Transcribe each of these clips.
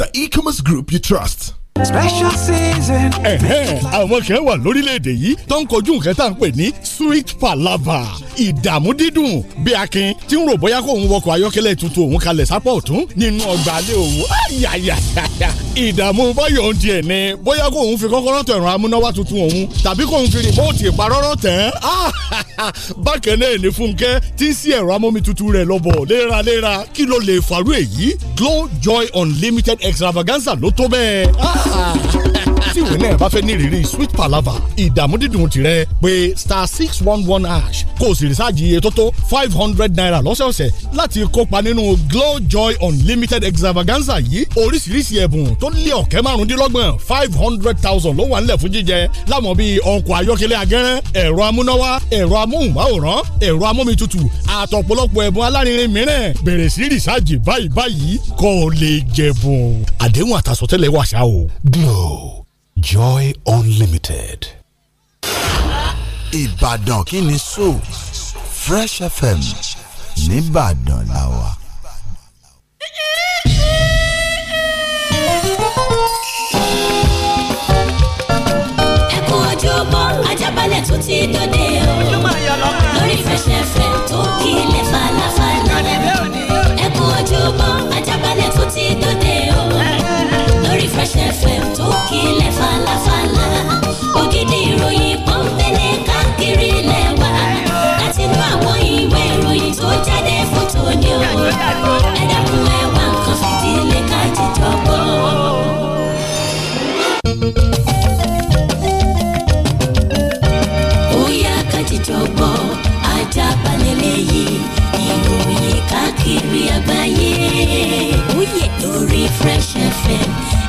the e-commerce group you trust. special season. ẹ̀hẹ́n àwọn kan wà lórílẹ̀‐èdè yìí tó ń kojú nǹkan tá à ń pè ní sweet palava ìdààmú dídùn bí akin tí ń rò bóyá kó òun wọkọ̀ ayọ́kẹ́lẹ́ tuntun òun kalẹ̀ sápọ̀ ọ̀tún nínú ọgbà alẹ́ òun ayayaya ìdààmú báyọ̀ ń tiẹ̀ ni bóyá kó òun fi kọ́kọ́rọ́ tẹ̀rọ amúnáwá tuntun òun tàbí kó òun fi rìmọ́ọ̀tì ìparọ́rọ́ tẹ̀ ẹ́ ah, bákan náà ni Fúnkẹ́ tí ń sí ẹ̀rọ amómi tuntun rẹ̀ lọ́bọ̀ léraléra kí ló lè fàrú èyí Glow Joy Unlimited Extravaganza ló tó bẹ́ẹ̀. Ah, ah tí ìwé náà bá fẹ́ ní ìrírí sweet palava ìdààmú dídùn tirẹ̀ pé star six one one ash kó o sì rìsáàjì iye tó tó five hundred naira lọ́sọ̀ọ̀sẹ̀ láti kópa nínú glow joy unlimited extravaganza yìí oríṣiríṣi ẹ̀bùn tó lé ọ̀kẹ́ márùndínlọ́gbọ̀n five hundred thousand ló wà ńlẹ̀ fún jíjẹ láwọn bíi ọkọ̀ ayọ́kẹ́lẹ́ agẹ́rẹ́ ẹ̀rọ amúnáwá ẹ̀rọ amóhùnmáwòrán ẹ̀rọ amómitutù àtọ̀pọ̀lọpọ̀ ẹ̀bùn alárinrin mìíràn bẹ̀rẹ̀ sí rìsáàjì báyìí báyìí kó o lè jẹ̀bùn àdéhùn àtàsọ̀tẹ́lẹ̀ wàṣà o Glow Joy Unlimited. Ìbàdàn kí ni so Fresh FM nìbàdàn la wà. Ẹ kú ojúbọ Ajábalẹ̀ ti dòde o lórí Fresh FM tó kílẹ̀ falafala ẹ kú ojúbọ ajabale tó ti dòde. Fresh FM tó kílẹ̀ falafala ògidì ìròyìn kan fẹ́lẹ̀ káàkiri ilẹ̀ wa láti inú àwọn ìwé ìròyìn tó jáde fún tòní o ẹ dákun ẹ wá nǹkan fìdílé ká jíjọ gbọ́. ó yá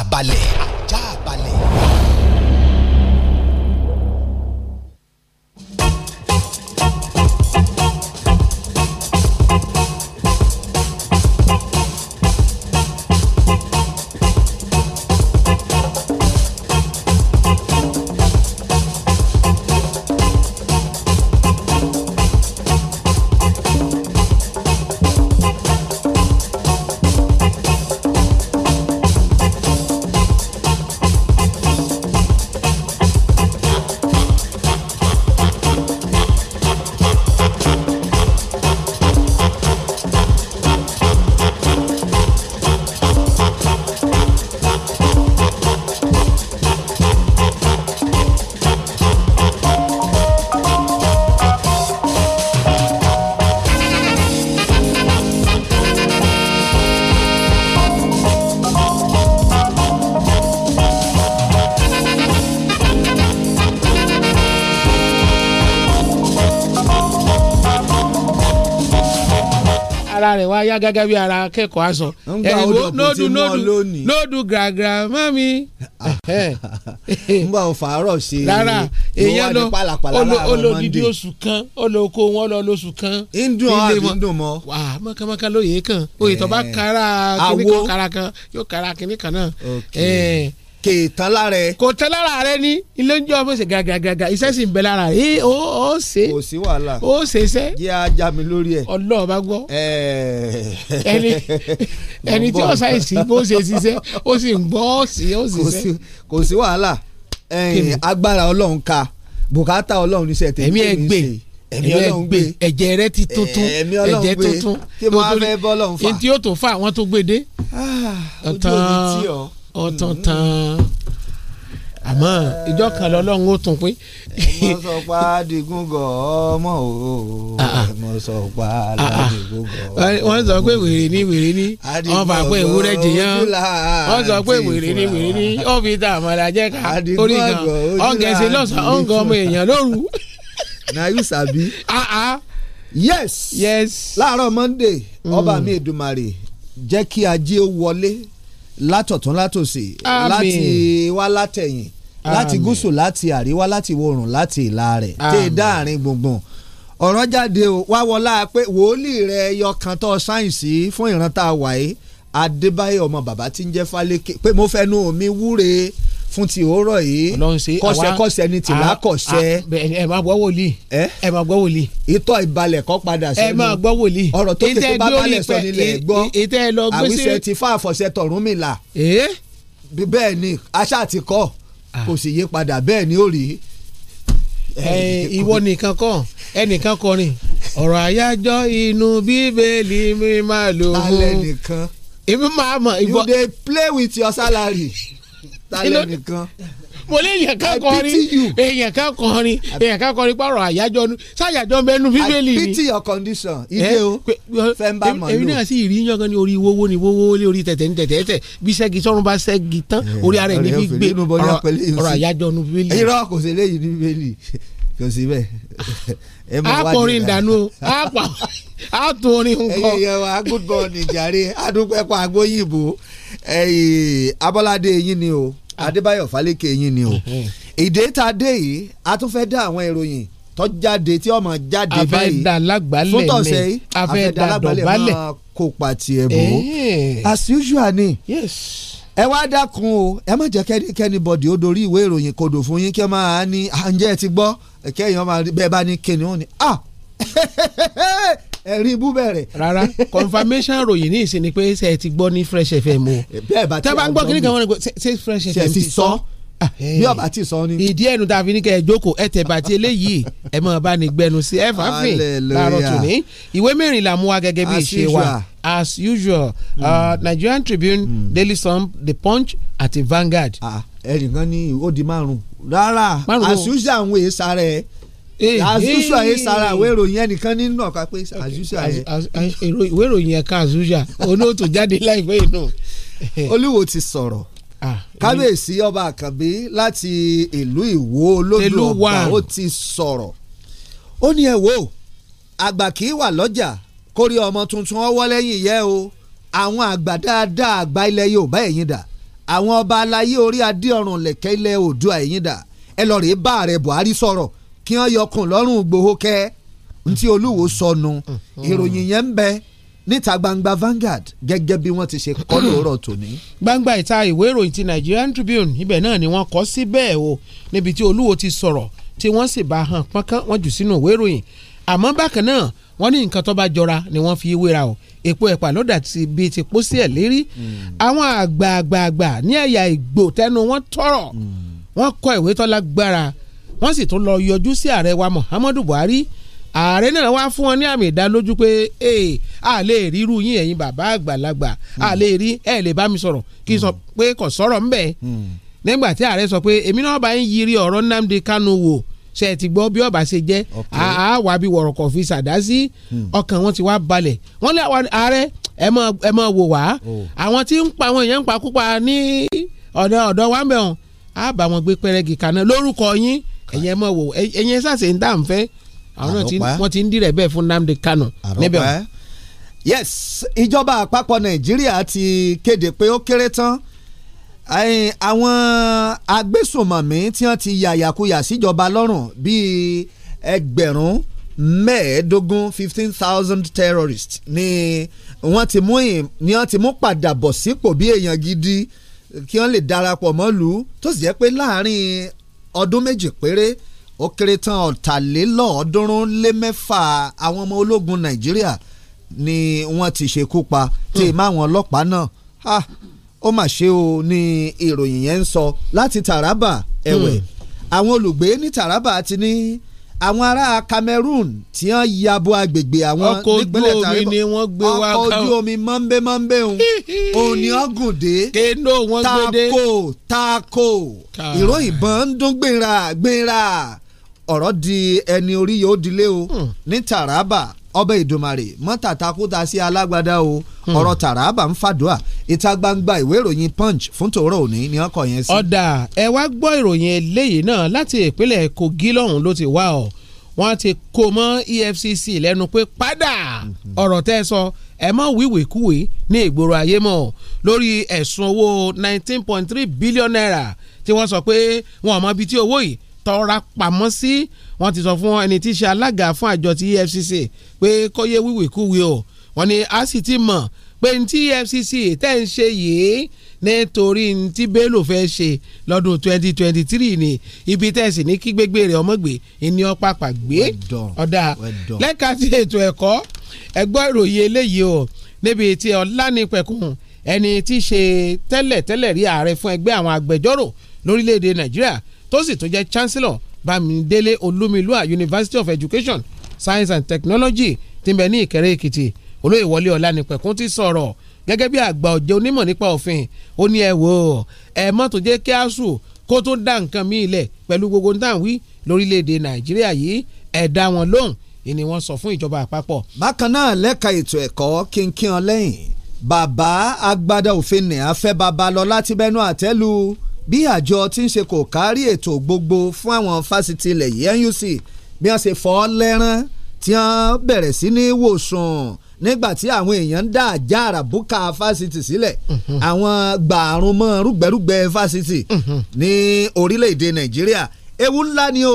ajá balẹ̀. ajá ara rẹ̀ wá yá gágá bí ara akẹ́kọ̀ọ́ aṣọ ẹ̀wò nódù nódù nódù gàgà mami. n o fàárọ̀ ṣe rárá èyàn lọ olódìdí oṣù kan olóko wọn lọ lóṣù kan. indun ọ àbí indun mọ. wà á lóye kan oyè tó bá eh. kan kára kan yóò kára kíní kan náà. Eh kè é tán lára ẹ. kò tán lára rẹ ní ilé oúnjẹ ọmọ ṣe gàgàgàgà iṣẹ́ sì ń bẹ lára rẹ ee o o ṣe. kò sí wàhálà o ṣe iṣẹ́. jẹ́ ajá mi lórí ẹ̀. ọlọ́ọ̀ bá gbọ́. ẹni ẹni tí ọ̀sá ìsì bó ṣe ṣiṣẹ́ ó sì ń gbọ́ ó sì ó ṣiṣẹ́. kò sí wàhálà agbára ọlọ́run ka bùkátà ọlọ́run níṣẹ́ tèmi ń ṣe. ẹ̀mí ẹ gbé ẹ̀mí Ọlọ́run gbé ẹ̀jẹ̀ rẹ ti tuntun ẹ̀jẹ̀ tuntun kí mo á fẹ́ bọ́ Ọlọ́run fà. ntí yóò tó fà wọ́n tó gbé dé. Ah, ojú omi tí o ọtán tán àmọ́ ìjọ kan lọ́lọ́run ó tún pé. mo sọ pa di gọ ọmọ o ah, ah. mo sọ pa adigun ah, gọ. wọ́n sọ pé wèrè ní wèrè ní wọ́n fà pé ewúrẹ́ jìyàn wọ́n sọ pé wèrè ní wèrè ní ọ́fíìsì àmàlà jẹ́ ká orí kan ọ̀gẹ̀sẹ̀ lọ́sàn-án ọ̀gàn ọmọ èèyàn lóru. na you sabi. yes yes láàárọ̀ monday mm. ọba mi Èdùmàrè jẹ́ kí ajé wọlé látọ̀tún látòsì láti wá látẹ̀yìn láti gúúsù láti àríwá láti ìwọ̀ oòrùn láti ìlà rẹ̀ tẹ́ dáàrin gbùngbùn ọ̀rọ̀ jáde o wá wọlá pé wòlíì rẹ̀ ẹyọ kan tó sáyẹ̀nsì fún ìran tá a ọmọ bàbá tí ń jẹ́ Fálékè pé mo fẹ́ nu omi wúre fún ti òórọ̀ yìí kọsẹ̀kọsẹ̀ ni tìlá kọsẹ̀. ẹ máa gbọ́ wòlíì ẹ máa gbọ́ wòlíì. ìtọ́ ìbalẹ̀ kọ́ padà sẹ́nu ẹ máa gbọ́ wòlíì. ọ̀rọ̀ tó tètè bá balẹ̀ sọ nílẹ̀ gbọ́ àwísẹ̀ ti fá àfọ̀sẹ̀ tọ̀rún mi là. bẹ́ẹ̀ ni aṣá ti kọ́ kò sì yé padà bẹ́ẹ̀ ni ó rí. ìwọ nìkan kọ́ ẹnìkan kọrin ọ̀rọ̀ àyájọ́ inú bíbélì mi máa lò ó. alẹ́ nìkan. èmi máa mọ̀ ìbọn. you dey play with your salary talẹ̀ nìkan mo lé èèyàn kan kọrin èèyàn kan kọrin èèyàn kan kọrin pààrọ̀ àyájọ́ sáyàjọ́ mẹ́nu bíbélì ni. I pity your condition ilé o fẹ́ǹbà mọ̀lú. èmi náà sì rí yán kan ní orí wọ́wọ́ ni wọ́wọ́ lé orí tẹ̀tẹ̀ ní tẹ̀tẹ̀ tẹ̀ bí sẹ́gi sọ́run bá sẹ́gi tán eh, orí ara ẹ̀ ní fi gbé ọ̀rọ̀ àyájọ́ nu bíbélì. irọ́ kò sí eléyìí bíbélì kò sí bẹ́ẹ̀. a kọrin dànù a tún orin nǹkan. ẹyẹ wa good morning jàre adúpẹ́ pa agbóyìnbó abọ́ládé yín ni o adébáyọ̀ fálékè yín ni o ìdè tá a dé yìí a tún fẹ́ dá àwọn ìròyìn tó jáde tí ọmọ jáde báyìí fún tọ̀sẹ̀ yìí afẹ́ dàlágbálẹ̀ máa kópa tiẹ̀ bò as usual ni. yes ẹ wá dákun o ẹ má jẹ́ kẹ́ni bọ̀dì ó dorí ìwé ìròyìn kodò fún yín kí ẹ máa ní àǹjẹ́ ẹ ti gbọ́ kẹ́yìn ọmọ bẹ́ẹ̀ bá ní kíni ó à ẹ̀rín ibú bẹ̀rẹ̀. rárá confirmation ròyìn ní ìsìn pé ṣe ti gbọ́ ní Fresh FM o. bẹ́ẹ̀ bá ti gbọ́ ní tẹ́ bá ni ṣe Fresh FM ti sọ. Ah, bí ọba ti sọ ni. ìdí ẹnu tá a fi ní kẹ́ ẹ jókòó ẹ tẹ̀ bàtí eléyìí ẹ mọ̀ bá ní gbẹnu sí ẹ fàáfin láàárọ̀ tòní ìwé mẹ́rìnlá mú wa gẹ́gẹ́ bí ìṣe wa as usual mm. uh, hmm. Nigerian Tribune mm. Daily Sun The Punch àti Vanguard. Ah, ẹnìkan ní ó di márùn rárá as usual àwọn èyí sára ẹ eh, as eh. usual yẹn sara ìwé ìròyìn ẹnìkan nínú ọ̀ka pé as usual yẹn. ìwé ìròyìn ẹ̀ka as usual oní òtò jáde láìpẹ́ yìí nù. olúwo ti sọ̀rọ̀ kábíyèsí ọba àkànbí láti ìlú ìwó olódò ọba ó ti sọ̀rọ̀ ó ní ẹ wo àgbà kì í wà lọ́jà kórí ọmọ tuntun ọwọ́ lẹ́yìn yẹ́ o àwọn àgbà dáadáa àgbà ilẹ̀ yorùbá ẹ̀yìn dà àwọn ọba aláyé orí adé ọ̀run lẹ̀kẹ́ ilẹ̀ oòdùà ẹ̀yìn dà ẹ lọ rèé bá ààrẹ buhari sọ̀rọ̀ kí wọ́n yọkùn lọ́rùn gbòho kẹ́ ntí olúwo sọnù mm. ìròyìn yẹn ń bẹ́ẹ́ níta gbangba Vanguard gẹ́gẹ́ bí wọ́n ti ṣe kọ́ lóòrọ̀ tòní. gbangba ìta ìwé ìròyìn ti Nigerian Tribune ibẹ̀ náà ni wọ́n kọ́ sí bẹ́ẹ̀ o níbi tí Olúwo ti sọ̀rọ̀ tí wọ́n sì bá hàn pọ́nkán wọ́n jù sínú ìwé ìròyìn àmọ́ bákan náà wọ́n ní nǹkan tó bá jọra ni wọ́n fi wéra o èpo ẹ̀pà lọ́dà ti bi ti pọ́ sí ẹ̀ lérí hmm. àwọn àgbààgbààgbà ní ẹ̀yà Ìgbò tẹnu wọn tọrọ hmm. wọ́n kọ ìwé tó lágbára wọ́n sì tún lọ yọjú sí ààrẹ wa Muhammadu Buhari ààrẹ náà wá fún wọn ní àmì ìdánilójú pé ee a lè rí irú yín ẹ̀yin bàbá àgbàlagbà a lè rí ẹ̀ lè bá mi sọ̀rọ̀ kí n sọ hmm. pé kò sọ̀rọ̀ ńbẹ̀ hmm. nígbà tí ààrẹ sọ pé èmi náà bá ń yiri ọ̀rọ̀ Nnamdi Kanu wò ṣe ti gbọ́ bí ọba ṣe jẹ́ àá wà bí wọ̀rọ̀kọ̀ fi ṣàdá sí hmm. ọkàn wọn ti wá balẹ̀ wọ́n lé ààrẹ ẹ mọ̀ wò wá oh. àwọn tí ń pa àwọn èèyàn ń pa kópa ní ọ̀dọ̀ ọ̀dọ̀ wa ń bẹ̀ wọn á bá wọn gbé pẹ́rẹ́gì kaná lórúkọ yín ẹ̀yẹ mọ̀ wò ẹ̀yẹ sàṣẹ̀ ń dà ń fẹ́ àwọn náà wọ́n ti ń dìrẹ̀ bẹ́ẹ̀ fún Nnamdi Kanu níbẹ̀ wọn. yes ìjọba àpapọ̀ Nàìjíríà ti kéde pé ó kéré tán àwọn agbésùnmọ̀mí tí wọ́n ti yàyàkuyà síjọba lọ́rùn bíi ẹgbẹ̀rún mẹ́ẹ̀ẹ́dógún fifteen thousand terrorists ni wọ́n ti mú ni wọ́n ti mú padà bọ̀ sípò bí èèyàn gidi kí wọ́n lè darapọ̀ mọ́ tó sì jẹ́ pé láàrin ọdún méjì péré ó kéré tán ọ̀tàlélọ́ọ̀ọ́dúnrún lé mẹ́fà àwọn ọmọ ológun nàìjíríà ni wọ́n ti ṣekú pa tí ì máwọn ọlọ́pàá náà ó mà ṣe o ní ìròyìn yẹn ń sọ láti Taraba ẹ̀wẹ̀ hmm. àwọn olùgbé ní Taraba ti ní àwọn ará Cameroon tí wọ́n ya bo agbègbè àwọn nípínlẹ̀ Taraba ọkọ̀ ojú omi ni wọ́n gbé wá ká ọkọ̀ ojú omi mọ́ńbẹ́mọ́ńbẹ́ òun òun ni wọ́n gùn dé kéńdó wọ́n gbé dé tako tako ìròyìn bọ́n ń dún gbéra gbéra ọ̀rọ̀ di ẹni orí yóò dilé o hmm. ní Taraba ọbẹ̀ ìdùmarè mọ́tàtàkùtà sí alágbádá o hmm. ọ̀rọ̀ Taraba ń fàdúà ìta gbangba ìwé ìròyìn Punch fún tòró òní ni ọkọ̀ yẹn sí. ọ̀dà ẹ wá gbọ́ ìròyìn eléyìí náà láti ìpínlẹ̀ Kogi lọ́hùn ló ti wá ọ̀ wọ́n ti kó mọ́ EFCC lẹ́nu pé padà hmm. ọ̀rọ̀ tẹ́ sọ ẹ mọ̀ wíwèkúwe ní ìgboro ayé mọ̀ lórí ẹ̀sùn owó nineteen point three billion naira tí wọ́n sọ pé wọn ò mọ ibi tí owó yìí tọ́ra pamọ́ sí wọ́n ti sọ fún ẹni tí í ṣe alága fún àjọ ti EFCC pé kóyé wíwìkúwì o wọ́n ní a sì ti mọ̀ pé ní ti e EFCC tẹ́ ń ṣe yìí nítorí tí Bello fẹ́ ṣe lọ́dún 2023 ni ibi tẹ̀sí ní kí gbégbé rẹ̀ ọmọgbé ìní ọ̀pàpà gbé ọ̀dà lẹ́ka ti ètò ẹ̀kọ́ ẹgbọ́ ìròyìn eléyìí o níbi tí Ọlánípẹ̀kun ẹni tí í ṣe tẹ́lẹ̀ tẹ́lẹ̀ rí ààrẹ fún ẹgbẹ́ àwọn agbẹjọ́rò lórílẹ̀‐èdè Nàìjíríà tó sì tún jẹ́ chancellor bámidélé olúmilúà university of education science and technology tí ń bẹ ní ìkẹrẹ́ èkìtì olóyè wọlé ọlánípẹ̀kún ti sọ̀rọ̀ gẹ́gẹ́ bí àgbà ọ̀jẹ̀ onímọ̀ nípa òfin ó ní ẹ wò ó ẹ mọ́ tó jẹ́ kí asu kó tó dá nǹkan míì lẹ̀ pẹ̀lú gbogbo nǹkan wí lórílẹ̀‐èdè nàìjíríà yìí ẹ dá wọn lóhùn ìní wọn sọ fún ìjọba àpapọ̀. bákan náà lẹ́ka ètò ẹ̀kọ́ kínkín ọlẹ́yìn bàbá agbada òfin nìyà fẹ́ bàbá lọ láti bẹnu àtẹ́lu bí àjọ tí ń ṣe kò kárí ètò gbogbo fún àwọn fásitì ilẹ̀ yìí NUC bí wọ́n ṣe fọ́ lẹ́rán tí wọ́n bẹ̀rẹ̀ sí ní wòsàn nígbà tí àwọn èèyàn ń dá àjà àràbùkà fásitì sílẹ̀ mhm. àwọn gbàrún mọ́ rúgbẹ́rúgbẹ́ fásitì mhm. ní orílẹ̀-èdè Nàìjíríà ewu ńlá ni o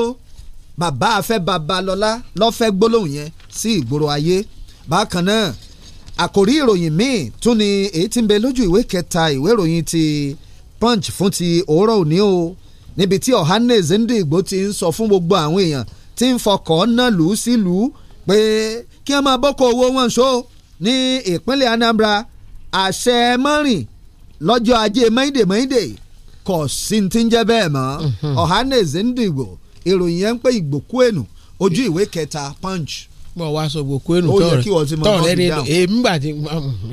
bàbá afẹ́ Babalọ́lá lọ́fẹ́ gbólóhùn yẹn sí ìgboro ayé bákan náà àkòrí ìròyìn míì tún ni èyí tí ń bẹ lójú ìwé kẹta ìwé ìròyìn ti punch fún ti òórọ̀ òní o níbi tí Ohanaeze Ndigbo ti ń sọ fún gbogbo àwọn èèyàn tí ń fọkọ̀ náà lù ú sílùú pé kí wọ́n máa bọ́kọ̀ owó wọn ṣó ní ìpínlẹ̀ Anambra àṣẹ mọ́rin lọ́jọ́ ajé mọ́ìdè mọ́ìdè kò sí ti ń jẹ́ bẹ́ẹ̀ mọ́ mhm. Ohanaeze Ndigbo ìròyìn yẹn ń pè ìgbòkú ènù ojú ìwé kẹta punch. mọ wá sọ gbogbo kwenu tọrọ tọrọ ẹni èmi gbà tí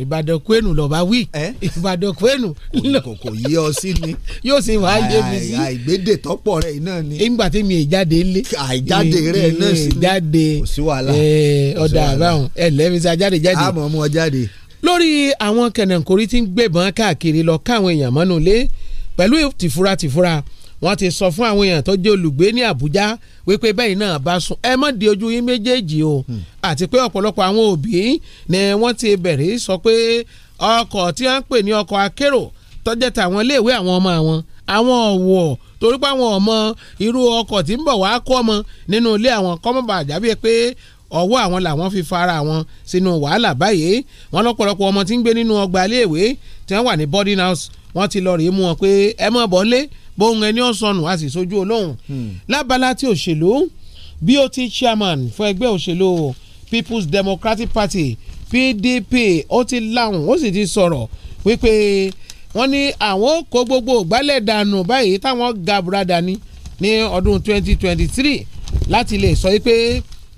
ìbàdàn kwenu lọba wí ìbàdàn kwenu lọ kò yí ọ sí ni yóò sì wá yé mi sí àìgbédè tọpọ rẹ náà ni ìgbà tí mi ìjáde ńlé àìjáde rẹ náà sí ni ìjáde ọ̀dà àbáhùn ẹ lẹ́mísà jáde jáde àmọ́ ọmọ jáde. lórí àwọn kẹ̀nẹ̀kórí tí ń gbébọn káàkiri lọ káwọn èèyàn mọ́nú lé pẹ̀lú tìfura tìfura wọ́n ti sọ fún àwọn èèyàn tó jẹ́ olùgbé ní Àbújá wípé bẹ́ẹ̀ náà bá sùn ẹ má di ojú yín méjèèjì o hmm. àti pé ọ̀pọ̀lọpọ̀ àwọn òbí ni wọ́n ti bẹ̀rẹ̀ sọ pé ọkọ̀ tí wọ́n ń pè ní ọkọ̀ akérò tọ́jẹ́ tàwọn iléèwé àwọn ọmọ àwọn àwọn ọ̀wọ̀ torí pé àwọn ọmọ irú ọkọ̀ tí ń bọ̀ wá kọ́ ọmọ nínú ilé àwọn kọ́mọ́bà àjábí pé ọwọ́ àwọn làwọn fi fara àwọn sínú wàhálà báyìí wọ́n lọ́pọ̀lọpọ̀ ọmọ tí ń gbé nínú ọgbà iléèwé tí wọ́n wà ní boarding house wọ́n ti lọ rèé mú wọn pé ẹ mọ̀ bọ́ lé bóun ẹni ọ̀sánù a sì sojú olóhùn hmm. lábala tí òṣèlú bí ó ti chairman fún ẹgbẹ́ òṣèlú People's Democratic Party PDP ó ti láhùn ó sì ti sọ̀rọ̀ wípé wọ́n ní àwọn kó gbogbo ìgbálẹ̀ dànù báyìí táwọn gàbúrà dání ní ọdún 2023 láti lè sọ wípé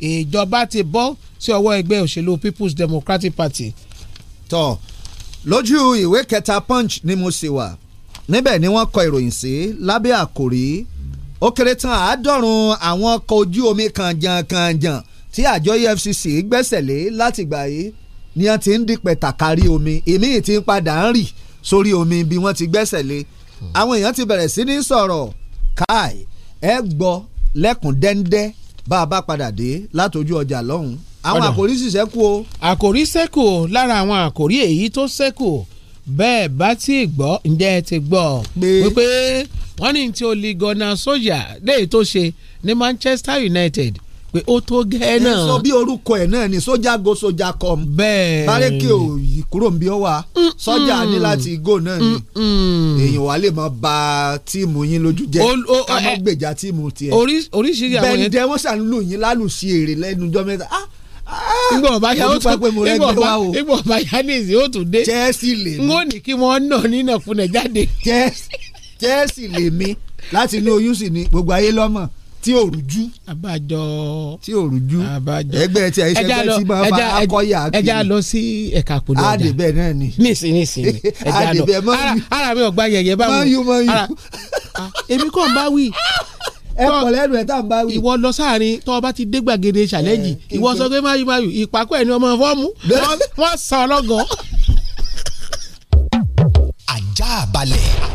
ìjọba ti bọ́ sí ọwọ́ ẹgbẹ́ òṣèlú People's Democratic Party. tọ́ lójú ìwé kẹta punch ni mo sì wà níbẹ̀ ni wọ́n kọ ìròyìn sí lábẹ́ àkòrí ó kéré tán àádọ́rùn àwọn ọkọ̀ ojú omi kànjànkànjàn tí àjọ EFCC gbẹ́sẹ̀ lé látìgbà yìí ni wọ́n ti ń dìpẹ̀ tàkárí omi ìmíì ti ń padà ń rì sórí omi bí wọ́n ti gbẹ́sẹ̀ lé àwọn èèyàn ti bẹ̀rẹ̀ sí ní sọ̀rọ̀ káì ẹ gbọ́ lẹ́kùn dẹ́ndẹ́ bá a bá padà dé látọjú ọjà lọ́hùn-ún àwọn àkòrí sì ṣẹ́kù o. àkòrí ṣẹ́kù lára àwọn àkòrí èyí tó ṣẹ́kù bẹ́ẹ̀ bá ti gbọ́ ǹjẹ́ ẹ ti gbọ́ wípé wọ́n ní tí olùgọ́nà sójà léyìí tó ṣe ní Manchester United pé ó tó gẹ́ náà. ẹ sọ bí orúkọ ẹ náà ni sójà go sójà com. bẹ́ẹ̀ bárẹ́kì ò kúrò ń bí ó wà sójà ní láti go náà ni èèyàn wà lè máa ba tíìmù yín lójú jẹ́ ká má gbèjà tíìmù tiẹ̀. oríṣiríṣi àwọn yẹn bẹ́ẹ̀ ni wọ́n ṣàn lù yín lálùsí èrè lẹ́nu jọ́ ah ngbọ ọba ya o tún ngbọ ọba ngbọ ọba ya ní ìsìn o tún dé Chelsea lè mi ngó ni kí wọn nà nínà fúnẹ jáde. Chelsea lè mi láti inú oyún sì ni gbogbo ayé lọ́mọ̀ tí ò rújú. abájọ tí ò rújú ẹgbẹ́ tí a iṣẹ́ pẹ́ tí máa bá akọ́yà kiri. ẹja lọ sí ẹ̀ka kò lọ́jà àdìbẹ̀ náà ni. nísìn nísìn ẹja lọ ara mi ò gba yẹ̀yẹ́ báwo ara ah, èmi kàn bá wí ẹ pọ̀ lẹ́nu ẹ̀ tá n bá wí. ìwọ lọ sáàrin tọ́ ọ ti dé gbàgede ṣàlẹ́jì eh, ìwọ sọ pé máyú máyú ìpàkọ́ ẹ̀ ni ọmọ fọ́ọ̀mù wọ́n sàn ọlọ́gọ́. ajá balẹ̀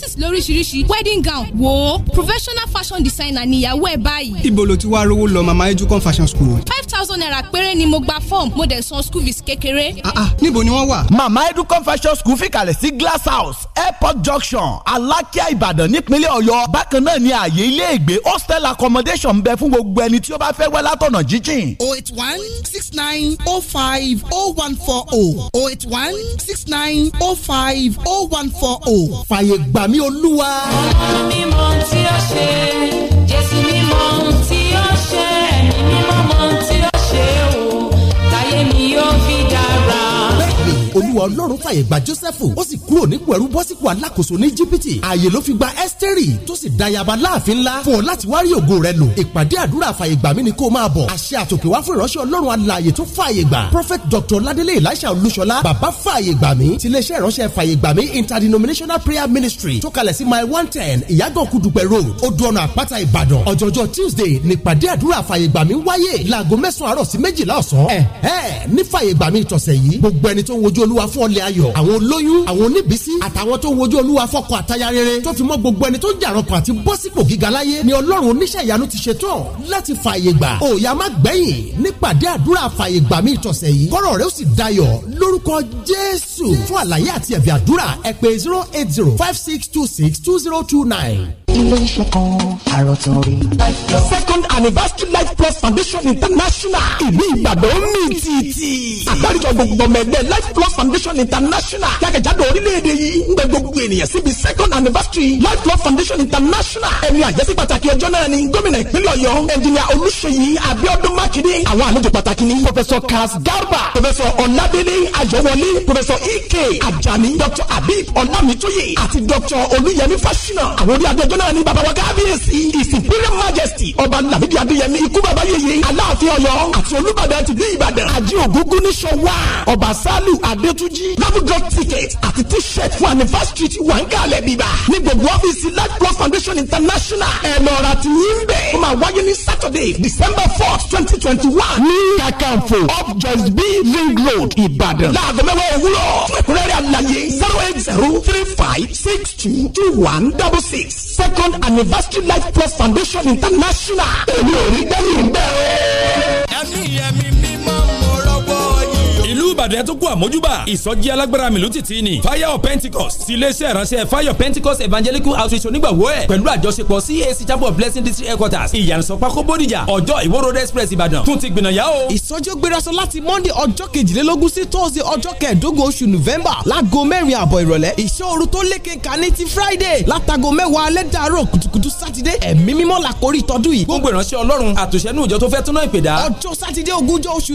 dresses lóríṣiríṣi wedding gown wo professional fashion designer níyàwó ẹ̀ báyìí. ibo ló ti wá rówó lọ mama educon fashion school. five thousand naira péré ni mo gba form mo dẹ̀ san school fees kékeré. ah ah níbo ni wọ́n wà. mama educon fashion school fìkàlẹ̀ sí glass house airport junction alákíá ìbàdàn nípínlẹ̀ ọ̀yọ́ bákan náà ni ààyè ilé ìgbé hostel accommodation ń bẹ fún gbogbo ẹni tí ó bá fẹ́ wẹ́ látọ̀nà jíjìn. o oh eight one six nine o oh five o oh one four o o eight one six nine o five o one four o. fàyè gbà mi olúwa. ọmọ mi mọ ohun tí ó ṣe jésù mi mọ ohun tí ó ṣe ẹ̀mí mi mọ ohun tí ó ṣe o táyé mi yóò fi olúwa ọlọ́run fàyè gba joseph ó sì kúrò nípò ẹrú bọ́ sípò alákòóso ní íjíbítì ààyè ló fi gba ẹ́sítẹ́rì tó sì da yaba láàfin ńlá fún ọ láti wá ògo rẹ lò ìpàdé àdúrà fàyè gbà mí ni kó máa bọ̀ àṣẹ àtòkè wá fún ìránṣẹ́ ọlọ́run alààyè tó fàyè gbà prophet dr ladele elisha olúṣọlá bàbá fàyè gbà mí tiléeṣẹ́ ìránṣẹ́ fàyè gbà mí interdenominational prayer ministry tó kalẹ̀ sí mile one ten ìyàgò kùdùpẹ̀ road odò ọ̀nà àpáta ìbàdàn tuesday nípàdé àdúrà fàyè gbà mí wáyé láago mẹ́sàn-án àárọ̀ sí méjìlá ọ̀sán ẹ̀ẹ́ ní fàyè gbà mí ìtọ̀sẹ̀ yìí gbogbo olúwa fún ọlẹ̀ ayọ̀ àwọn olóyún àwọn oníbísí àtàwọn tó wojú olúwa fọkọ àtaya rere tó fi mọ́ gbogbo ẹni tó ń jàrọ̀kọ̀ àti bọ́ sípò gíga láyé ni ọlọ́run oníṣẹ́ ìyanu ti ṣetán láti fààyè gbà òòyà má gbẹ̀yìn nípàdé àdúrà fààyè gbà mí ìtọ̀sẹ̀ yìí kọ́rọ̀ rẹ ó sì dayọ̀ lórúkọ jésù fún àlàyé àti ẹ̀bì àdúrà ẹ pè zero eight zero five six two six two zero two nine ilé iṣẹ́ kan àròtún rí. second anniversary life plus foundation international ìlú ìbàdàn ní títì. àgbáríjọ gbogbo ọmọ life plus foundation international jákèjádò orílẹ̀-èdè yìí ń gbẹ gbogbo ènìyàn síbi second anniversary life plus foundation international ẹni àjẹsí pàtàkì ọjọ́ náà ni gómìnà ìpínlẹ̀ ọ̀yọ́ ẹnjìnìà olùṣeyí abiodun makinde àwọn àlejò pàtàkì ni professor kaz garba professor ọ̀nàdélé ayọ̀wọlé professor ike ajani Doctor abib ọ̀nàmítúyè àti dr olùyẹmí fásinà àwọn orí adé ọjọ́ náà náà ni bàbá wa kábíyèsí his imperial majesty ọba nàbídìí adéyẹmí ikú bàbá yèyé aláàfin ọ̀yọ́ àti olúbàdàn ti bí ìbàdàn àjẹ ògúngún ní sọwá ọba sálù adétúnjì labudọ ticket àti t-shirt fún anniversary ti wà ń kalẹ̀ bíbá ní gbogbo ọ́fíìsì light plus foundation international ẹ̀ lọ́ra ti yín bẹ̀ ó máa wáyé ní saturday december fourth twenty twenty one ní kakanfo up just be ring road ìbàdàn láàgọ́ mẹ́wàá òwúrọ̀ fún ẹ̀kúnrẹ́rẹ́ àlàyé zero eight zero three five six two two one double six second anniversary life plus foundation international èmi ò rí dẹ́yìn bẹ́ẹ̀ o. ẹ̀mí ẹ̀mí mi àmójúbàdẹ tó kú àmójúbà ìsọjí alágbára mi ló ni fire of Pentecost ti iléeṣẹ́ ìránṣẹ́ fire of Pentecost evangelical outreach onígbàwọ́ ẹ̀ pẹ̀lú àjọṣepọ̀ CAC chapel of blessing district headquarters ìyànsọ́pákó bódìjà ọjọ́ ìwórodẹ express ìbàdàn tún ti gbìnàyà o. ìsọjí ó gbéraṣọ láti monday ọjọ́ kejìlélógún sí tuesday ọjọ́ kẹẹ̀dógún oṣù november láago mẹ́rin àbọ̀ ìrọ̀lẹ́ ìṣòro tó lékenkà ní ti friday látago mẹ́wàá alẹ́ dàárọ̀ kùtùkùtù sátidé ẹ̀mí mímọ́ làkórí tọdún yìí. gbogbo ìránṣẹ́ ọlọ́run àtúnṣe ní ìjọ tó fẹ́ túná ìpèdá.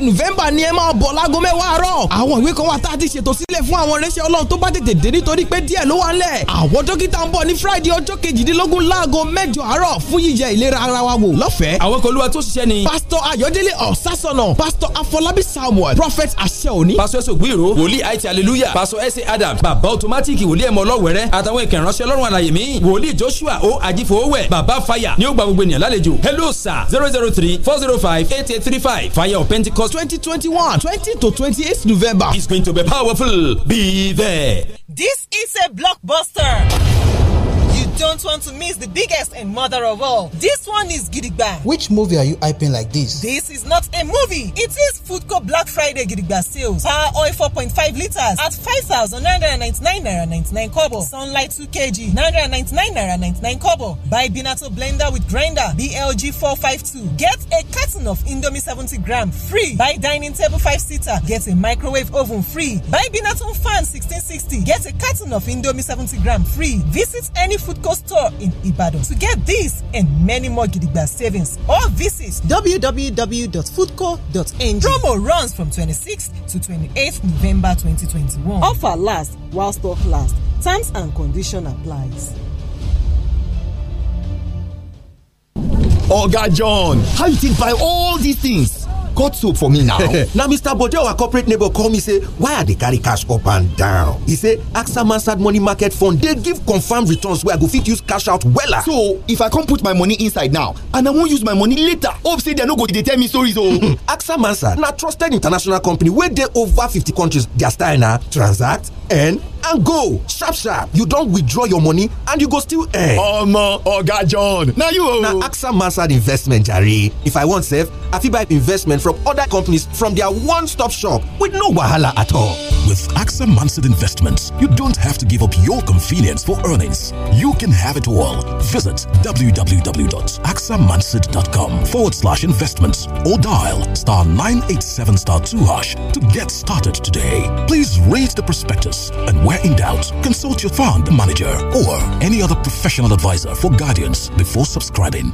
november ni ẹ máa stock. àwọn ìwé kan wà tá a ti ṣètò sílẹ̀ fún àwọn ìránṣẹ́ ọlọ́run tó bá tètè dé nítorí pé díẹ̀ ló wà ńlẹ̀. àwọn dókítà ń bọ̀ ní friday ọjọ́ kejìdínlógún láago mẹ́jọ àárọ̀ fún yíyẹ ìlera ara wa wò lọ́fẹ̀ẹ́. àwọn kolúwa tó ṣiṣẹ́ ni. pásítọ̀ ayọ̀délé ọ̀sásọ̀nà pásítọ̀ afọlábí samuel prophet àṣẹòní. pásítọ̀ ẹ̀sọ̀ gbìrò wòlíì àìtì hallelujah pásítọ̀ ẹ̀sẹ̀ adam bàbá ọ̀tọ́mátìkì wòlíì ẹ̀mọ ọlọ́wẹ̀rẹ́ àtàwọn ìkẹrànṣẹ́ ọlọ́run àlàyé mi wòlíì joshua o àjífowówẹ̀ bàbá fire ní ó gba gbogbo ènìyàn lálejò hello sir zero zero three four zero five eight eight three five fire of pentecost twenty twenty one twenty to twenty eight November. It's going to be powerful. Be there. This is a blockbuster. don't want to miss the biggest and mother of all. This one is Gidigba. Which movie are you hyping like this? This is not a movie. It is Foodco Black Friday Gidigba sales. Power oil 4.5 liters at 5,999 naira 99 kobo. Sunlight 2 kg 999 naira 99 kobo. Buy Binato blender with grinder BLG 452. Get a carton of Indomie 70 gram free. Buy dining table 5 seater. Get a microwave oven free. Buy Binato fan 1660. Get a carton of Indomie 70 gram free. Visit any Foodco Eco Store in Ibadan. To get this and many more Gidigba savings, or visit www.foodco.ng. Promo runs from 26th to 28th November 2021. Offer lasts while stock lasts. Terms and condition applies. Oga John, how you think buy all these things? cut soap for me now Now, mr bode our corporate neighbor call me say why are they carry cash up and down He say axa mansard money market fund they give confirmed returns where i go fit use cash out wella so if i can't put my money inside now and i won't use my money later hope say dem no go dey tell me stories Oh, axa mansard na trusted international company where they over fifty countries their style na transact and. and go sharp sharp you don't withdraw your money and you go still earn. omo oga john Now you Now axa mansard investment jare if i want save i fit buy investment from other companies from their one-stop shop with no wahala at all. with axa mansard investments you don't have to give up your convenience for earnings you can have it all visit www.axamansard.com forward slash investments or dial star 987 star 2 hash to get started today please read the prospectus and wait where in doubt, consult your fund manager or any other professional advisor for guidance before subscribing.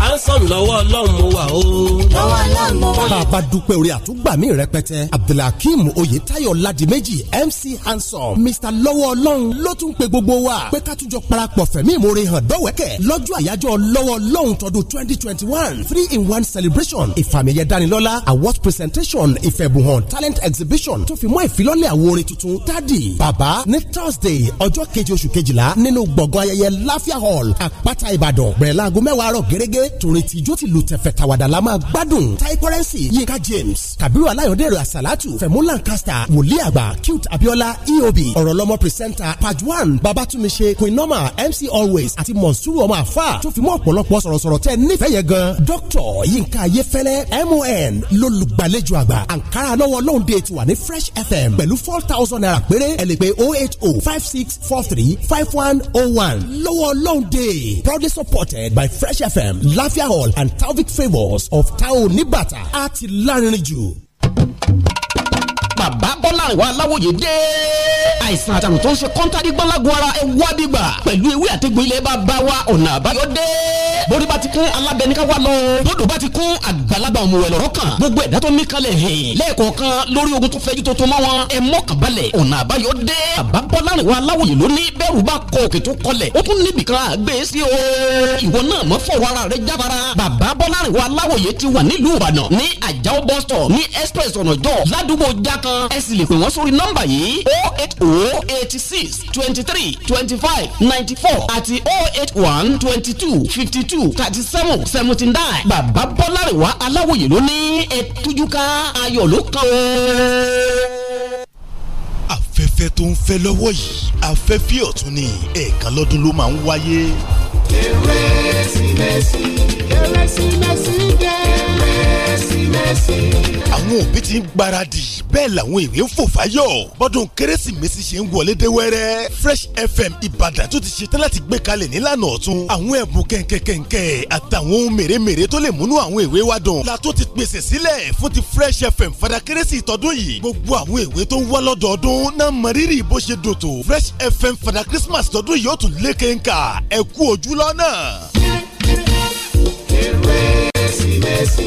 handsome lọ́wọ́ ọlọ́run mo wà o. lọ́wọ́ ọlọ́run mo wà. bàbá dúpẹ́ orí àtúgbàmí rẹpẹtẹ abdulhakeem oyetayo ladimeji mc handsome mr lọ́wọ́ ọlọ́run ló tún pe gbogbo wa pé ká túnjọ parapọ̀ fẹ̀mí ìmoore hàn dọ́wẹ́kẹ̀ lọ́jọ́ àyájọ́ lọ́wọ́ ọlọ́run tọdún twenty twenty one three in one celebration ìfàmìyẹ danilọ́lá award presentation ìfẹ̀bùhàn talent exhibition tó fi mọ́ ìfilọ́lẹ̀ àwo orin tuntun tádì bàbá ní thursday ọjọ́ keje oṣù kejìlá nínú gbọ̀ngàn ayẹyẹ hall àpáta ìbàdàn bẹ̀rẹ̀ láago mẹ́wàá gẹ́gẹ́ torin tijó ti lu tẹ̀fẹ̀ tàwàdà la máa gbádùn tai currency yinka james kabiru alayọ̀dẹ̀rẹ̀ asalatu fẹ̀mú lancaster wòlíì àgbà cute abiola eob ọ̀rọ̀lọ́mọ pírísẹ́ńtà page one babatunmise queen norma mc always àti monsuru ọmọ àfà tó fi mọ́ ọ̀pọ̀lọpọ̀ sọ̀rọ̀sọ̀rọ̀ tẹ́ nífẹ̀ẹ́ yẹn gan dr yinka ayefẹ́lẹ́ mon lolùgbàlejò àgbà ankara lọ́wọ́ lóun dé tiwa ní fresh fm pẹ̀lú four thousand naira péré ẹ oh eight oh five six four three five one oh one lọ́wọ́ lóun dé proudly supported by fresh fm FM Lafia Hall and Talvik Favours of Tao Nibata. A ti lárinrin jù bàbá bọ́láriwá aláwòye dé. àìsàn àtàrùn tó ń ṣe kọ́ńtàdì gbọ́lágun ara ẹ wá bíbà pẹ̀lú ewé àtẹ̀gbọ́ ilẹ̀ bá bá wa ọ̀nà àbáyọ dé. bórí bá ti kún alábẹ́níká wa lọ. bódò bá ti kún àgbàlagbà ọmọ ẹ̀ lọ́rọ̀ kan. gbogbo ẹ̀dá tó mí kalẹ̀ hìn. lẹ́ẹ̀kọ̀ọ̀kan lórí ogun tó fẹ́jú tó tó mọ́ wọn. ẹ mọ́kàn balẹ̀ ọ̀nà àbáyọ dé. bàbá bọ́láriwá aláwòye lónìí bẹ́ẹ̀rù bá kọ òkè tó kọlẹ̀. ó tún níbi kan àgbẹ̀ sí o. ìwọ náà mọ fọwọ́ ara rẹ express ọ̀nà jọ ládùúgbò jákàn kan ẹ sì lè pè wọ́n sórí nọ́mbà yìí o oh eight o oh eighty six twenty three twenty five ninety four àti o oh eight one twenty two fifty two thirty seven seventy nine bàbá bọ́lárẹ̀wá aláwòye ló ní ẹ tújúká ayọ̀ ló kàn ó afẹ́fẹ́ tó ń fẹ́ lọ́wọ́ yìí afẹ́fẹ́ ọ̀tun ni ẹ̀ẹ̀kan lọ́dún ló máa ń wáyé. kérésìmesì kérésìmesì dé kérésìmesì. àwọn òbí ti ń gbáradì bẹ́ẹ̀ làwọn èwe ń fò fáyọ̀ bọ́dún kérésìmesì ṣe ń wọlé dé wẹ́rẹ́ fresh fm ìbàdàn tó ti ṣetán láti gbé kalẹ̀ nílànà ọ̀tun àwọn ẹ̀bùn kẹ̀kẹ́kẹ̀kẹ́ àtàwọn ohun mèremère tó lè múnú àwọn èwe wa dùn la tó ti pèsè sílẹ̀ fún ti fresh fm fada kérésì tọdún yìí gbogbo àwọn èwe tó ń wá lọ́dọọdún náà mọrírì bó ṣe dòtò fresh fm fada christmas tọdún yìí ó tún lékè ń kà ẹ Messi Messi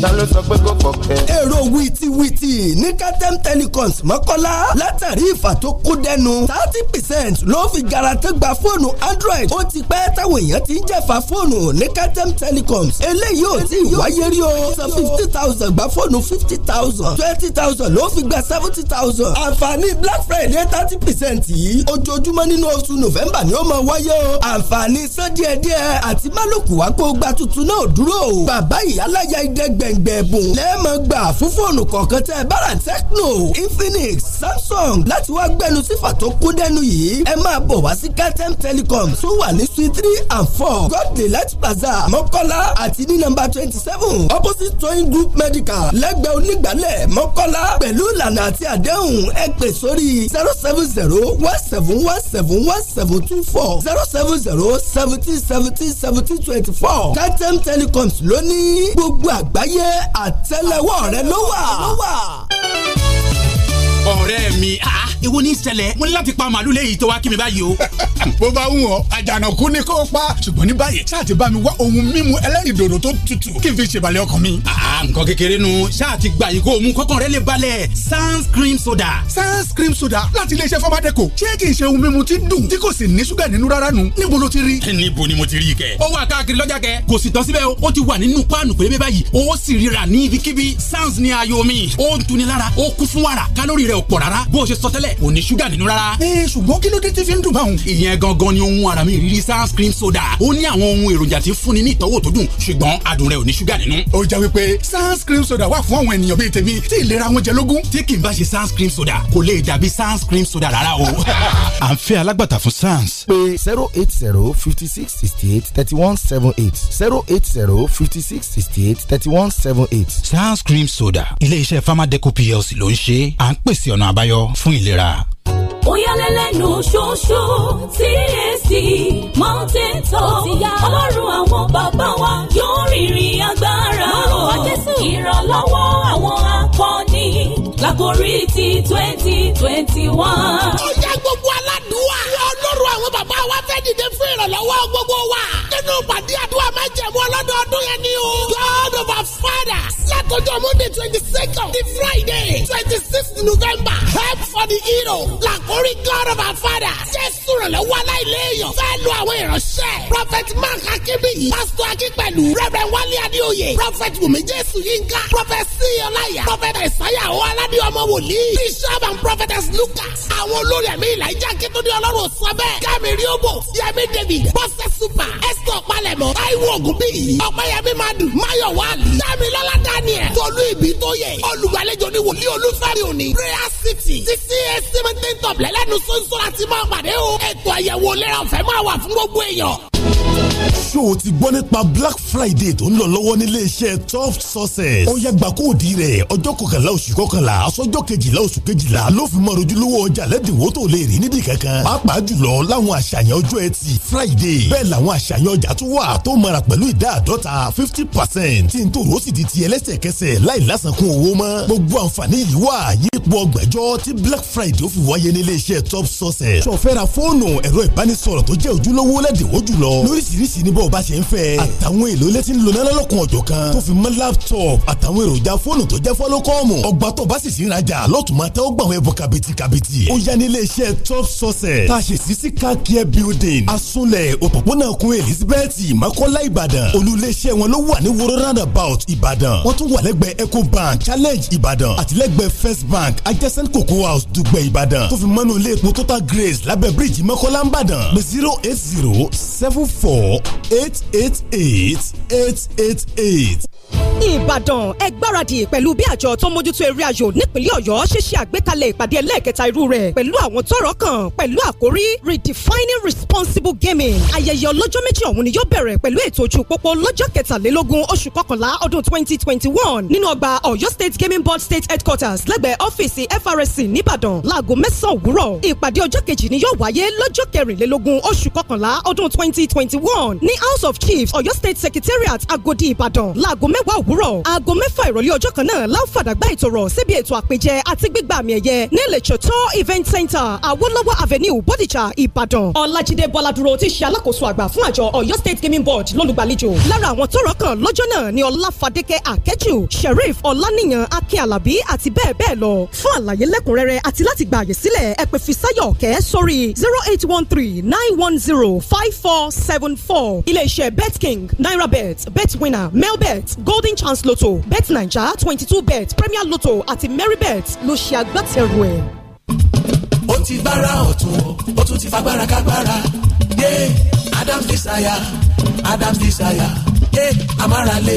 ta ló sọ pé kò fọ̀kẹ́. èrò wìtìwìtì ní katem telecoms mọ́kọ́lá látàrí ìfà tó kó dẹnu thirty percent ló fi garantí gba fóònù android ó ti pẹ́ táwọn èèyàn ti ń jẹ̀fà fóònù ní katem telecoms eléyìí ò tí ì wáyé rí o san fifty thousand gba fóònù fifty thousand twenty thousand ló fi gba seventy thousand àǹfààní black friday thirty percent yìí ojoojúmọ́ nínú oṣù november ni ó máa wáyé o àǹfààní sán díẹ̀díẹ̀ àti málòkù wá kó gba tuntun náà dúró bàbá ìyálàyà ìdẹ́gbẹ̀ gbẹ̀ngbẹ̀ ẹ̀bùn lẹ́ẹ̀mọ gbà fún fóònù kọ̀ọ̀kan tẹ́ bá Tecno Infinix Samsung láti wá gbẹnu sífà tó kún dẹ́nu yìí ẹ máa bọ̀ wá sí Katem Telecom tó wà ní suite three and four God Delight Plaza Mọ́kọ́lá àti ní nọ́mbà twenty seven opposite Toyin Group Medical lẹ́gbẹ̀ẹ́ onígbàlẹ̀ Mọ́kọ́lá pẹ̀lú ìlànà àti àdéhùn ẹ pè sórí zero seven zero one seven one seven one seven two four zero seven zero seventeen seventeen seventeen twenty four Katem Telecoms lónìí gbogbo àgbáyé láyé àtẹ́lẹwọ́ rẹ ló wà ọ̀rẹ́ mi èwo ah, ah, ní ṣẹlẹ̀ mo ní láti pa màálù lẹ́yìn tó wá kí mi báyìí o. bó bá wù ọ́ àjànàkú ni kò pa ṣùgbọ́n ní báyìí ṣáà ti bá mi wá ohun mímu ẹlẹ́rìndòdò tó tutù kí n fi ṣèbalẹ̀ ọkàn mi. Ah, nǹkan kékeré nu ṣáà ti gbà yìí kó o mú kọ́kàn rẹ lè balẹ̀ sans cream soda. sans cream soda láti iléeṣẹ́ fọmádẹ́kọ̀ ṣé kì í ṣe ohun mímu tí dùn tí kò sì ní ṣúgà nínú rárá nu níbo ló ti rí. Eh, níbo ni mo ti rí kẹ. ó wà káàkiri lọ́jà kẹ kò sì tán síbẹ̀ o ó ti wà nínú páànù pé bẹ́ẹ̀ báyìí ó sì ríra ní ibikíbi sans ní ò pọ̀ rárá bó o ṣe sọ tẹ́lẹ̀ kò ní ṣúgà nínú rárá. ẹ ṣùgbọ́n kí ló dé tí fi ń dùn báwọn. ìyẹn gangan ni ohun ara mi ìrírí sunscreen soda ó ní àwọn ohun èròjà tí fúnni ní ìtọ́wò tó dùn ṣùgbọ́n adùn rẹ̀ ò ní ṣúgà nínú. ó já wípé sunscreen soda wà fún àwọn ènìyàn bíi tèmi tí ìlera wọn jẹ lógún. tí kì í bá ṣe sunscreen soda kò lè dàbí sunscreen soda rárá o. à ń fẹ́ alágbàtà fún sans. pé zero eight zero fifty six sixty eight thirty one seven eight zero eight zero fifty six sixty eight thirty one seven eight. sunscreen soda ilé iṣẹ́ pharmadeco plc ló ń ṣe à ń pèsè láìsí ọ̀nà àbáyọ fún ìlera. Oyalelenu ṣoṣo TSC Mountain Top Ọlọ́run àwọn bàbá wa yóò rìnrìn agbára o. Ìrànlọ́wọ́ àwọn akọni lágorí ti twenty twenty one. Ó yá gbogbo aládùúwà. Ọlọ́run àwọn bàbá wa fẹ́ dìde fún ìrànlọ́wọ́ gbogbo wa. Nínú pàdé àdúrà májẹ̀mú ọlọ́dọọdún yẹn ni o of our fathers látọjọ́ monday twenty second to friday twenty sixth november help for the hero làkórí god of our fathers jésù rànlọ́wọ́ aláìléèyàn fẹ́ lu àwọn ìránṣẹ́ prophet mark akínbíyì pastor akínpẹ̀lú reverend wálé adéoyè prophet wùmí jésù yínká prophet sí ọláyà prophet ẹ̀sáyà ọ̀ aládé ọmọ wòlíì bishop and prophetess lucas àwọn olórí ẹ̀mí ìlà ìjà kíntúndé ọlọ́run sọ bẹ́ẹ̀ kẹ́mi rí òbò yẹmi david bọ́sẹ̀ super esther palẹ̀mọ́ táíwò ògùnbíyì ọ̀pẹ́yẹmí madu máyọ̀wá Bali. Dámilọ́lá Daniel. Tolú ibi tó yẹ. Olùgbàlejò ni wòlíì olúfẹ́rẹ́ òní. Prayer city. Ti CAC Mẹ́tẹ́ntì ọ̀bìlẹ́lẹ́nu sọ́nsọ́ láti máa pàdé o. Ètò àyẹ̀wò lẹ́rọ̀ fẹ́ máa wà fún gbogbo èèyàn. Show o ti gbọ́ nípa black friday tó ń lọ lọ́wọ́ nílé iṣẹ́ top success. ó yá gbà kóòdì rẹ̀ ọjọ́ kọkànlá oṣù kọkànlá aṣọ́jọ́ kejìlá oṣù kejìlá ló fi mọ ojúlówó ọjà lẹ́dínwó tó lè rí nídìí kankan. pàápàá jùlọ láwọn àṣàyàn ọjọ́ ẹtì friday bẹ́ẹ̀ làwọn àṣàyàn ọjà tó wà tó mara pẹ̀lú ìdá àdọ́ta fifty percent tí n tó rò sì di ti ẹlẹ́sẹ̀kẹsẹ̀ láì lásàkún owó mọ́. gbogbo àǹfààní yìí wà yípo ọgbàjọ́ tí black friday ó fi wáyé nílé iṣẹ́ top success. sọfẹ́ra fóònù ẹ̀rọ ìbánisọ̀rọ̀ tó jẹ́ ojúlówó lẹ́dínwó jùlọ lóríṣiríṣi níb bó bá ṣe ń fẹ́. àtàwọn èlò ilé tí ń lona lọ́lọ́kun ọ̀jọ̀ kan tó fi mọ́ laptop àtàwọn èròjà fóònù tó jẹ́ fọ́lọ́kọ́ọ̀mù ọgbà tó bá sì sí ìrajà lọ́tùmọ̀ tẹ́ ó gbà wọ́n ẹbọ kàbìtì kàbìtì. ó yá ní iléeṣẹ́ top sources tá a ṣe sí sí car care building asunlẹ̀ òpópónà kun elizabeth makola ìbàdàn olùléeṣẹ́ wọn ló wà ní woro roundabout ìbàdàn wọ́n tún wà lẹ́gbẹ̀ẹ́ ecobank challenge ìbàdàn àtìlẹ́gbẹ̀ẹ́ first bank adjacent cocoa house dùgbẹ̀ ìbàdàn tó fi mọ́nú ilé grace lábẹ́ bíríìjì mọ́kọ́lá ń zero eight zero seven four eight eight eight eight eight eight. ìbàdàn ẹ gbáradì pẹ̀lú bí àjọ tó mójútó eré ayò nípínlẹ̀ ọ̀yọ́ ṣe ṣe àgbékalẹ̀ ìpàdé ẹlẹ́ẹ̀kẹta irú rẹ̀ pẹ̀lú àwọn tọ́rọ̀ kan pẹ̀lú àkórí redefining responsible gaming ayẹyẹ ọlọ́jọ́ méjì ọ̀hún ni yóò bẹ̀rẹ̀ pẹ̀lú ètò ojú pópó lọ́jọ́ kẹtàlélógún oṣù kọkànlá ọdún twenty twenty one nínú ọgbà ọ̀yọ́ state gaming board state headquarters lẹ́gbẹ̀ẹ́ ọ́fíìsì frc nìbàdàn láago mẹ́sàn-án òwúrọ̀ ìpàdé ọjọ́ kejì ni yóò wáyé lọ́jọ́ kẹrìnlélógún oṣù kọkànlá ọdún house of chiefs ọ̀yọ́ state secretariat agodi ìbàdàn láago mẹ́ mẹ́wàá òwúrọ̀ aago mẹ́fà ìrọ̀lẹ́ ọjọ́ kan náà láǹfàdàgbà ìtòrọ̀ síbi ètò àpèjẹ àti gbígbà àmì ẹ̀yẹ ní ilé ìṣètò event center Awolowo avenue Bódìjà Ìbàdàn Ọlájídé Bọ́ládúró ti ṣe alákòóso àgbà fún àjọ Ọ̀yọ́ state gaming board lólùgbàlejò lára àwọn tọ́rọ̀ kan lọ́jọ́ náà ni Ọláfadékẹ́ Akẹ́jù Sheriff Ọláníyàn Akin Àlàbí àti bẹ́ẹ̀ bẹ́ẹ̀ lọ fún àlàyé lẹ́kùnrẹ́rẹ́ àti láti gba àyè sílẹ̀ ẹ pè zero eight one three nine one zero five four seven four ilé iṣẹ́ betking nairabet betwinner melbet golden chance lotto bet naija twenty two bet premier lotto àti merrybet ló ṣe agbátẹrù ẹ̀. ó ti gbára ọ̀tún ó tún ti fagbára kágbára yé yeah. adams desire adams desire yé yeah. amárale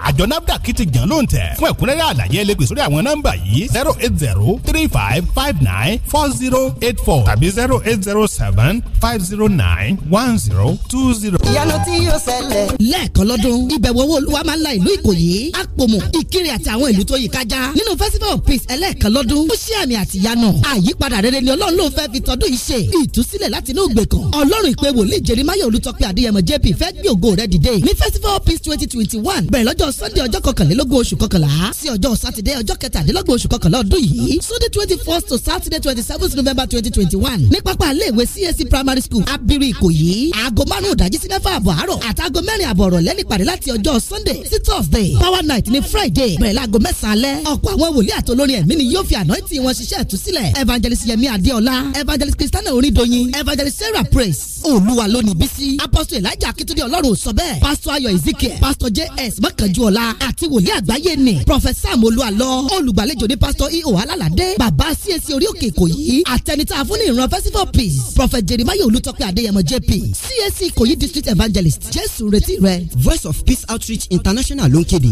àjọ nafdac ti jàn ló ń tẹ̀ fún ẹ̀kúnrẹ́rẹ́ àlàyé ẹ sórí àwọn nọ́mbà yìí zero eight zero three five five nine four zero eight four tàbí zero eight zero seven five zero nine one zero two zero. ìyanu tí yóò ṣẹlẹ̀. lẹ́ẹ̀kan lọ́dún ìbẹ̀wò owó olúwa máa ń la ìlú ìkòyí àpòmù ìkiri àti àwọn ìlú tó yí kájá nínú festival of peace ẹlẹ́ẹ̀kan lọ́dún ó ṣe àmì àtìyanu àyípadà rere ni ọlọ́run ló fẹ́ fi tọdún yìí ṣe ìtúsílẹ̀ láti inú ìgbèkùn ọlọ́run ìpè wòlíì jerimáyà olùtọ́pẹ́ adéyẹmọ jp fẹ́ gbé ògo rẹ̀ dìde festival of peace twenty twenty one bẹ̀rẹ̀ lọ́jọ́ ọjọ́ sunday ọjọ́ kọkànlélógún oṣù kọkànlá sí ọjọ́ sátidé ọjọ́ kẹtàdínlógún oṣù kọkànlá ọdún yìí sunday twenty first to saturday twenty seventh november twenty twenty one ní pápá iléèwé csc primary school abiri ìkòyí aago márùn-ún ìdájí sí mẹ́fà àbọ̀ àárọ̀ àtàgọ mẹ́rin àbọ̀ ọ̀rọ̀lẹ́ nípàdé láti ọjọ́ sunday sí thursday power night ní friday bẹ̀rẹ̀ láago mẹ́sàn-án alẹ́ ọ̀pọ̀ àwọn wòlíì àtolórin ẹ̀mí ni yóò fi ànáìtì wọn ṣiṣẹ́ ìtúsílẹ̀ evangelist yemi adeola evangelist christiana orindoyin evangelist sarah praise olúwa lónìí bísí apostle elijah akitunde ọlọ́run sọ bẹ́ẹ̀ pastor ayọ̀ ezekiel pastor js mọ́kànjú wòlíì ọ̀la àti wòlíì àgbáyé ni pọfẹsà molu àlọ olùgbàlejò ní pásítọ iho e alálàdé bàbá CAC orí òkè ìkòyí àtẹnitá àfún ìran festival peace prọfẹt jeremiah olùtọ́pẹ́ adéyẹmọ jp CAC ìkòyí district evangelist jésù retí rẹ. voice of peace outreach international ló ń kéde.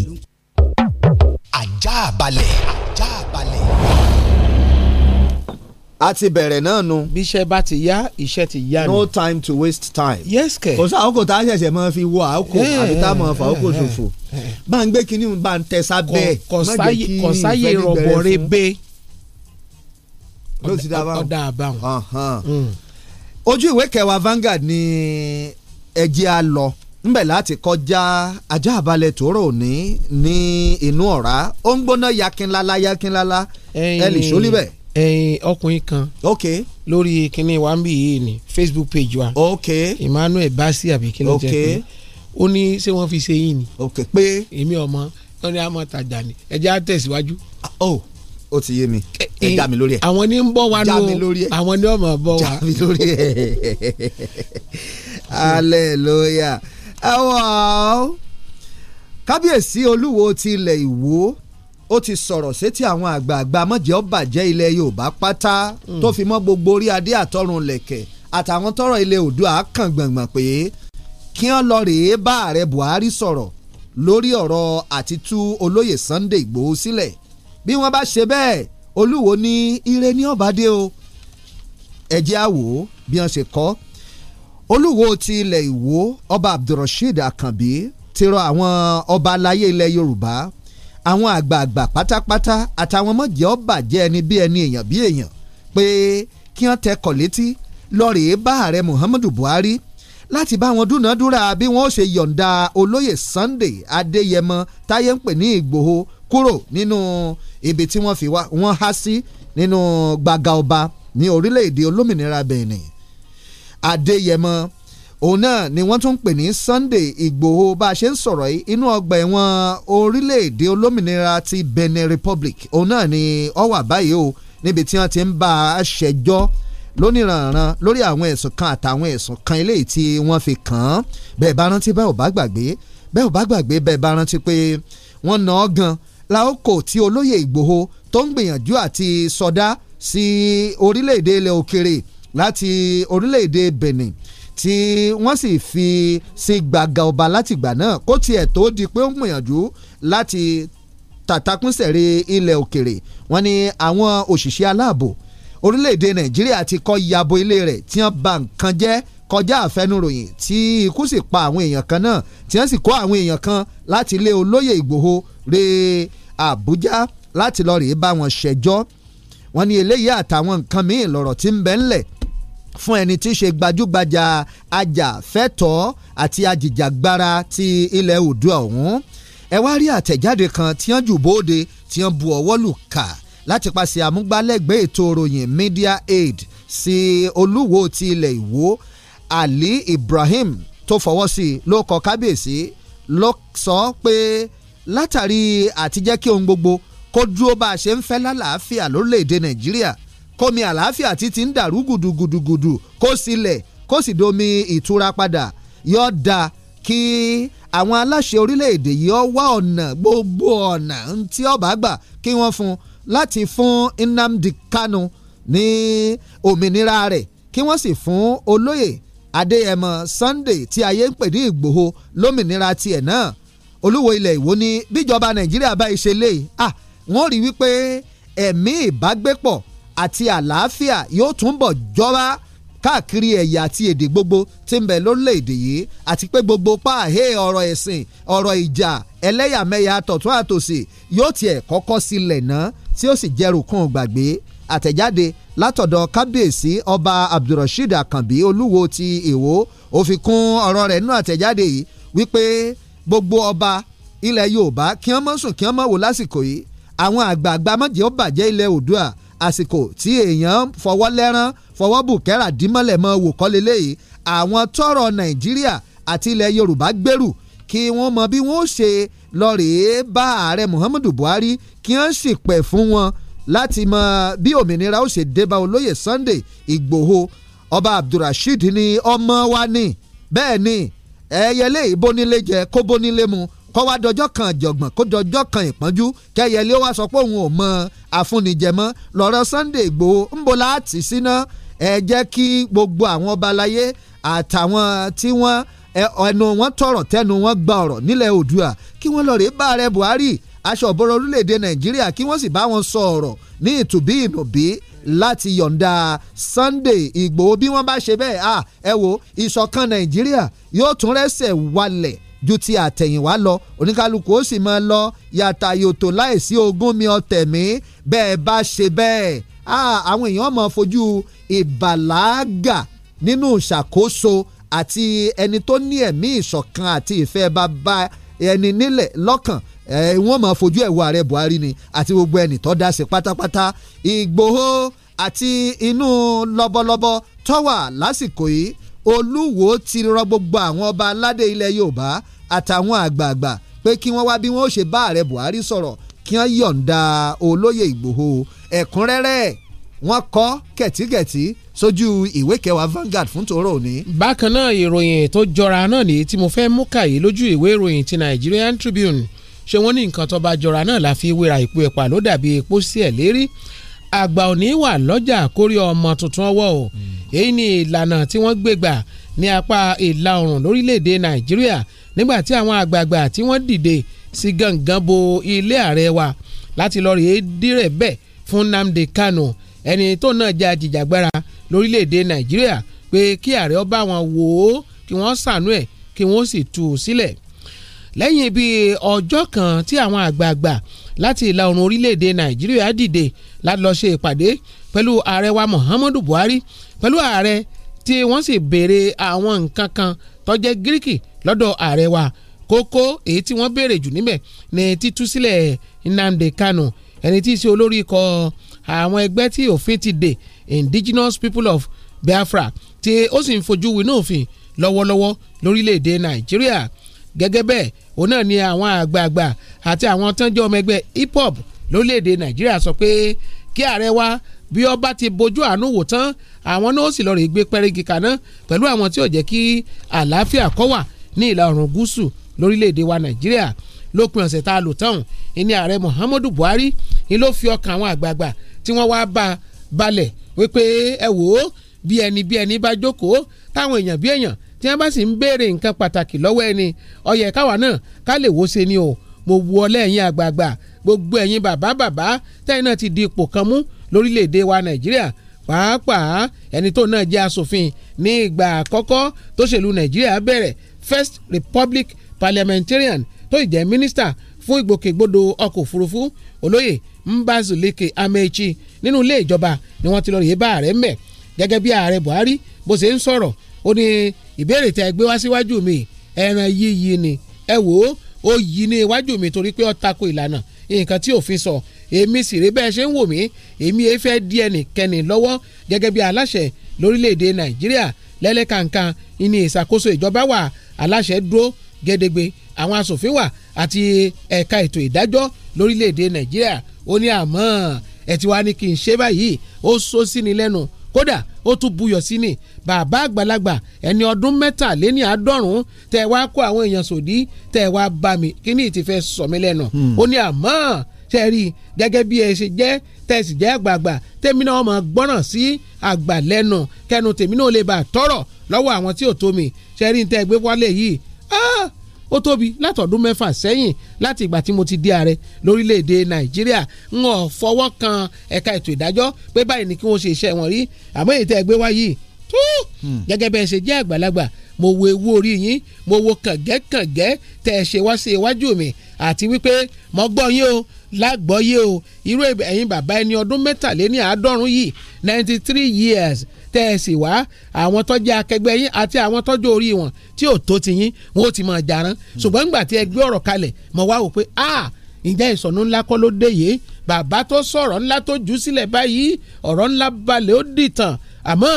ajá balẹ̀ ajá balẹ̀ a ti bẹ̀rẹ̀ náà nu. bí iṣẹ́ bá ti yá iṣẹ́ ti yá ni. no time to waste time. yes kẹ. kò sí àkókò tá a ṣẹ̀ṣẹ̀ máa fi wọ àkókò àbí tá a máa fà àkókò ṣòfò. bá ń gbé kinní bá ń tẹ̀sà bẹ́ẹ̀. kọ̀sáyé rọ̀bọ̀ re bẹ́ẹ̀. ló ti dá báwọn. ọ̀dà àbáwọn. ojú ìwé kẹwàá Vanguard ni ẹjẹ́ a lọ nbẹ̀ láti kọjá ajá àbálẹ̀ tòró òní ní inú ọ̀rá ó ń gbóná yakinlala yakinlala ẹ̀ lè sólíbẹ̀ ọkùnrin kan okay. lórí kíní wa ń bì yìí ni Facebook page wa okay. Emmanuel Basi àbí kíní jẹ pé ó ní ṣé wọ́n fi ṣe yìí ni pé èmi ọmọ wọn ni a máa tajà ni ẹ jẹ́ á tẹ̀síwájú. ó ti yé mi ẹ já mi lórí ẹ àwọn ní ń bọ̀ wá ló àwọn ní ọmọ bọ̀ wá. já mi lórí ẹ hallelujah ẹ wọ́n kábíyèsí olúwo ti ilẹ̀ Ìwó ó ti sọ̀rọ̀ sétí àwọn àgbààgbà mọ̀jẹ́ ọ̀bàjẹ́ ilẹ̀ Yorùbá pátá tó hmm. fi mọ́ gbogbo orí adé àtọrun lẹ̀kẹ̀ àtàwọn tọrọ ilẹ̀ Oòduà kàn gbọ̀ngbọ̀n pé kí wọ́n lọ rèé bá ààrẹ Buhari sọ̀rọ̀ lórí ọ̀rọ̀ àti tú olóyè Sunday Ìgbòho sílẹ̀ bí wọ́n bá ṣe bẹ́ẹ̀ Olúwo ní ire ní ọ̀bàdé o ẹ̀jẹ̀ àwò bí wọ́n ṣe kọ́ Olúwo ti ilẹ̀ Ìwó ọba Abdulrasheed Akànbí ti rọ àwọn ọba aláyé ilẹ̀ Yorùbá àwọn àgbààgbà pátápátá àtàwọn mọ̀jẹ́ ọba jẹ́ ẹni bí ẹni èèyàn bí èèyàn pé kí wọ́n tẹkọ̀ létí lọ́ọ̀rì bá ààrẹ Muhammadu Buhari láti bá wọn dúnàádúrà bí wọn ó ṣe yọ̀ǹda olóyè Sunday Adéyẹmọ táyé ń pè ní Ìgbòho kúrò nínú ibi tí wọ́n fi wá wọ́n há sí nínú gbàgà ọba ní orílẹ̀-èdè olómìnira Benin Adéyẹmọ òun náà ni wọ́n tún ń pè ní Sunday Ìgbòho bá a ṣe ń sọ̀rọ̀ yìí inú ọgbà ẹ̀wọ̀n orílẹ̀-èdè olómìnira ti Benin Republic òun náà ni ó wà báyìí o níbi tí wọ́n ti ń bá a ṣẹjọ́ lóníranran lórí àwọn ẹ̀sùn kan àtàwọn ẹ̀sùn kan eléyìí tí wọ́n fi kàn án bẹ́ẹ̀ bá rántí bẹ́ẹ̀ ò bá gbàgbé bẹ́ẹ̀ ò bá gbàgbé bẹ́ẹ̀ bá rántí pé wọ́n ná ọ́ gan láòkò tí olóyè Ìgbòho tó ń gbìyànjú àti sọdá sí orílẹ̀-èdè ilẹ̀ òkèrè láti orílẹ̀-èdè Benin tí wọ́n sì fi ṣe gbàgà ọba látìgbà náà kó tiẹ̀ tó di pé ó gbìyànjú láti tàtàkùnsẹ̀rẹ̀ ilẹ̀ òkèrè wọ́n ní àwọn òṣìṣẹ́ aláàbò orílẹ̀-èdè nàìjíríà ti kọ́ yabo ilé rẹ̀ tí wọ́n bà nǹkan jẹ́ kọjá àfẹnuròyìn tí ikú sì pa àwọn èèyàn kan náà tí wọ́n sì kó àwọn èèyàn kan láti ilé olóyè ìgbòho re àbújá láti lọ rèé bá wọn ṣẹjọ́ wọ́n ní eléyìí àtàwọn nǹkan míì lọ̀rọ̀ tí ń bẹ ńlẹ̀ fún ẹni tí í ṣe gbajúgbajà ajàfẹ́tọ̀ọ́ àti ajìjàgbara ti ilẹ̀ Oòduà ọ̀hún ẹ wá rí àtẹ̀jáde kan tí wọ́n jù bóde tí wọ́n bu ọwọ́ lù kà láti paṣẹ àmúgbálẹ́gbẹ̀ẹ́ ètò òròyìn media aid sí olúwo ti ilẹ̀ Ìwó Ali Ibrahim tó fọwọ́ sí i ló kọ kábíyèsí ló sọ pé látàrí àtijẹ́ kí ohun gbogbo kó dúró bá a ṣe ń fẹ́ lálàáfíà lórílẹ̀‐èdè Nàìjíríà kómi àlàáfíà tí ti ń dàrú gùdùgùdùgùdù kó sílẹ̀ kó sì domi ìtura padà yọ da kí àwọn aláṣẹ orílẹ̀-èdè yìí ọ wá ọ̀nà gbogbo ọ̀nà tí ọba gbà kí wọ́n fún láti fún Nnamdi Kanu ní òmìnira rẹ̀ kí wọ́n sì fún olóyè Adéyẹmọ Sunday tí ayé ń pè ní Ìgbòho lómìnira tiẹ̀ náà olúwo ilẹ̀ Ìwó ni bíjọba Nàìjíríà bá ṣe lè ah e. wọ́n rí wípé ẹ̀mí ìbágbépọ̀ àti àlàáfíà yóò túnbọ̀ jọba káàkiri ẹ̀yà àti èdè gbogbo tí ń bẹ lórílẹ̀‐èdè yìí àti pé gbogbo páàhé ọ̀rọ̀ ẹ̀sìn ọ̀rọ̀ ìjà ẹlẹ́yàmẹ̀yà àtọ̀tún àtòsì yóò tiẹ̀ kọ́kọ́ sílẹ̀ náà tí ó sì jẹ́rù kún gbàgbé àtẹ̀jáde látọ̀dọ̀ kábíyèsí ọba abdulrasheed akànbí olúwo ti èwo ó fi kún ọ̀rọ̀ rẹ̀ nínú àtẹ̀jáde yìí wípé gbogbo ọba ilẹ̀ yorùbá kí wọ́n mọ̀ sùn kí wọ́n mọ̀ wò lásìkò yìí àwọn àgbààgbà mọ̀jẹ̀ ó bàjẹ́ ilẹ̀ oòduà àsìkò tí èèyàn fọwọ́ lẹ́rán fọwọ́ bùkẹ́rà dímọ́lẹ̀ mọ́ wò kọ́lé léyìí àwọn tọrọ nàìjíríà àti ilẹ̀ yorùbá gbèrú kí wọ́n mọ bí wọ́n ṣe lọ rèé bá ààrẹ muhammadu buhari kí wọ́n sì pẹ̀ fún wọn láti mọ bí òmìnira ó ṣe dé olóyè sunday ìgbòho ọba abdulrasheed ni ọmọ wa ni bẹ́ẹ̀ ni ẹ̀yẹ lè bónílé jẹ kó bónílé mu kọ́ wá dọjọ́ kan àjọ̀gbọ̀n kó dọjọ́ kan ìpọ́njú kẹ́yẹlé wá sọ pé òun ò mọ àfúnnijẹmọ́ lọ́rọ̀ Sunday Ìgbòho ńbọ láti síná ẹ jẹ́ kí gbogbo àwọn ọba láyé àtàwọn tí wọ́n ẹnu wọn tọrọ tẹnu wọn gba ọ̀rọ̀ nílẹ̀ Oòduà kí wọ́n lọ rèé bá ààrẹ Buhari aṣọ òbọ̀rọ̀ orílẹ̀-èdè Nàìjíríà kí wọ́n sì bá wọn sọ ọ̀rọ̀ ní ìtùbí ìnùbí láti yọ̀ǹda Sunday Ìgbòho bí wọ́n bá ṣe bẹ́ẹ̀ ẹ wo ìṣọ̀kan Nàìjíríà yóò tún rẹ́sẹ̀ walẹ̀ ju ti àtẹ̀yìnwá lọ oníkálukú ó sì máa lọ yàtà yòtò láìsí ogún mi ọ̀tẹ̀ mi bẹ́ẹ̀ bá ṣe bẹ́ẹ̀ àwọn èèyàn máa fojú ìbàlágà nínú ìṣàkóso àti ẹni tó ní ẹ̀mí ìṣọ̀kan àti ìfẹ́ bàbá ẹni nílẹ̀ lọ́kàn wọ́n máa fojú ẹ̀wọ̀ ààrẹ Buhari ni àti gbogbo ẹni tó dá sí pátápátá Ìgbòho àti inú lọ́bọ̀lọ́bọ̀ tó lásìkò yìí olúwo ti rọ gbogbo àwọn ọba aládé ilẹ̀ yorùbá àtàwọn àgbààgbà pé kí wọ́n wá bí wọ́n ṣe bá ààrẹ buhari sọ̀rọ̀ kí wọ́n yọ̀ǹda olóyè ìgbòho ẹ̀kúnrẹ́rẹ́ wọ́n kọ́ kẹ̀tíkẹ̀tí sójú ìwé kẹwàá Vanguard fún tòró òní. bákan náà ìròyìn tó jọra náà ni tí mo fẹ́ mú kàyé lójú ìwé ìròyìn ti Nigerian Tribune ṣé wọ́n ní nǹkan tó bá jọra náà la wéra ìpò ẹ̀pà dàbí epo sí ẹ̀ lérí àgbà ò ní wà lọ́jà kórí ọmọ tuntun ọwọ́ o hmm. èyí ni ìlànà tí wọ́n gbé gbà ní apá ìlà oòrùn lórílẹ̀‐èdè nàìjíríà nígbà tí àwọn àgbààgbà tí wọ́n dìde sí gangan bo ilé ààrẹ wa láti lọ́ọ́ rèé dírẹ̀ bẹ́ẹ̀ fún Nnamdi Kanu ẹni tó náà jẹ́ ajìjàgbara lórílẹ̀‐èdè nàìjíríà pé kí ààrẹ ó bá wọn wò ó kí wọ́n ṣàánú ẹ̀ kí wọ́n sì tú u sílẹ̀ lẹ́yìn bíi ọjọ́ kan tí àwọn àgbààgbà láti ìlà oòrùn orílẹ̀-èdè nàìjíríà dìde láti lọ́ọ́ ṣe ìpàdé pẹ̀lú ààrẹ wa muhammadu buhari pẹ̀lú ààrẹ tí wọ́n sì béèrè àwọn nǹkan kan tó jẹ́ gíríkì lọ́dọ̀ ààrẹ wa kókó èyí tí wọ́n béèrè jù níbẹ̀ ni títú sílẹ̀ nnamdi kanu ẹni tí í ṣe olórí ikọ̀ àwọn ẹgbẹ́ tí òfin ti dè indigenous people of biafra tí ó sì ń fojú winú òfin lọ́wọ́lọ́wọ́ lórílẹ̀‐èdè nàìjíríà gẹ́gẹ́ bẹ́ẹ̀ òun náà ni àwọn àgbààgbà àti àwọn tánjọ́ ọmọ ẹgbẹ́ hip hop lórílẹ̀‐èdè nàìjíríà sọ pé kí ààrẹ wa bí ó bá ti bójú àánú wò tán àwọn náà ó sì lọ rè gbé pẹ́rẹ́gì kaná pẹ̀lú àwọn tí ò jẹ́ kí àlàáfíà kó wà ní ìlà oòrùn gúúsù lórílẹ̀‐èdè wa nàìjíríà lópin ọ̀sẹ̀ tá a lò tán ìní ààrẹ muhammadu buhari ni ló fi ọkàn àwọn àgbààgbà tí wọ́n wá bá balẹ̀ wípé ẹ wò ó bí ẹni bí ẹni bá jókòó táwọn èèyàn bí èèyàn tí wọ́n bá sì ń béèrè nǹkan pàtàkì lọ́wọ́ ẹni ó yẹ káwa náà ká lè wo ṣe ni o mo wu ọlẹ́ ẹ̀yin àgbààgbà gbogbo ẹ̀yin bàbá bàbá tẹ́yìn náà ti di ipò kan mú lórílẹ̀‐èdè wa nàìjíríà pàápàá ẹni tó náà jẹ́ asòfin ní ìgbà àkọ́kọ́ tó ṣèlú nàìjíríà bẹ̀rẹ̀ first republic parliamentarian tó ìjẹ́ mínísítà fún ìgbòkègbodò ọkọ̀ òfurufú olóyè Mbazulike Amechi nínú ilé ìjọba ni wọ́n ti lọ rèé bá ààrẹ mẹ́ gẹ́gẹ́ bí ààrẹ Buhari bó ṣe ń sọ̀rọ̀ ó ní ìbéèrè tẹ́ ẹ gbé wá síwájú mi ẹran yíyí ni ẹ wò ó ó yí ní iwájú mi torí pé ó tako ìlànà nǹkan tí òfin sọ èmi sì rí bẹ́ẹ̀ ṣe ń wò mí èmi ẹ e fẹ́ di ẹnìkẹ́ni lọ́wọ́ gẹ́gẹ́ bí aláṣẹ lórílẹ̀‐èdè nàìjíríà lẹ́lẹ́kàǹkà ní ìṣàkóso ìjọba wà aláṣẹ dúró gẹ́dẹ́gbẹ́ àwọn asòfin wà àti ẹ̀ka ètò ìdájọ́ lórílẹ̀‐èdè nàìjíríà ó ní àmọ́ ẹ̀ tí wàá ní kí n ṣe báyìí ó sọ sí ni lẹ́nu kódà ó tún buyọ̀ sí ni bàbá àgbàlagbà ẹni ọdún mẹ́tàléní àádọ́rùn-ún tẹ̀ wá kó àwọn èèyàn sòdí tẹ̀ wá bá mi kí ni ìtìfẹ́ sọ mí lẹ́nu hmm. ó ní àmọ́ ṣe rí gẹ́gẹ́ bí ẹ ṣe jẹ́ tẹ̀sí jẹ́ àgbààgbà tèmi náà máa gbọ́ràn sí àgbà lẹ́nu kẹnu tèmi náà lè bá tọrọ lọ́wọ́ àwọn tí ò tó mi ṣe rí ní tẹ́ gbé wálé yìí ó tóbi látọ̀dún mẹ́fà sẹ́yìn láti ìgbà tí mo ti di ààrẹ lórílẹ̀‐èdè nàìjíríà ń ọ̀ fọwọ́ kan ẹ̀ka ètò ìdájọ́ pé báyìí ni kí wọ́n ṣe iṣẹ́ wọn rí àmọ́ èyí tẹ́ ẹ gbé wá yìí tó gẹ́gẹ́ bẹ́ẹ̀ ṣe jẹ́ àgbàlagbà mo wo ewu orí yín mo wo kàngẹ́kàngẹ́ tẹ́ ẹ ṣe wá sí iwájú mi àti wípé mo gbọ́ yín o lágbọ́ yín o irú ẹ̀yin bàbá ẹni ọdún mẹ́tàléní àádọ́rùn-ún yìí ninety three years tẹ́ ẹ sì wá àwọn tó jẹ́ akẹgbẹ́ yín àti àwọn tó jẹ́ orí wọn tí ò tó ti yín wọn ò ti máa jarán ṣùgbọ́n nígbà tí ẹ gbé ọ̀rọ̀ kalẹ̀ mọ̀ wá wò pé ah ǹjẹ́ ìsọ̀nù ńlá kọ́ ló dé yìí bàbá tó sọ̀rọ̀ ńlá tó jù sílẹ̀ báyìí ọ̀rọ̀ ńlá balẹ̀ ó dìtàn àmọ́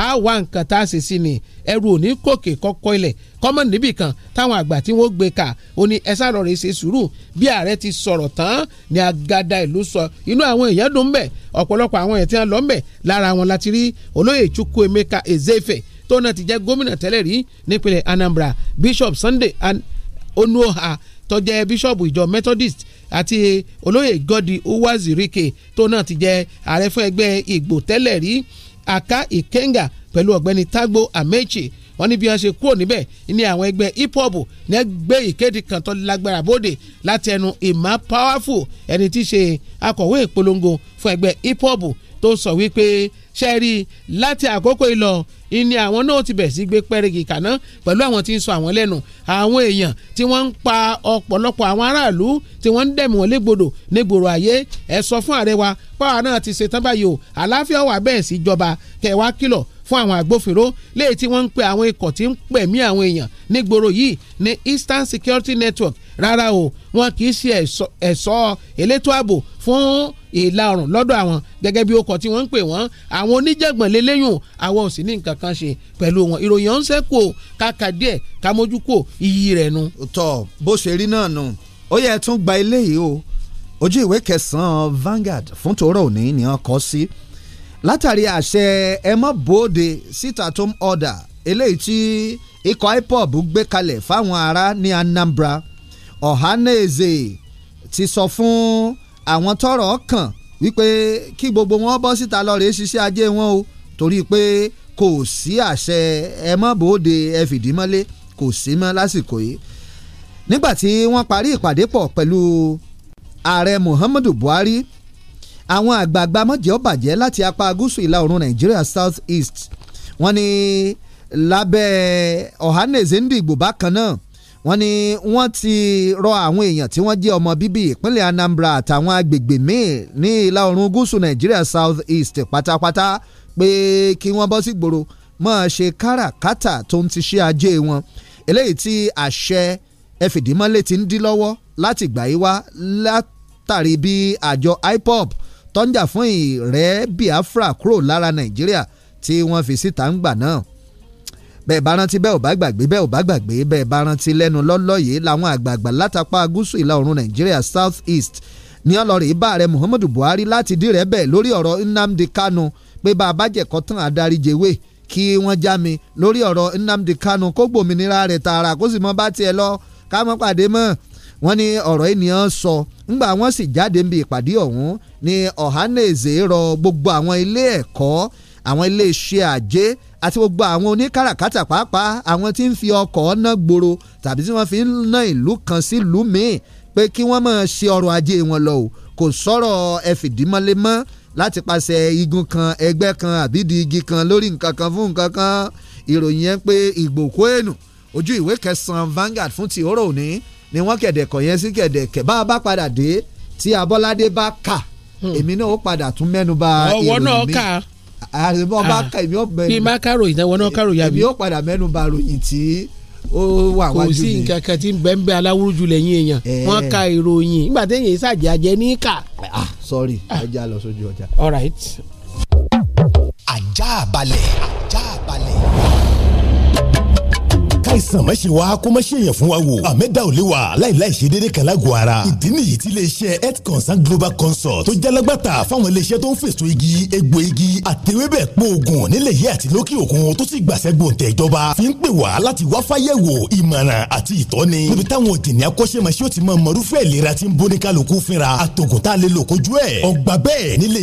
A wá nǹkan tá a sì sí ni ẹrù òní kòkè kọ́kọ́ ilẹ̀ kọ́mọ̀ níbì kan táwọn àgbà tí wọ́n gbé ka ó ní ẹ sáré rẹ̀ ṣe sùúrù bí ààrẹ ti sọ̀rọ̀ tán ni agada ìlú sọ inú àwọn èèyàn dùn bẹ̀ ọ̀pọ̀lọpọ̀ àwọn èèyàn tí wọ́n lọ bẹ̀ lára wọn láti rí olóyè Chukwuemeka Ezefe tó náà ti jẹ́ gómìnà tẹ́lẹ̀ rí nípínlẹ̀ Anambra Bishop Sunday an Onuoha tó jẹ́ bíṣọ̀bù ìjọ Methodist àti olóyè Godi Uwazirike tó náà ti jẹ́ ààrẹ fún ẹgbẹ́ Ìgbò tẹ́lẹ̀ rí Aka Ikenga pẹ̀lú ọ̀gbẹ́ni Tagbo Amechi wọ́n ní bí wọ́n ṣe kúrò níbẹ̀ ní àwọn ẹgbẹ́ hip hop ní gbé ìkéde kan tó lágbára bóde láti ẹnu Emma Powerful ẹni tí í ṣe akọ̀wé ìpolongo fún ẹgbẹ́ hip hop tó sọ wípé ṣẹ́ẹ̀rí láti àkókò ìlọ ìní àwọn náà ti bẹ̀ sí gbé pẹ́rẹ́gì kaná pẹ̀lú àwọn tí ń sọ àwọn lẹ́nu àwọn èèyàn tí wọ́n ń pa ọ̀pọ̀lọpọ̀ àwọn aráàlú tí wọ́n ń dẹ̀mí wọn légbodò nígboro ayé ẹ̀ sọ fún ààrẹ wa pàwọn náà ti ṣetán báyìí o àlàáfíà wà bẹ́ẹ̀ sí ìjọba kẹwàá kìlọ̀ fún àwọn agbófinró léyìí tí wọ́n ń pe àwọn ikọ̀ tí ń pẹ̀mí àwọn èèyàn nígboro yìí ní Eastern Security Network rárá o wọn kì í ṣe ẹ̀ṣọ́ elétò ààbò fún ìlà oòrùn lọ́dọ̀ àwọn gẹ́gẹ́ bí ọkọ̀ tí wọ́n ń pè wọ́n àwọn oníjàngbọ̀n lélẹ́yìn àwọn ò sì ní nǹkan kan ṣe pẹ̀lú wọn ìròyìn ọ̀hún ṣẹ́kù o kàkà díẹ̀ ká mójú kò iyì rẹ̀ nu. tọ bó ṣe rí náà nù ó yẹ tún gba eléyìí o ojú ìwé kẹsàn-án Vanguard fún tòórọ́ òní ni wọ́n kọ sí látàrí àṣẹ ẹmọ́bòde sit at home order eléyìí tí ikọ̀ IPOB gbé kalẹ̀ fáwọn ará ní Anambra Ọ̀hánèzè ti sọ fún àwọn tọ́rọ̀ kàn wípé kí gbogbo wọn bọ́ síta lọ́ọ̀rẹ́ ṣiṣẹ́ ajé wọn o torí pé kò sí àṣẹ ẹmọ́bòde ẹfìdímọ́lé kò sí mọ́ lásìkò yìí nígbà tí wọ́n parí ìpàdé pọ̀ pẹ̀lú ààrẹ Muhammadu Buhari àwọn àgbààgbà mọ̀jẹ̀ ọ̀bàjẹ́ láti apá gúúsù ìlà oòrùn nàìjíríà south east wọ́n ní lábẹ́ ọ̀hánèzè ń dìgbò bákan náà wọ́n ní wọ́n ti rọ àwọn èèyàn tí wọ́n jẹ́ ọmọ bíbí ìpínlẹ̀ anambra àtàwọn agbègbè míì ní ìlà oòrùn gúúsù nàìjíríà south east pátápátá pé kí wọ́n bọ́ sí gbòòrò máa ṣe káràkátà tó ń ti ṣe ajé wọn eléyìí tí àṣẹ ẹfìdímọ́lẹ̀ ti ń dí lọ́wọ́ láti gbà yí wá látàrí bí àjọ IPOB tó ń jà fún ìrẹ́ Biafra kúrò lára Nàìjíríà tí wọ́n fi síta ń gbà náà bẹ́ẹ̀ bá rántí bẹ́ẹ̀ ò bá gbàgbé bẹ́ẹ̀ ò bá gbàgbé bẹ́ẹ̀ bá rántí lẹ́nu lọ́lọ́ yìí làwọn àgbààgbà látàpá gúúsù ìlà oòrùn Nàìjíríà South East ní ọlọ́rìí bá ààrẹ Muhammadu Buhari láti dí rẹ̀ bẹ́ẹ̀ lórí ọ̀rọ̀ Nnamdi Kanu pé bá a bá jẹ̀kọ́ tán àdáríjẹwé kí wọ́n já mi lórí ọ̀rọ̀ Nnamdi Kanu kó gbòmìnira rẹ̀ tààrà kó sì mọ́ bá tiẹ̀ lọ ká mọ́ pàdé mọ́ wọ́n ní ọ̀rọ̀ ènìyàn sọ ńgbà wọ́n sì jáde níbi ìpàdé ọ̀hún ní Ohanaeze rọ gbogbo àwọn ilé ẹ̀kọ́ àwọn ilé iṣẹ́ àjẹ́ àti gbogbo àwọn oníkàràkátà pàápàá àwọn tí ń fi ọkọ̀ ná gbòòrò tàbí tí wọ́n fi ń ná ìlú kan sí ìlú míì pé kí wọ́n máa ṣe ọrọ̀ ajé wọn lọ o kò sọ̀rọ̀ ẹ̀fìdímọ́lé mọ́ láti pàṣẹ igun kan ẹgbẹ́ kan àbídi igi kan lórí nǹkan kan fún nǹkan kan ìròyìn yẹn pé ìgbòkó ènù ojú ìwé kẹsàn-án Vanguard fún ti òní ni wọ́n kẹ̀dẹ̀kọ̀ yẹn sí kẹ̀dẹ̀kẹ̀ bá a bá padà dé tí Abọ́ládé bá kà hmm. èmi náà ó padà tún mẹ́nu bà ìròyìn mi àrùbọ̀ bá ah. kà èmi ó mẹ́nu bí má kàrò ìdáwọ́ náà kàrò yàbí èmi ó padà mẹ́nu bà ròyìn tí ó wà wájú mi kò sí nǹkan kan tí bẹ́ẹ̀nbẹ́ẹ́ aláwùrúju lẹ́yìn èèyàn eh. wọ́n ka ìròyìn nígbà téèyàn ṣàjàjẹ́ ní kà. Ah, sorry ah. ajá lọ sójú ọjà. all right. ajá balẹ̀. káìsàn má ṣe wa kó má yẹn fún wa wo àmẹ́dá ò lè wa láìláì ṣe déédéé kan lágọ̀ọ́ ara ìdí nìyí tí iléeṣẹ́ health consult global consult tó jalagbàtà fáwọn iléeṣẹ́ tó ń fèsò igi egbò igi àtẹwébẹ̀ pòògùn nílẹ̀ yìí àti lókè òkun tó sì gbàṣẹ́ gbòǹtẹ̀ ìjọba fi ń pè wá láti wá fáyẹ̀wò ìmọ̀ràn àti ìtọ́ni níbi táwọn òjìní akọ́ṣẹ́mọṣẹ́ ò ti mọ mọ̀rúfẹ́ ìlera tí ń bóni kálukú fínra àtògùn tá a lè lò kojú ẹ̀ ọgbà bẹ́ẹ̀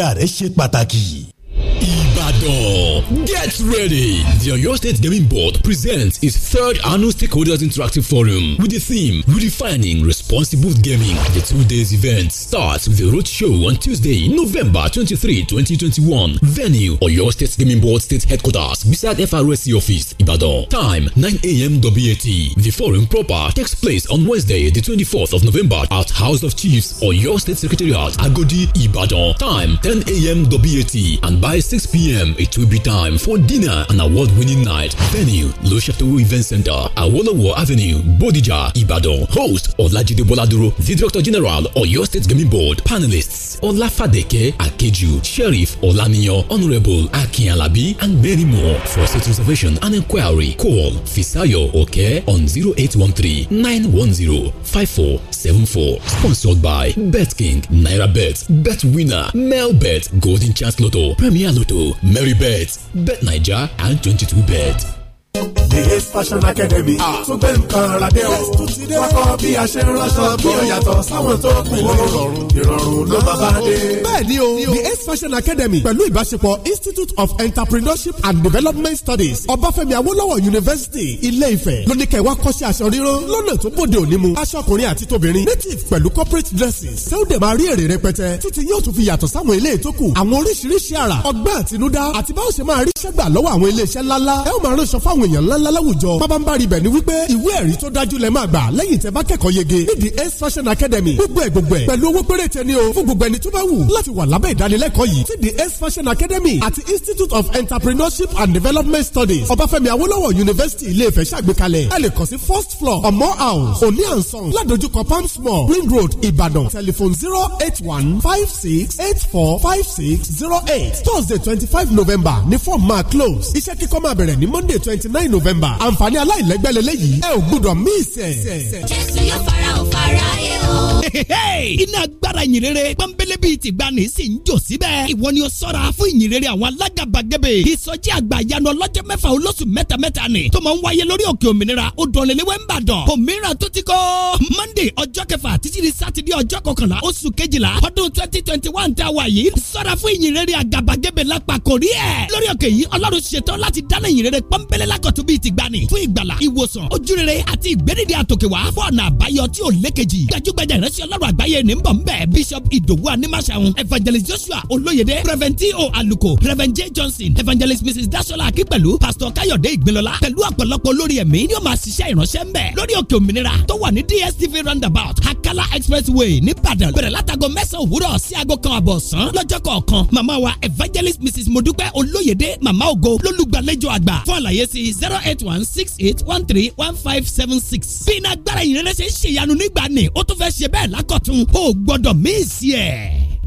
ìlera rẹ ṣe pàtàkì Ibadan. Get ready! The Oyo State Gaming Board presents its third annual Stakeholders Interactive Forum with the theme Redefining Responsible Gaming. The two days event starts with a roadshow on Tuesday, November 23, 2021. Venue Oyo State Gaming Board State Headquarters beside FRSC Office, Ibadan. Time 9 a.m. WAT. The forum proper takes place on Wednesday, the 24th of November at House of Chiefs, Oyo State Secretariat, Agodi, Ibadan. Time 10 a.m. WAT and by by 6 p.m., it will be time for dinner and award-winning night. Venue, Loshatoro Event Center, Awolowo Avenue, Bodija, Ibadan. Host, Olajide Boladuro, the Director General, of Your State Gaming Board. Panelists, Olafadeke Akeju, Sheriff Olaniyo, Honorable Akin Alabi, and many more. For seat reservation and inquiry, call Fisayo Oke on 0813-910-5474. Sponsored by BetKing, NairaBet, BetWinner, Melbet, Golden Chance Lotto, Premier ní àlòtò merybet betnaija and twenty two bet. Ace Fashion Academy ah. tó gbé nǹkan ara dé o. wọ́n kọ́ bí a ṣe ń rọ́ṣọ bí ó yàtọ̀ sáwọn tó pin lọ́rùn ìrọ̀rùn ló ah. bá bá dé. bẹ́ẹ̀ni o the Ace Fashion Academy pẹ̀lú ìbáṣepọ̀ Institute of Entrepreneurship and Development Studies Ọbáfẹ́mi Awólọ́wọ̀ University Ilé-Ifẹ̀ lóní kẹwàá kọ́ṣẹ́ aṣọ ríran lọ́nà tó bòde òní mu aṣọ ọkùnrin àti tóbìnrin native pẹ̀lú corporate dresses ṣé ó dẹ̀ máa rí èrè rẹpẹtẹ títí yóò tún fi yàtọ̀ sáwọn ilé ìtókù àwọn oríṣiríṣi àrà ọgbẹ́ àtinúdá àti báwo ṣe máa rí ṣẹ́gbà lọ́wọ́ àwọn ilé iṣẹ́ ńláńlá ẹ ó máa ránṣọ fáwọn fáwọn èèyàn ńláńlá láwùjọ pábánbárì bẹ̀ ni wípé ìwé ẹ̀rí tó dájú lẹ máa gbà lẹ́yìn tẹ́ bá kẹ́kọ̀ọ́ yege ní the ace fashion academy gbogbo ẹ̀ gbogbo ẹ̀ pẹ̀lú owó péréte ni o fún gbogbo ẹni tó bá wù láti wà lábẹ́ ìdánilẹ́kọ̀ọ́ yìí ti the ace fashion academy àti institute of entrepreneurship and development studies ọbáfẹ́mi Awolowo university ilé-ifẹ̀ ṣàgbékalẹ̀ ẹ lè kàn sí first floor ọmọ house òní ànsán ládojúkọ palms mall ring road ìbàdàn telephone zero eight one five six eight four five six zero eight thursday twenty five november ní form máa close iṣẹ́ kíkọ́ máa bẹ̀rẹ̀ monday twenty nine november àǹfààní aláìlẹ́gbẹ́lẹ́lẹ́ yìí ẹ ò gbúdọ̀ mí ìsẹ̀. jésù yóò fara ò fara ẹ o. iná agbára ìyìnrere pọ́nbélé bíi tìgbani sì ń jò síbẹ̀. ìwọ ni o sọ́ra fún ìyìnrere àwọn alágàbàgebè. ìsọjí àgbà ìyanu ọlọ́jọ́ mẹ́fà olóṣù mẹ́tamẹ́ta ni tó máa ń wáyé lórí òkè òmìnira odòlélẹ́wẹ́ ń bàdàn. òmìnira tó ti kọ́. monday ọjọ́ kẹfà títí di sátidé ọjọ́ kọkànlá oṣù kejìlá ọdún twenty twenty one tá a wà yìí. sọ́ra fún ìyìnrere àgàbàgebè lápá kò rí ẹ̀. lórí ìdánilẹ́kọ̀ọ́ bíi tìgbani fún ìgbàlà ìwòsàn ojúrere àti ìgbédìde àtòkèwá fún ọ̀nà àbáyọ tí ò lékejì gbajúgbajà ìránṣẹ́ ọlọ́run àgbáyé ní bọ̀ nbẹ̀ bishop idowu animasaun evangelist joshua olóyèdè reverend t.o. aluko reverend j johnson evangelist mrs dasola akínpẹ̀lú pastor Kayode ìgbìnlọ́lá pẹ̀lú ọ̀pọ̀lọpọ̀ olórí ẹ̀mí ni ó máa ṣiṣẹ́ ìránṣẹ́ nbẹ̀ lórí òkè òmìnira tó wà ní dstv roundabout akala expressway nìbàdàn bẹ̀rẹ̀ látago mẹ́sàn-án òwúrọ̀ sí aago kan àbọ̀ ọ̀sán lọ́jọ́ kọ̀ọ̀kan mama wa evangelist mrs modupe olóyèdè màmá ògo lólùgbàlejò àgbà fún àlàyé sí zero eight one six eight one three one five seven six. bí iná agbára ìrẹsẹ̀ ń ṣèyanu nígbà ni ó tún fẹ́ ṣe bẹ́ẹ̀ lákọ̀tún ó gbọ́dọ̀ míì sí ẹ̀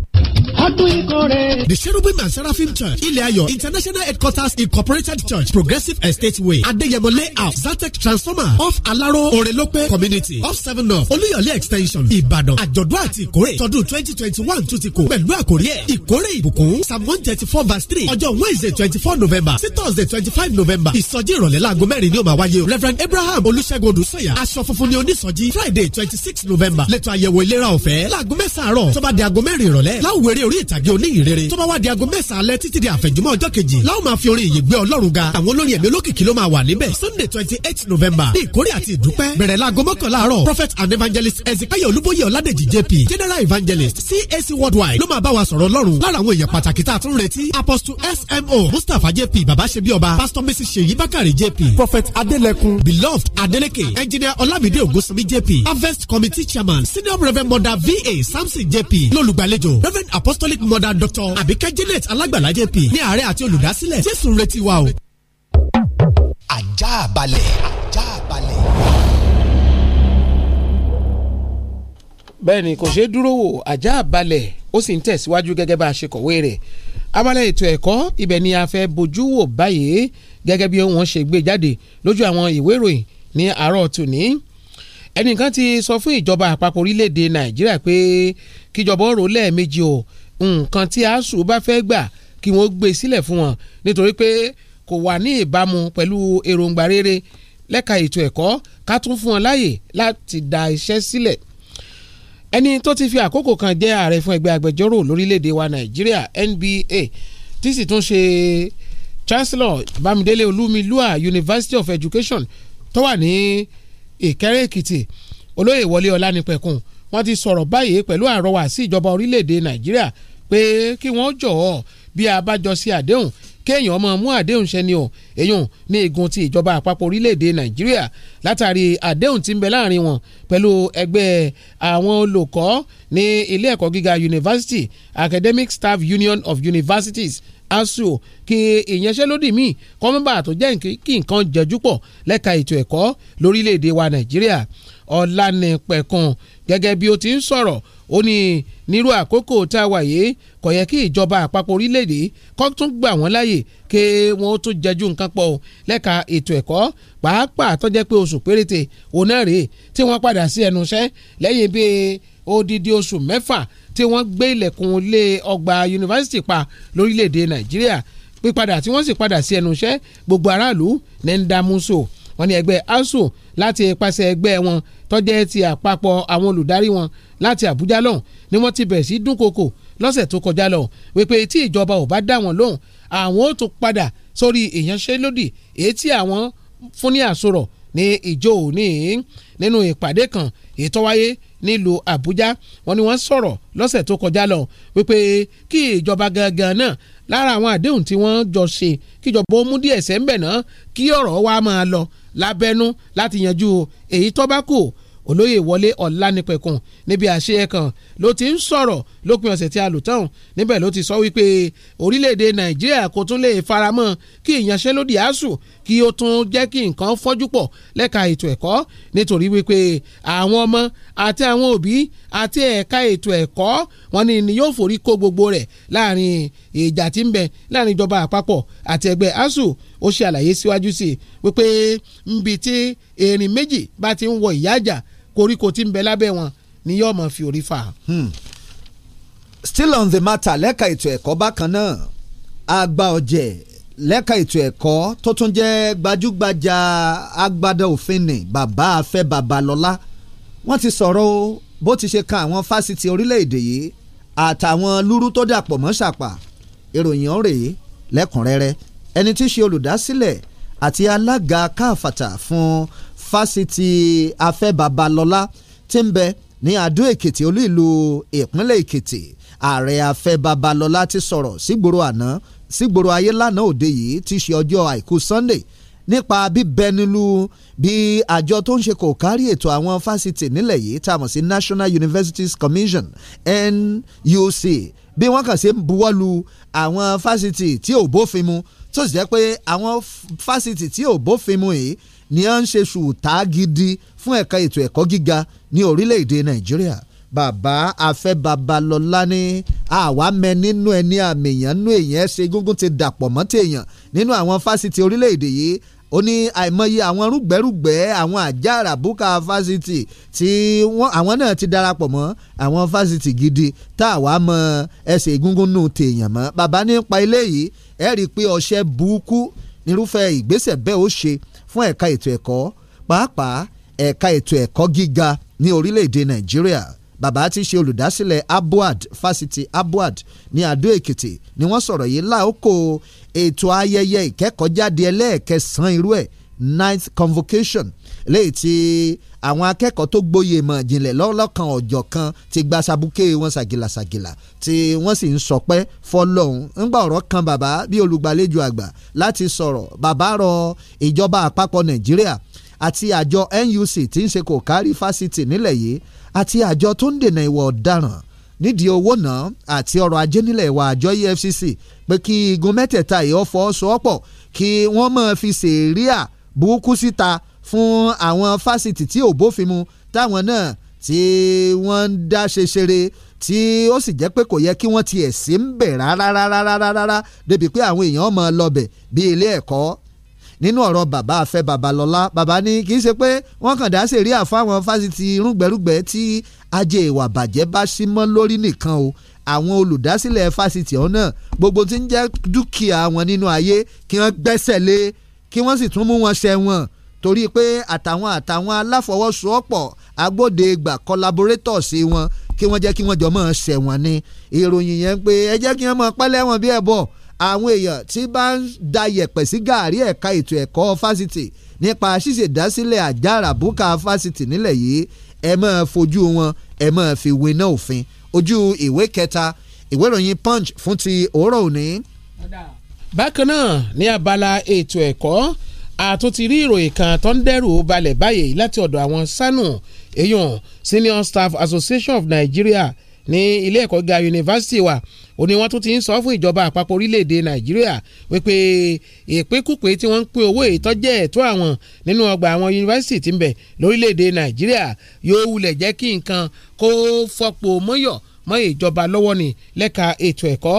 ọdún ìkórè. the cherubim and seraphim church ilẹ̀ ayọ̀ international headquarters incorporated church progressive estate way adéyẹmọ layout zatec transformer off alaro orelope community off seven north olúyọ̀lé extension ìbàdàn àjọ̀dún àti ìkórè tọdún twenty twenty one tún ti kò pẹ̀lú àkórí ẹ̀ ìkórè ìbùkún psalm one thirty four verse three ọjọ́ wednesday twenty four november sí thursday twenty five november ìsọjí ìrọ̀lẹ́ láago mẹ́rin ni ó máa wáyé o reverend abraham olùṣègùn odùsọ̀yà aṣọ funfun ni onísọjí friday twenty six november lẹ́tọ̀ àyẹ̀wò ìlera ọ̀fẹ́ láago mẹ́sàn-án àárọ̀ tó bá di aago mẹ́rin ìrọ̀lẹ́ láwùjọ eré orí ìtàgé oníhìnrere tó bá wá di aago mẹ́sàn-án alẹ́ títí di àfẹ̀jùmọ́ ọjọ́ kejì láwọn máa fi orin ìyè ọlọ́run ga àwọn olórin ẹ̀mí olókìkí ló máa wà níbẹ̀ sunday twenty eight november ní ìkórè àti ìdúpẹ́ bẹ̀rẹ̀ láago mọ́kànlá àárọ̀ prophet and evangelist ezekiel olúbóyè ọ̀ládèjì jp general evangelist cac worldwide ló máa bá wa sọ̀rọ̀ ọlọ́run lára àwọn èèyàn pàtàkì tá a tún retí apostle smo mustapha jp baba ṣe ọba pastor mrs seyi Bakari jp prophet adelekun beloved adeleke engineer olamide ogunsanmi jp harvest committee chairman senior reverend mother va samson jp lólùgbàlejò reverend apostolic mother doctor àbíkẹ́ janet alágbàlá jp ní ààrẹ àti olùdásílẹ̀ jésù ń retí wa o. ajá balẹ̀ ajá balẹ̀. bẹ́ẹ̀ni kò ṣeé dúró wò ajá balẹ̀ ó sì ń tẹ̀síwájú gẹ́gẹ́ bá a ṣe kọ̀wé rẹ̀ abala ètò ẹ̀kọ́ ibẹ̀ ni a fẹ́ bójú wò báyìí gẹ́gẹ́ bí wọ́n ṣe gbé jáde lójú àwọn ìwé ìròyìn ní àárọ̀ tòní ẹnìkan ti sọ fún ìjọba àpapọ̀ orílẹ̀-èdè nàìjíríà pé kíjọba ọ̀rọ̀ lẹ́ẹ̀mejì o nǹkan tí asuu bá fẹ́ gbà kí wọ́n gbé e sílẹ̀ fún wọn nítorí pé kò wà ní ìbámu pẹ̀lú èròǹgbà rere lẹ́ka ètò ẹ̀kọ́ ká tún fún wọn láàyè láti dá iṣẹ́ sílẹ̀ ẹni tó ti fi àkókò kan jẹ́ ààrẹ fún ẹgbẹ́ agbẹjọ́rò lórílẹ̀‐èdè wa nàìjíríà NBA tí sì tún ṣe chancellor bámidélé olúmilúà university of education tó wà ní ìkẹ́rẹ́ èkìtì olóyè wọlé ọlánipẹ̀kun wọ́n ti sọ̀rọ̀ báyìí pẹ̀lú àrọwà sí ìjọba orílẹ̀-èdè nàìjíríà pé kí wọ́n jọ̀ọ́ bí a bá jọ sí àdéhùn kéèyàn máa mú àdéhùn ṣẹ ni o èyàn ní igun ti ìjọba àpapọ̀ orílẹ̀-èdè nàìjíríà látàrí àdéhùn tí ń bẹ láàrin wọn pẹ̀lú ẹgbẹ́ àwọn olùkọ́ ní ilé ẹ̀kọ́ gíga university academic staff union of universities ASUU kí ìyanṣẹ́lódì míì kọ́mọ́bà tó jẹ́ kí nǹkan jẹjú pọ̀ lẹ́ka ètò ẹ̀kọ́ lórílẹ̀-èdè wa nàìjíríà ọ̀lànìpẹ̀kùn gẹ́gẹ́ bí ó ti ń sọ̀rọ̀ ó ní nírú àkókò tá a wà yìí kò yẹ kí ìjọba àpapọ̀ orílẹ̀-èdè kó tún gbà wọ́n láàyè kí wọ́n ó tún jẹjú nǹkan pọ̀ lẹ́ka ètò ẹ̀kọ́ pàápàá tó pé oṣù péréte òun rèé tí wọ́n padà sí ẹnu iṣẹ́ lẹ́yìn bíi odidi oṣù mẹ́fà tí wọ́n gbé ilẹ̀kùn lé ọgbà yunifásitì pa lórílẹ̀-èdè Nàìjíríà pípadà tí wọ́n sì padà sí ẹnu iṣẹ́ gbogbo aráàlú ní ń dá mú so wọ́n ní ẹgbẹ́ asuu láti ipasẹ̀ ẹgbẹ́ wọn tọ́jẹ́ ti àpapọ̀ àwọn olùdarí wọn láti Àbújá lọ́hùn ni wọ́n ti bẹ̀rẹ̀ sí dúnkokò lọ́sẹ̀ tó kọjá lọ wípé tí ìjọba ò bá dá wọn lóhùn àwọn ó tún padà sórí ìyanṣẹ́lódì èyí tí àwọn fún ní àsorọ̀ ní ìjọ òní nínú ìpàdé kan èyí tó wáyé nílùú Àbújá wọn ni wọ́n sọ̀rọ̀ lọ́sẹ̀ tó kọjá lọ wípé kí ìjọba gangan náà lára àwọn àdéhùn tí wọ́n jọ ṣe kíjọba ó mú díẹ̀ sẹ́ńbẹ̀ náà kí ọ̀rọ̀ wa máa lọ lábẹ́nú láti yanjú èyí tó bá kù olóyè wọlé ọ̀lànìpẹ̀kùn níbi àṣeyẹ kan ló ti ń sọ̀rọ̀ lópin ọ̀sẹ̀ tí a lò tán níbẹ̀ ló ti sọ wípé orílẹ̀-èdè nàìjíríà kò tún lè faramọ́ kí ìyanṣẹ́lódì asuu kí ó tún jẹ́ kí nǹkan fọ́jú pọ̀ lẹ́ka ètò ẹ̀kọ́ nítorí wípé àwọn ọmọ àti àwọn òbí àti ẹ̀ka ètò ẹ̀kọ́ wọn ni ni yóò forí kó gbogbo rẹ̀ láàrin ìjà tí ń bẹ láàrin ìjọba àpapọ̀ àti ẹgbẹ́ asuu ó ṣe àlàyé síwájú sí i wípé nbi tí erin méjì bá ti ń wọ ìyáàjà koríko tí ń bẹ lábẹ́ wọn ni yóò mọ̀ fi orí fà. Hmm. still on the matter lẹ́ka ètò ẹ̀kọ́ bákan náà àgbà ọ̀jẹ̀ lẹ́ka ètò ẹ̀kọ́ tó tún jẹ́ gbajúgbajà agbada òfin ni bàbá afẹ́ babalọ́lá wọ́n ti sọ̀rọ̀ o bó ti ṣe kan àwọn fásitì orílẹ̀-èdè yìí àtàwọn lúrú tó dàpọ̀ mọ́ ṣàpà ìròyìn ọ̀rẹ́ lẹ́kùnrẹ́rẹ́ ẹni tí í ṣe olùdásílẹ̀ àti alága káfàtà fún fásitì afẹ́ babalọ́lá tí ń bẹ ní adó èkìtì olú ìlú ìpínlẹ̀ èkìtì ààrẹ afẹ́ babalọ́lá ti sọ̀rọ̀ sígboro àná sígboro ayé lánàá òde yìí ti ṣe ọjọ́ àìkú sunday nípa bíbẹnilu bí àjọ tó ń ṣe kò kárí ètò àwọn fásitì nílẹ̀ yìí tá a mọ̀ sí National Universities Commission NUC bí wọ́n kàn ṣe ń buwọ́lu àwọn fásitì tí ò bófin mu tó sì jẹ́ pé àwọn fásitì tí ò bófin mu yìí ni à ń ṣe ṣùtá gidi fún ẹ̀ka ètò ẹ̀kọ́ gíga ní orílẹ̀-èdè nàìjíríà bàbá afẹ́ babalọ́lá ni àwa mẹ nínú ẹni àmì èèyàn nínú èèyàn ṣe gúngún ti dàpọ̀ mọ́ tèèyàn nínú àwọn fásitì orílẹ̀-èdè yìí ó ní àìmọye àwọn rúgbẹ́rúgbẹ́ àwọn àjàrà búkà fásitì tí àwọn náà ti darapọ̀ mọ́ àwọn fásitì gidi tá àwa mọ ẹsẹ̀ egungun nù tèèyàn mọ́ bàbá nípa ilé yìí ẹ rí i pé ọṣẹ burúkú nírúfẹ́ ìgbésẹ̀ bẹ́ẹ̀ ó ṣe fún ẹ̀ka ètò ẹ̀kọ́ pàápàá ẹ̀ka ètò ẹ̀kọ́ gíga ní orílẹ̀-èdè nàìjíríà bàbá tí ṣe olùdásílẹ̀ abuad fásitì abuad ní adó èkìtì ni wọ́n sọ̀rọ̀ yìí láòkó ètò ayẹyẹ ìkẹ́kọ̀ọ́jáde ẹlẹ́ẹ̀kẹsàn-án irú ẹ̀ ninth convocation léyìí tí àwọn akẹ́kọ̀ọ́ tó gbóyè mọ̀ jìnlẹ̀ lọ́lọ́kan ọ̀jọ̀ kan ti gba sabuké wọn ṣàgìlàṣàgìlà tí wọ́n sì ń sọpẹ́ fọlọ́hún ńgbà ọ̀rọ̀ kan bàbá bí olùgbàlejò àgbà láti sọ̀rọ̀ bàbá rọ ìjọba àpapọ̀ nàìjíríà àti àjọ NUC tí ń ṣe kò kárí fásitì nílẹ̀ yìí àti àjọ tó ń dènà ìwà ọ̀daràn nídìí owó náà àti ọrọ̀ ajé nílẹ̀ wa àjọ EFCC pé kí igun mẹ́tẹ̀ẹ̀ta ìyọ́fọ́ sọ́pọ̀ kí wọ́n máa fi ṣèríà burúkú síta fún àwọn fásitì tí ò bófin mu táwọn náà tí wọ́n ń dá ṣeṣere tí ó sì jẹ́ pé kò yẹ kí wọ́n tiẹ̀ sí ń bẹ̀ rárárárárárá débi pé àwọn èèyàn máa lọbẹ̀ bí ilé ẹ̀kọ́ nínú ọ̀rọ̀ bàbá afẹ́ babalọ́lá bàbá ní kì í ṣe pé wọ́n kàn dá sí rí àfáwọn fásitì rúgbẹ̀rúgbẹ̀ tí ajé ìwà bàjẹ́ bá sí mọ́ lórí nìkan o àwọn olùdásílẹ̀ fásitì ọ̀hún náà gbogbo tí ń jẹ́ dúkìá wọn nínú ayé kí wọ́n gbẹ́sẹ̀ lé kí wọ́n sì tún mú wọn ṣẹ wọn torí pé àtàwọn àtàwọn aláfọwọ́sowọ́pọ̀ agbódegbà collaborators wọn kí wọ́n jẹ́ kí wọ́n jọ mọ́ ṣẹ̀wọ̀n ni ìròyìn yẹn pé ẹ jẹ́ kí wọ́n mọ̀ pẹ́lẹ́wọ̀n bí ẹ bọ̀ àwọn èèyàn tí bá ń da yẹ̀pẹ̀ sí gàárì ẹ̀ka ètò ẹ̀kọ́ fásitì nípa ṣíṣèdásílẹ̀ àjàrà bùkà fásitì nílẹ̀ yìí ẹ máa fojú wọn ẹ máa fi winá òfin ojú ìwé kẹta ìwé ìròyìn punch fún ti òórọ̀ òní. bákan náà ní abala ètò ẹ̀kọ́ àtúntí rí ìròyìn kan tó ń dẹ́rù balẹ̀ báyìí láti ọ̀dọ̀ àwọn SANU èyàn Senior Staff Association of Nigeria ní ilé ẹ̀kọ́ gíga yunifásitì wa ó ní wọ́n tún ti ń sọ fún ìjọba àpapọ̀ orílẹ̀‐èdè nàìjíríà wípé ìpínkùpé tí wọ́n ń pín owó ìtọ́jẹ́ ẹ̀tọ́ àwọn nínú ọgbà àwọn yunifásitì tí ń bẹ lórílẹ̀‐èdè nàìjíríà yóò wulẹ̀ jẹ́ kí nǹkan kó fọ́pọ̀ mọ́yọ̀ mọ́ ìjọba lọ́wọ́ ni lẹ́ka ètò ẹ̀kọ́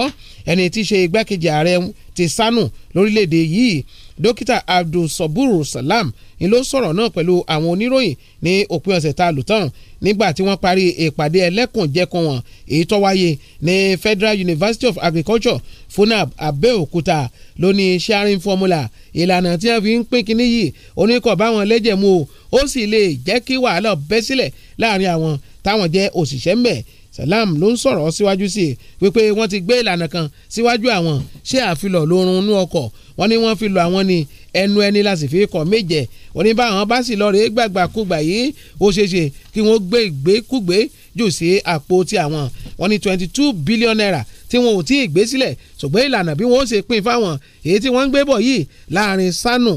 ẹni tí í ṣe igbákejì ààrẹ ti sánù lórílẹ̀‐èdè yìí dókítà abdul saburu salam ni ló sọ̀rọ̀ náà pẹ̀lú àwọn oníròyìn ní òpin ọ̀sẹ̀ tá a lò tán nígbà tí wọ́n parí ìpàdé ẹlẹ́kùnjẹkùn wọn èyí tó wáyé ní Federal University of Agriculture FUNAB Abẹ́òkúta ló ní sharing formula ìlànà tí wọ́n fi ń pín kínní yìí oníkọ̀ báwọn lẹ́jẹ̀ mu o ó sì lè jẹ́ kí wàhálà bẹ́ sílẹ̀ láàrin àwọn táwọn jẹ́ òṣìṣẹ́ ń bẹ̀ Salam ló ń sọ̀rọ̀ síwájú sí i wípé wọ́n ti gbé ìlànà kan síwájú àwọn ṣé àfilọ̀ lóorun inú ọkọ̀ wọ́n ní wọ́n fi lọ àwọn ní ẹnu ẹni láti fi kọ̀ méje wọ́n ní báwọn bá sì lọ rèé gbàgbàkúgbà yìí ó ṣeé ṣe kí wọ́n gbé ìgbékúgbé jù sí àpò ti àwọn wọ́n ní twenty two billion naira tí wọn ò tí ì gbé sílẹ̀ ṣùgbọ́n ìlànà bí wọ́n ṣe pín fáwọn èyí tí wọ́n ń gbé bọ̀ yìí láàrin Sanu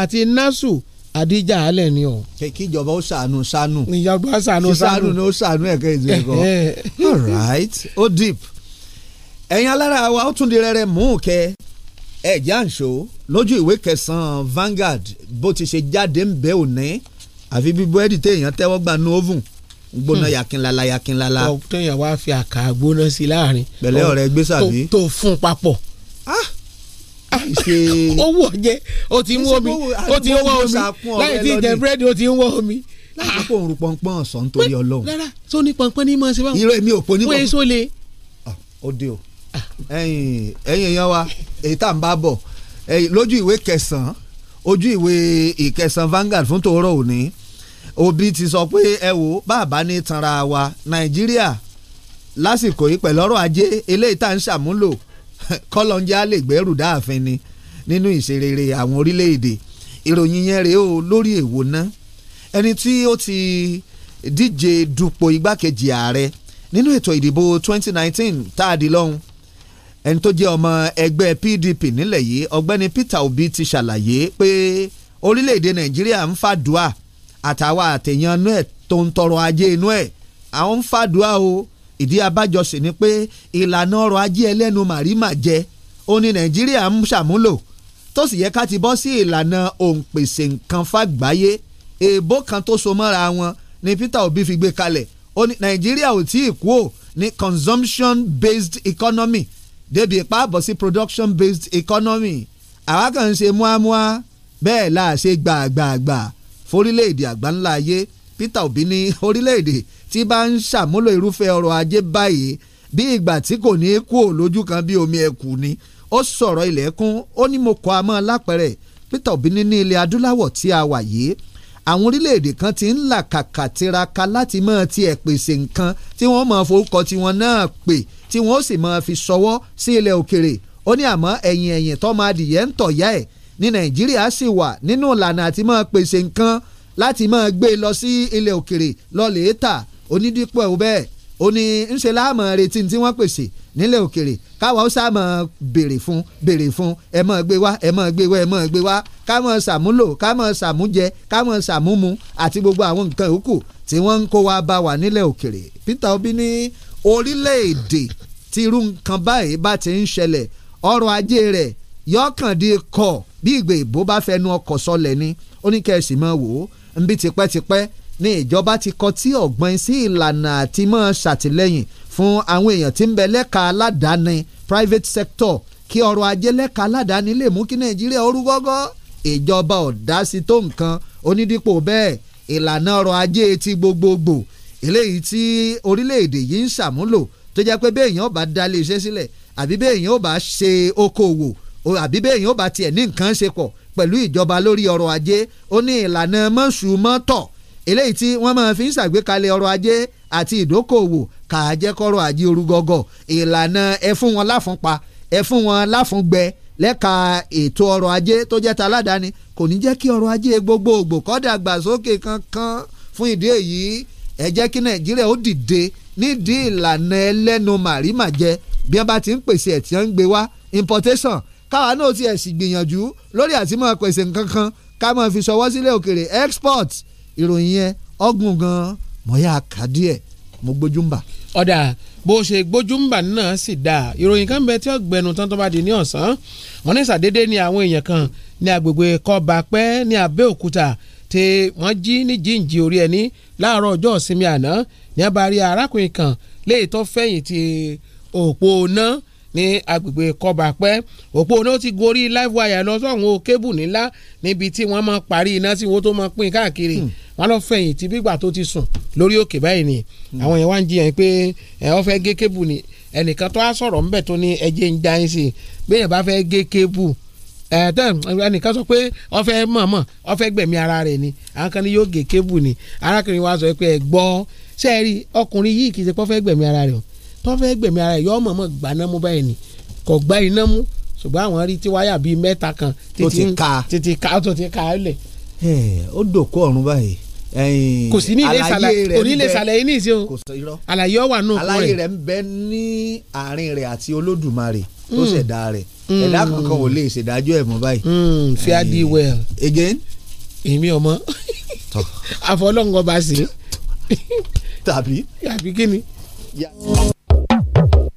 àti Nasu adija alẹ ni o. kí ìjọba ó ṣàánú ṣàánú. ìjọba ṣàánú ṣàánú. ni ó ṣàánú ẹ̀ka ìdílé kan. all right ó deep. ẹ̀yin alára wa ó tún di rẹ́rẹ́ mú kẹ́ ẹ̀ jáǹṣó lójú ìwé kẹsàn-án Vanguard bó ti ṣe jáde ń bẹ́ òní àfi bí búrẹ́dì téèyàn tẹ́wọ́ gbà ní oven gbóná hmm. yakinlala yakinlala. ọ̀ téèyàn wá fi àkà gbóná sí láàrin. pẹ̀lẹ́ ọ̀rẹ́ gbé sàbí. tó fún papọ̀. ah owó ọjẹ o ti ń wọ mi o ti ń wọ omi láì tí jẹ búrẹ́dì o ti ń wọ omi láti kó òun pọnpọn ọ̀sán nítorí ọlọ́run. rárá tó ní pọnpọn ní máa ṣe báwọn. irọ́ èmi ò pọ̀ ní pọnpọn. wọ́n èso le. òde o ẹ̀yin èèyàn wa èyí tá à ń bá bọ̀ lójú ìwé kẹsàn-án ojú ìwé ìkẹsàn Vanguard fún tòórọ́ òní òbí ti sọ pé ẹ wò bàbá ní tanra wa nàìjíríà lásìkò yìí pẹ̀lú ọrọ̀ ajé eléyìí tá à ń ṣàmúlò kọ́lọ́njá lè gbẹ́rù dáàfin ni nínú ìṣerere àwọn orílẹ̀-èdè ìròyìn yẹn rèé o lórí èwo ná ẹni tí ó ti díje dupò igbákejì ààrẹ nínú ètò ìdìbò 2019 tá a di lọ́hùn ẹni tó jẹ́ ọmọ ẹgbẹ́ PDP nílẹ̀ yìí ọgbẹ́ni Peter Obi ti ṣàlàyé pé orílẹ̀-èdè Nàìjíríà ń fàdùà àtàwọn àtẹ̀yànnú ẹ̀ tó ń tọrọ ajé inú ẹ̀ àwọn ń fàdùà o ìdí abájọ sì ni pé ìlànà ọrọ̀ ajé ẹlẹ́nu màrímà jẹ ó ní nàìjíríà ń ṣàmúlò tó sì yẹ ká ti bọ́ sí ìlànà òǹpèsè nǹkan fàgbáyé èèbó kan tó so mọ́ra wọn ni Peter Obi fi gbé kalẹ̀ ó ní nàìjíríà ò tí ì kú ò ní consumption based economy débi ipá bọ̀ sí production based economy àwa kàn ń ṣe múámúá bẹ́ẹ̀ la ṣe gbàgbàgbà forílẹ̀-èdè àgbáńlá ayé Peter Obi ní orílẹ̀-èdè tí bá ń ṣàmúlò irúfẹ́ ọrọ̀ ajé báyìí bí ìgbà tí kò ní kú ò lójú kan bí omi ẹ̀kú ni ó sọ̀rọ̀ ilẹ̀kùn ó ní mo kọ́ amọ́ lápẹ̀rẹ̀ Peter Obi ní ní ilẹ̀ adúláwọ̀ tí a wà yìí àwọn orílẹ̀-èdè kan ti ń làkàkà tiraka láti máa tiẹ̀ pèsè nǹkan tí wọ́n máa forúkọ tiwọn náà pè tí wọ́n sì máa fi ṣọwọ́ sí ilẹ̀ òkèrè ó ní àmọ́ ẹ̀yìn ẹ̀yìn tó máa dìyẹ ń tọ̀yá ẹ̀ ní Nàìjíríà sì wà nínú ìlànà àti máa pèsè nǹkan láti máa gbé e lọ sí ilẹ̀ òkèrè lọ́ọ̀lẹ́ tà onídìpọ̀ ẹ̀ bẹ́ẹ̀ ó ní ńṣe láàmọ̀ retí tí wọ́n pèsè nílẹ̀ òkèrè káwa ó sàmọ̀ béèrè fún béèrè fún ẹ mọ̀ gbé wá ẹ mọ̀ gbé wá ẹ mọ̀ gbé wá kámọ̀ sàmúlò kámọ̀ sàmújẹ kámọ̀ sàmúmu àti gbogbo àwọn nǹkan yòókù tí wọ́n ń kó wa bá wa nílẹ̀ òkèrè Peter Obi ní orílẹ̀-èdè tí irú nǹkan báyìí bá ti ń ṣẹlẹ̀ ọrọ̀ ajé rẹ̀ yọkàndínkọ̀ bí ìgbè ìbò bá fẹnu ọkọ̀ sọlẹ̀ ni ó ní kẹ́sì wò ó nbí tipẹ́tipẹ́ ní ìjọba ti kọ tí ọ̀gbọ́n sí ìlànà àti mọ́ ṣàtìlẹ́yìn fún àwọn èèyàn tí ń bẹ lẹ́ka aládàáni private sector kí ọrọ̀ ajé lẹ́ka aládàáni lè mú kí nàìjíríà orú gọ́gọ́ ìjọba ọ̀dá sí tó nǹkan onídìpọ̀ bẹ́ẹ̀ ìlànà ọrọ̀ ajé ti gbogbogbò eléyìí tí orílẹ̀-èdè yìí ń ṣàmúlò tó jẹ́ pé béèyàn bá dá iléeṣẹ́ sílẹ̀ àbí béèyàn bá ṣe okòwò àbí bẹ́ẹ̀ yóò bá tiẹ̀ ní nǹkan ṣe pọ̀ pẹ̀lú ìjọba lórí ọrọ̀ ajé ó ní ìlànà mọ̀ṣúmọ́tọ̀ eléyìí tí wọ́n máa fi ń ṣàgbékalẹ̀ ọrọ̀ ajé àti ìdókòwò kàájẹ́kọ́rọ̀ ajé orúgọ́gọ́ ìlànà ẹ fún wọn láfúnpa ẹ fún wọn láfúngbẹ lẹ́ka ètò ọrọ̀ ajé tó jẹ́ ta aládàáni kò ní jẹ́ kí ọrọ̀ ajé gbogbogbò kó dàgbàsókè kankan fún ìdí èyí ẹ jẹ́ kí nàìjíríà ó dìde nídìí ìlànà ẹlẹ́nu màrímàjẹ bí wọ́n bá ti ń pèsè ẹ̀ tí wọ́n ń gbé wá importation káwa náà ti ẹ̀sìn gbìyànjú lórí àti máa pèsè nǹkan kan ká máa fi ṣọwọ́ sílẹ̀ òkèrè export ìròyìn yẹn ọ̀gùn gan mọ̀ yá ká díẹ̀ mo gbójú ń bà. ọ̀dà bó ṣe gbójú ń bà náà sì dáa ìròyìn kan bẹ tí ó gbẹnu tán tó bá di ní ọ̀sán wọn ní sàdédé ni àwọn èèyàn kan ní agbègbè kọbapẹ́ ní Abẹ́òkúta tí wọ́n jí ní jíǹjì orí ẹni láàárọ̀ ọjọ́ ìsinmi àná ní abàárí arákùnrin kan léè fẹ̀yìntì òpó náà ní agbègbè kọbapẹ́ òpó náà ti gorí live wire lọ sọ́hún o kébù nílá níbi tí wọ́n máa parí iná tí wọ́n tó máa pín káàkiri hmm. wọ́n lọ fẹ̀yìn tí bígbà tó ti sùn lórí òkè báyìí ni hmm. àwọn yẹn wá ń jiyàn pé ẹ ọ fẹ́ gé kébù ni ẹnìkan tó á sọ̀rọ̀ ńbẹ̀ tó ní ẹjẹ́ ń já yín sí i bá fẹ́ gé kébù ẹnìkan sọ pé ọfẹ́ mọ̀ọ́mọ̀ ọfẹ́ gbẹ̀mí ara rẹ̀ ni àwọn kan ní yóò gé kébù ni arákùnrin wa sọ pé ẹ gbọ́ tó fẹ́ gbẹ̀mí ara ẹ̀ yọ ọmọ mọ̀ gbaná mú báyìí ni kò gbá iná mú ṣùgbọ́n àwọn rí tí wáyà bíi mẹ́ta kan títí ká títí ká tó ti ká lẹ̀. ó dòkó ọ̀run báyìí kò sí ní ilé ṣàlàyé kò ní ilé ṣàlàyé ní ìṣe o àlàyé ọ̀wà náà kúrẹ̀. àlàyé rẹ̀ ń bẹ ní àárín rẹ̀ àti olódùmarè tó hmm. ṣẹ̀dá rẹ̀ ẹ̀dá hmm. kankan ò lè ṣèdájọ́ ẹ̀ mọ́ báyìí. Hmm, fair deal well. again. èmi ọmọ àfọlọ́ngọba sí. tàbí. tàbí kí ni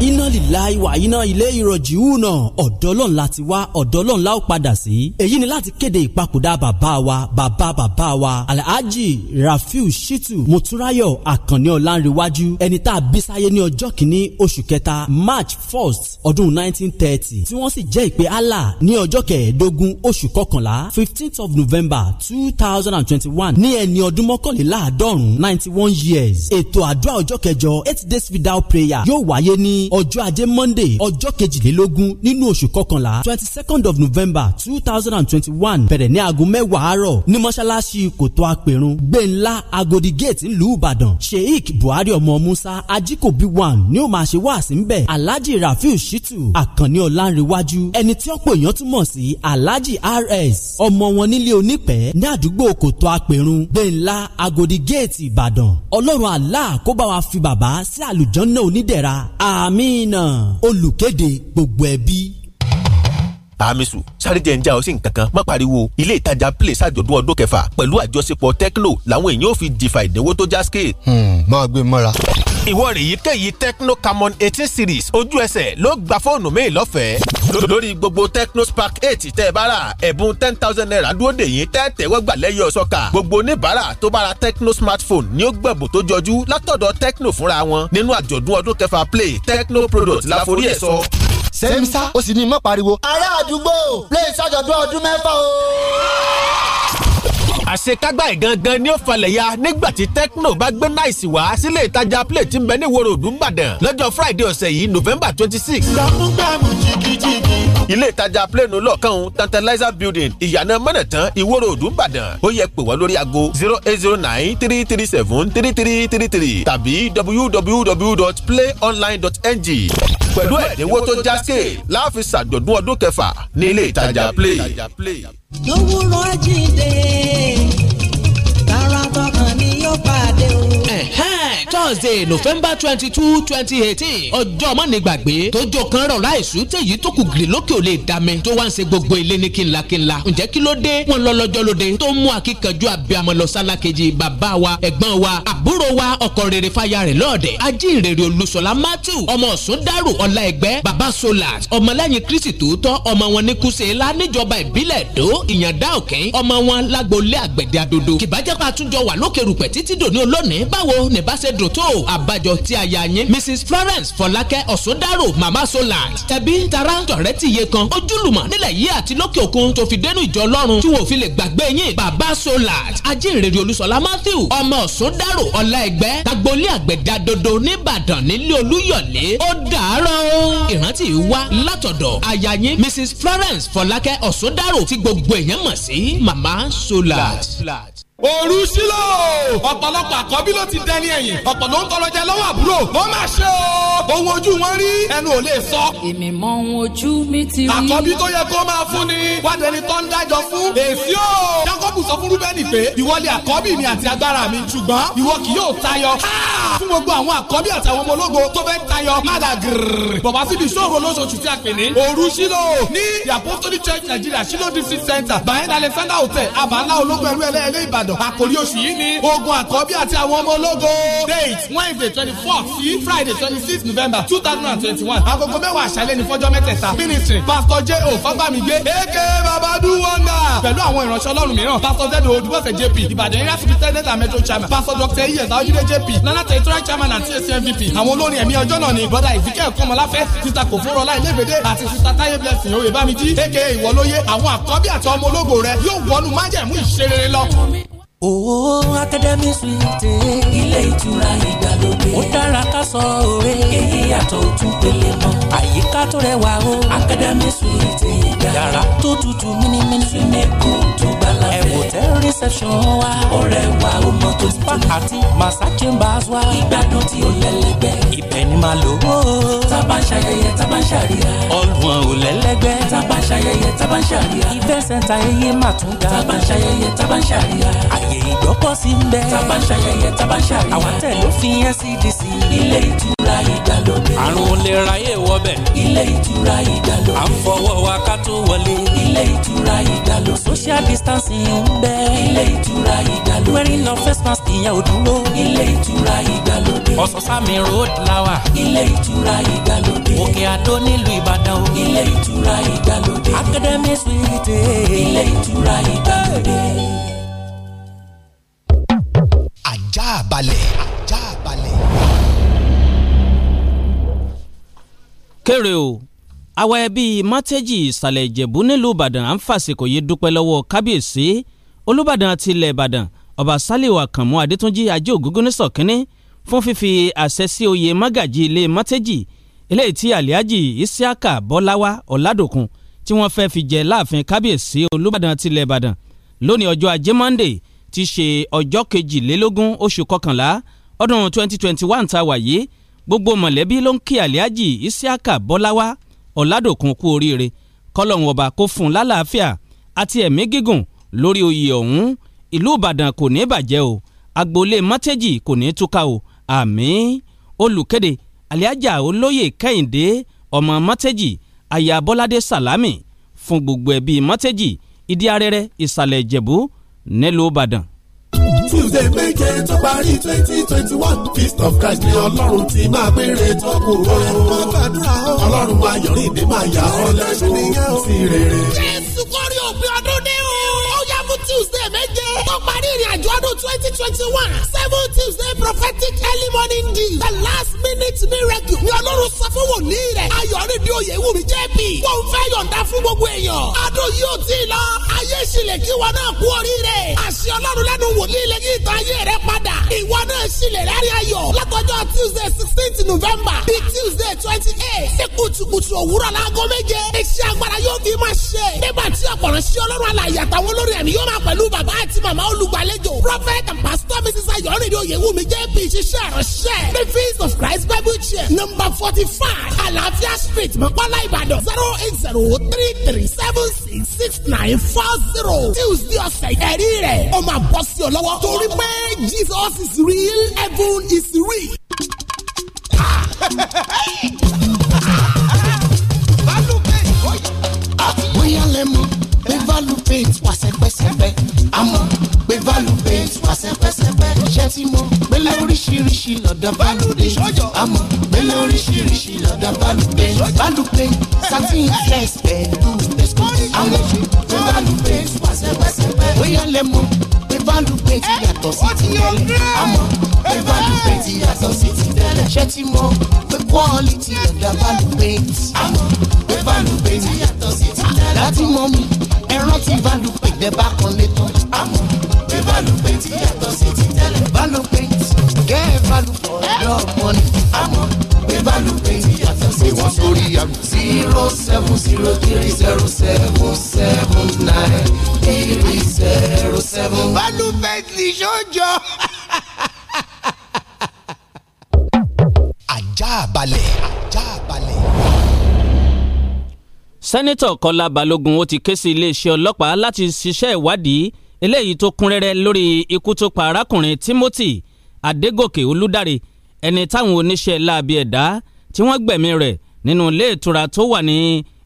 iná lílá ìwà iná ilé ìrọ̀jì hùnà ọ̀dọ́ ọlọ́run la ti wá ọ̀dọ́ ọlọ́run la ó padà sí. èyí ni láti kéde ìpapòdà bàbá wa bàbá bàbá wa alhaji rafiu shitu muturayo akànni ọ̀lànrẹ̀wájú ẹni tá a bí sáyé ní ọjọ́ kìíní oṣù kẹta march first ọdún 1930 thirty tí wọ́n sì jẹ́ ìpè allah ní ọjọ́ kẹẹ̀ẹ́dógún oṣù kọkànlá fifteenth of november 2021 thousand and twenty-one ní ẹni ọdún mọ́kànléláàádọ́rùn ninety years ètò àdúrà ọjọ́ kẹjọ eight days without prayer yóò wáyé ní ọjọ́ ajé monday ọjọ́ kejìlélógún nínú oṣù kọkànlá twenty second of november two thousand and twenty one bẹ̀rẹ̀ ní aago mẹ́wàá àárọ̀ ní mọ́ṣáláṣí kòtò apẹ̀rún gbẹ̀ńlá agodi gate ńlú ìbàdàn sheik buhari ọmọ musa ajikobi one ni ó máa ṣe wáàsí ń bẹ̀ alhaji rafiu shitu àkànní ọlánrewájú ẹni tí ọ̀pọ̀ èèyàn túmọ̀ sí alhaji rs ọmọ wọn nílé onípẹ̀ ní àdúgbò kòtò apẹ̀rún gbẹ̀ńlá agodi gate ìbàdàn ọlọ́run allah kó bá wa fi bàbá sí àlùjànnà onídẹ̀ra àmín àmì náà olùkéde gbogbo ẹbí hamisu sáréjẹ ń já ọ sí nkankan má pariwo ilé ìtajà place àjọ̀dún ọdún kẹfà pẹ̀lú àjọṣepọ̀ tecno làwọn èèyàn ò fi dìfà ìdínwó tó já scale. Hmm, máa gbé e mọ́ra. ìwọ rèé kéyìí tecno camon eighteen series ojú ẹsẹ̀ ló gba fóònù míì lọ́fẹ̀ẹ́ lórí gbogbo tecno spark eight tẹ́ ẹ bá rà ẹ̀bùn ten thousand naira dúró dè yín tẹ́ tẹ́wọ́gbà lẹ́yọ̀ sọ́ka gbogbo oníbàárà tó bá ra tecno smartphone ni ó gbẹ̀bùn tó jọjú látọ̀dọ̀ tecno fúnra wọn nínú àjọ̀dún ọdún kẹfà play tecno product láforí ẹ̀ sọ sẹ́mísà ó sì ní mọ́ pariwo. ará àdúgbò lè ṣàjọ̀dún ọdún mẹ́fà o àṣekágbá ìgangan ni ó falẹ̀ ya nígbà tí Tecno bá gbé náìsì wá sílé ìtajà play tí ń bẹ ní ìwòrò òdùnbàdàn lọ́jọ́ Friday ọ̀sẹ̀ yìí November twenty six. gbàmúgbàmù jìgìjìgì ilé ìtajà plane lọ́ọ̀kan òun tantalizer building ìyànà mọ̀nàtàn ìwòrò òdùnbàdàn ó yẹ pè wá lórí aago zero eight zero nine three three seven three three three three tàbí www.playonline.ng pẹ̀lú ẹ̀dínwó tó jásẹ̀ láàfin ṣàjọ̀dún ọdún kẹfà ní ilé ìtajà play. lówùrọ̀ jíde tààrà tọkàn ni yóò pàdé o thursday november twenty two twenty eighteen ọjọ́ mọ́nìgbàgbé tójó kan rọ̀ láìsú téyí tó kù gírí lókè ò lè dá mi tó wá ń ṣe gbogbo ilé ní kínlakínla ǹjẹ́ kí ló dé wọn lọ lọ́jọ́ lóde tó ń mú akíkanjú abiyamọ lọ sálákejì bàbá wa ẹ̀gbọ́n wa àbúrò wa ọkọ rere fáyà rẹ̀ lọ́ọ̀dẹ̀ ajínrere olùsọ̀lá matthew ọmọ ọ̀sùn dárò ọ̀la ẹ̀gbẹ́ bàbá solas ọmọlẹ́yìn kristi tòótọ́ ọmọ wọn ní kùsẹ́lá níjọba ìbílẹ̀ èdò ìyàndá òkè ọmọ wọn lágboolé àgbẹ̀dẹ adodo kìbájẹ́pá àtúnjọ wà lókè rùpẹ̀ títí dòní olónìí báwo nìbá d dùn tó àbájọ tí a yà yín mrs florence fọlákẹ́ ọ̀sùndàrò mama solar ẹbí tara tọ̀rẹ́ ti yé kan ojúlùmọ̀ nílẹ̀ yìí àti lókè òkun tó fi dénú ìjọ ọlọ́run tí wọ́n fi lè gbàgbé yín baba solar ajínrere olúṣọlá matthew ọmọ ọ̀sùndàrò ọ̀la ẹgbẹ́ tagbolí àgbẹ̀dá dodo nìbàdàn nílé olúyọ̀lé ó dàárọ̀ ìrántí wá látọ̀dọ̀ aya yín mrs florence fọlákẹ́ ọ̀sùndàrò tí gbogbo èèyàn mọ̀ sí mama solar òru sílò ọ̀pọ̀lọpọ̀ àkọ́bí ló ti dẹni ẹ̀yìn ọ̀pọ̀ ló ń tọrọ jẹ lọ́wọ́ àbúrò ó mà ṣe o ohun ojú wọn rí ẹnu ò lè sọ. èmi mọ ohun ojú mi ti rí. àkọ́bí tó yẹ kó máa fún ni wádẹni tó ń dájọ́ fún èsì o. jákọ́bù sọ fún rúbẹ́nì pé ìwọ ni àkọ́bí mi àti agbára mi ṣùgbọ́n ìwọ kì yóò tayọ. fún gbogbo àwọn àkọ́bí àtàwọn ọmọ ológo tó fẹ́ tayọ mádà gírrrr. bọ̀bá síbi church nigeria sílò district center bayan alexander hotel àbálá ológun ẹrú ẹlẹ́ẹ̀lẹ́ Ìbàdàn àkórí oṣù yìí ni ogun àkọ́bí àti àwọn ọmọ ológo date Wednesday twenty four sí Friday twenty six November two thousand and twenty one agogo mẹ́wàá àṣálẹ́ ní fọ́jọ́ mẹ́tẹ̀ẹ̀ta ministry pastor J O Fagbamigbe aka Babadu Wanda pẹ̀lú àwọn ìránṣẹ́ Ọlọ́run mìíràn pastor Z O Dubọ̀sẹ̀ JP Ìbàdàn area superintendent and metro chairman pastor Dr. Iyes Ayodele JP nana territorial chairman and CAC MVP àwọn olórin ẹ̀mí ọjọ́ náà ni brother Ezekiel Kọ́mọláfẹ́ sista Kòfórọ́lá Ilébèdè àti sista Táyé Blessing Oyèbámijí aka Ìwọlóyè àwọn àkọ́bí àti ọmọ ológo rẹ yóò wọnú májẹ̀mú ìṣerere lọ. Oo oh, Academy Suite. Ilé ìtura ìgbàlódé. Ó dára ká sọ òwe. Èyí yàtọ̀ òtún pele mọ́. Àyíká tó rẹwà o. Academy Suite ìgbà. Yàrá tó tutù mímímí. Súnmẹ́kù tó gbala fẹ́. Ẹ̀wò tẹ́ reception wa. Ọ̀rẹ́ wa ó mọ tó ti tó. Spa àti Massa Chambers wa. Ìgbádùn tí ó lẹ́lẹ́gbẹ́. Ibẹ̀ ni màá lò ó. Tábà ń ṣayẹyẹ, tábà ń ṣàríyá. Ọlùwọ̀n ò lẹ́lẹ́gbẹ́. Tábà ń ṣayẹyẹ, tábà ń ṣàríyá. Event center eyé mà ga. Tábà ń ṣayẹyẹ, tábà ń ṣàríyá ààyè ìgbọ́kọ̀sí ń bẹ. tá bá ń ṣayẹyẹ tá ń ṣàríyá. àwọn tẹ̀ ló fi NCDC. E ilé ìtura ìdàlódé. àrùn olè ráyè wọbẹ̀. ilé ìtura ìdàlódé. à ń fọwọ́ wa ká tó wọlé. ilé ìtura ìdàlódé. social distancing ń bẹ. ilé ìtura ìdàlódé. wearing no face mask ìyẹn ò dúró. ilé ìtura ìdàlódé. ọ̀sánsámi road lawa. ilé ìtura ìdàlódé. òkè àdó nílùú ìbàdàn o. ilé ìtura ìdàlódé. academy suite. ilé ìtura ìdàlódé ajá balẹ̀. ajá balẹ̀. kéré o àwa ẹbí mọ́tẹ́jì ìsàlẹ̀ ìjẹ̀bú nílùú ìbàdàn à ń fàsìkò yìí dúpẹ́ lọ́wọ́ kábíyèsí olùbàdàn tilẹ̀ ìbàdàn ọba sálíù àkànmú adétúnjì ajé ògúngúnnísọ̀ kínní fún fífi àṣẹ sí oyè mágàjì ilé mọ́tẹ́jì eléyìí tí àlíájì isiaka bọ́láwá ọ̀làdòkun tí wọ́n fẹ́ fi jẹ láàfin kábíyèsí olùbàdàn tilẹ̀ ìbàdàn lónìí ọjọ́ ajé monde ti ṣe ọjọ́ kejìlélógún oṣù kọkànlá ọdún 2021 ta wà yìí gbogbo mọ̀lẹ́bí ló ń kí àlíájì isiaka bọ́láwá ọ̀làdòkun kú oríire kọ́lọ́hún ọba kó fún un lálàáfíà àti ẹ̀mí gígùn lórí oyè ọ̀hún ìlú ìbàdàn kò ní bàjẹ́ o agboolé mọ́tẹ́jì kò ní túká o àmín olùkéde àlíájà olóyè kẹ́hìndé ọmọ mọ́tẹ́jì aya bọ́ládé sàlámì fún gbogbo ẹbí mọ́tẹ́jì ìdí arẹ́rẹ́ ìsàlẹ̀ ìjẹ̀bú nílùú ìbàdàn tuesday méje tó parí twenty twenty one feast of christ ni ọlọ́run ti máa péré tó kù o. ọlọ́run ayọ̀rìndé máa yà ọ́ lẹ́nu sí rere. jésù kọ́rí parí ìrìn àjò ọdún twenty twenty one seven tuesday prophetic early morning deal the last minute miracle ni ọlọ́run sọ fún wòlíì rẹ̀ ayọ̀rẹ́ bí òye wù mí jp kó n fẹ́ yọ̀ǹda fún gbogbo èèyàn adùn yóò ti lọ ayé ìṣìlẹ̀ kí wọn náà kú oríire àṣẹ ọlọ́run lẹ́nu wòlíì lẹ́yìn ìtàn ayé rẹ̀ padà ìwọ náà sílẹ̀ lárí ayọ̀ lákọjọ́ tuesday sixteenth november bí tuesday twenty eight ṣe kùtùkùtù òwúrọ̀ láago méje iṣẹ́ agbára yóò fi máa ṣe nígbà tí ọ̀pọ̀ ránṣẹ́ ọlọ́run alàyè àtàwọn olórí ẹ̀mí yóò máa pẹ̀lú bàbá àti màmá olùgbàlejò prophet and pastor mrs ayọ̀rìndé oyèwùmí jp ṣiṣẹ́ ránṣẹ́ the feast of christ bible church number forty five àlàáfíà street mọ̀kọ́lá ìbàdàn zero eight zero three three seven six six nine four zero tuesday ọ̀sẹ̀ ẹ̀rí rẹ̀ ọmọ àbọ̀sí ọlọ́wọ́ torí pé jesus is real. Heaven is real. bóyá lẹ mọ̀ pé value paint wà sẹ́pẹ́sẹ́pẹ́ àmọ́ pé value paint wà sẹ́pẹ́sẹ́pẹ́ ṣé ti mọ̀ pé lóríṣiríṣi lọ́dọ̀ value paint àmọ́ pé lóríṣiríṣi lọ́dọ̀ value paint satin flex pẹ̀lú àwọn. àmọ́ ẹ̀fà ló paint yàtọ̀ sí ti tẹ́lẹ̀ ṣé ti mọ̀ pé quality ẹ̀dá bá ló mi ẹran ti bá ló paint bẹ́ẹ̀ bá kan lé tán àmọ́ ẹ̀fà ló for your money àmọ́ ẹ̀fà ló paint yàtọ̀ sí ti zero seven zero three zero seven nine three zero seven. balùwẹ̀ ti sẹ́nẹ́tọ̀ kọ́lá balógun ó ti ké sí iléeṣẹ́ ọlọ́pàá láti ṣiṣẹ́ ìwádìí eléyìí tó kúnrẹ́rẹ́ lórí ikú tó pa arákùnrin timothy adégòkè olùdarí ẹni táwọn oníṣẹ́ láabi ẹ̀dá tí wọ́n gbẹ̀mí rẹ̀ nínú ilé ìtura tó wà ní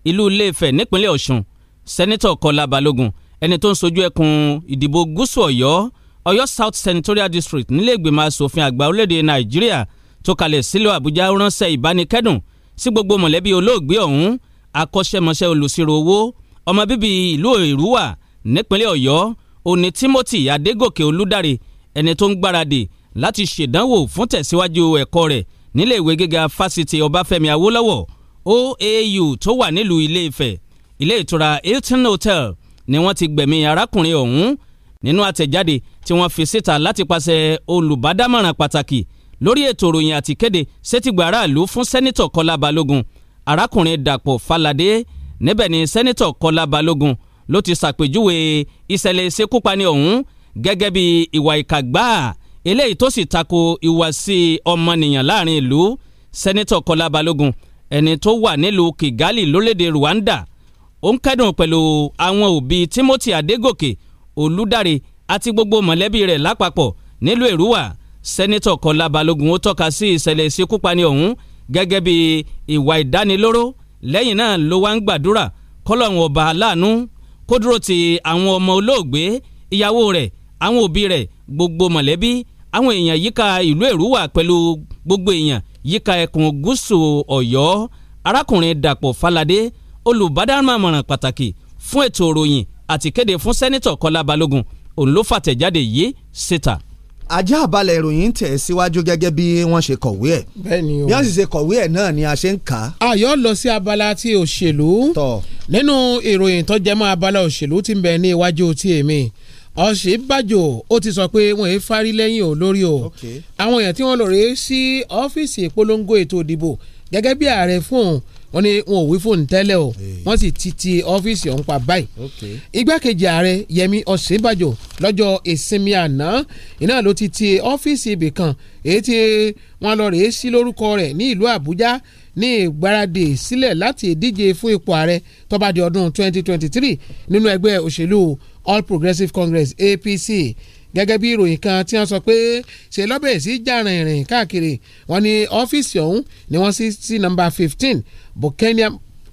ìlú iléefẹ̀ nípínlẹ̀ ọ̀ṣun sẹ́nẹ́tọ̀ kọ́lá balógun ẹni tó ń sojú ẹkùn ìdìbò gúúsù ọ̀yọ́ ọ̀yọ́ south senatorial district nílẹ̀ẹ́gbìmọ̀ asòfin àgbà orílẹ̀-èdè nàìjíríà tó kalẹ̀ sílùú àbújá ránṣẹ́ ìbánikẹ́dùn sí gbogbo mọ̀lẹ́bí olóògbé ọ̀hún akọ́ṣẹ́mọṣẹ́ olùsirò owó ọmọ bíbí ìlú ìrúwà nípínlẹ̀ ọ̀yọ́ òní timothy adégòkè olùdarí ẹni tó ń gbáradì láti ṣèdánwò fún tẹ̀síwájú ẹ̀kọ́ rẹ̀ nílé ìwé gíga fásitì ọbáfẹ́mi awólọ́wọ̀ oau tó wà nílùú ilé ifẹ̀ ilé ìtura hilton hotel ni wọ́n ti gbẹ̀mí arákùnrin ọ̀hún nínú àtẹ̀jáde tí wọ́n fi síta láti pàṣẹ olùbádámọ̀ràn pàtàkì lórí ètò ìròyìn àtìkéde sétígbà aráàlú fún sẹ́nitọ̀ kọlá balógun arákùnrin dàpọ̀ falade níbẹ̀ ni sẹ́nitọ̀ kọlá balógun ló ti ṣàpèjúwe ìṣẹ̀lẹ̀ ìṣekúpani ọ̀hún gẹ́gẹ́ bí ìwà ìkàgbà eléyìí tó sì tako ìwàsí ọmọnìyàn láàrin ìlú sẹ́nitọ̀ kọlá balógun ẹni tó wà nílùú kigali lórílẹ̀‐èdè rwanda ó ń kẹ́dùn pẹ̀lú àwọn òbí timothy adégòkè olùdarí àti gbogbo mọ̀lẹ́bí rẹ̀ lápapọ̀ nílùú èrúwà sẹ́nitọ̀ kọlá balógun ó tọ́ka sí ìṣẹ̀lẹ̀ ìṣekúpani ọ̀hún gẹ́gẹ́ bí ìwà ìdánilóró lẹ́yìn náà ló wá ń gbàdúrà kọ́lọ́run ọba aláàánú kó dúró ti àwọn ọmọ olóògbé ìyàwó rẹ̀ àwọn òbí rẹ̀ gbogbo mọ̀lẹ́bí àwọn èèyàn yíká ìlú Èrúwà pẹ̀lú gbogbo èèyàn yíká ẹkùn gúúsù Ọ̀yọ́ arákùnrin Dàpọ̀ Fáládé olùbádámọ̀ràn pàtàkì fún ètò òròyìn àti fún sẹ́nitọ̀ Kọ́lá Balógun òun ló fàtẹ̀jáde yìí síta ajá balẹ̀ ìròyìn tẹ̀ síwájú gẹ́gẹ́ bí wọ́n ṣe kọ̀wé ẹ̀ bí wọ́n sì ṣe kọ̀wé ẹ̀ náà ni a ṣe ń kà á. ayọ̀ lọ sí abala ti òṣèlú nínú ìròyìn tó jẹmọ́ abala òṣèlú ti ń bẹ ní iwájú ti èmi Ọ̀ṣínbàjò ó ti sọ pé wọ́n ń fárí lẹ́yìn olórí o àwọn èèyàn tí wọ́n lọ rèé sí ọ́fíìsì ìpolongo ètò ìdìbò gẹ́gẹ́ bí ààrẹ fún òun wọ́n ní wọn ò wí fóònù tẹ́lẹ̀ o wọ́n sì ti ti ọ́fíìsì ọ̀hún pa báyìí. igbákejì ààrẹ yẹmi ọ̀sínbàjò lọ́jọ́ ìsinmi àná iná ló ti ti ọ́fíìsì ibì kan èyí tí wọ́n lọ rèé sí lórúkọ rẹ̀ ní ìlú àbújá ní ìgbáradì sílẹ̀ láti ìdíje fún ipò ààrẹ tó di ọdún 2023 nínú ẹgbẹ́ òṣèlú All Progressives Congress APC gẹ́gẹ́ bí ìròyìn kan tí wọ́n sọ pé ṣe lọ́bẹ̀ sí jàrìnrìn káàkiri wọ́n ní ọ́fíìsì ọ̀hún ni wọ́n sí sí nọ́mbà fifteen Bukenia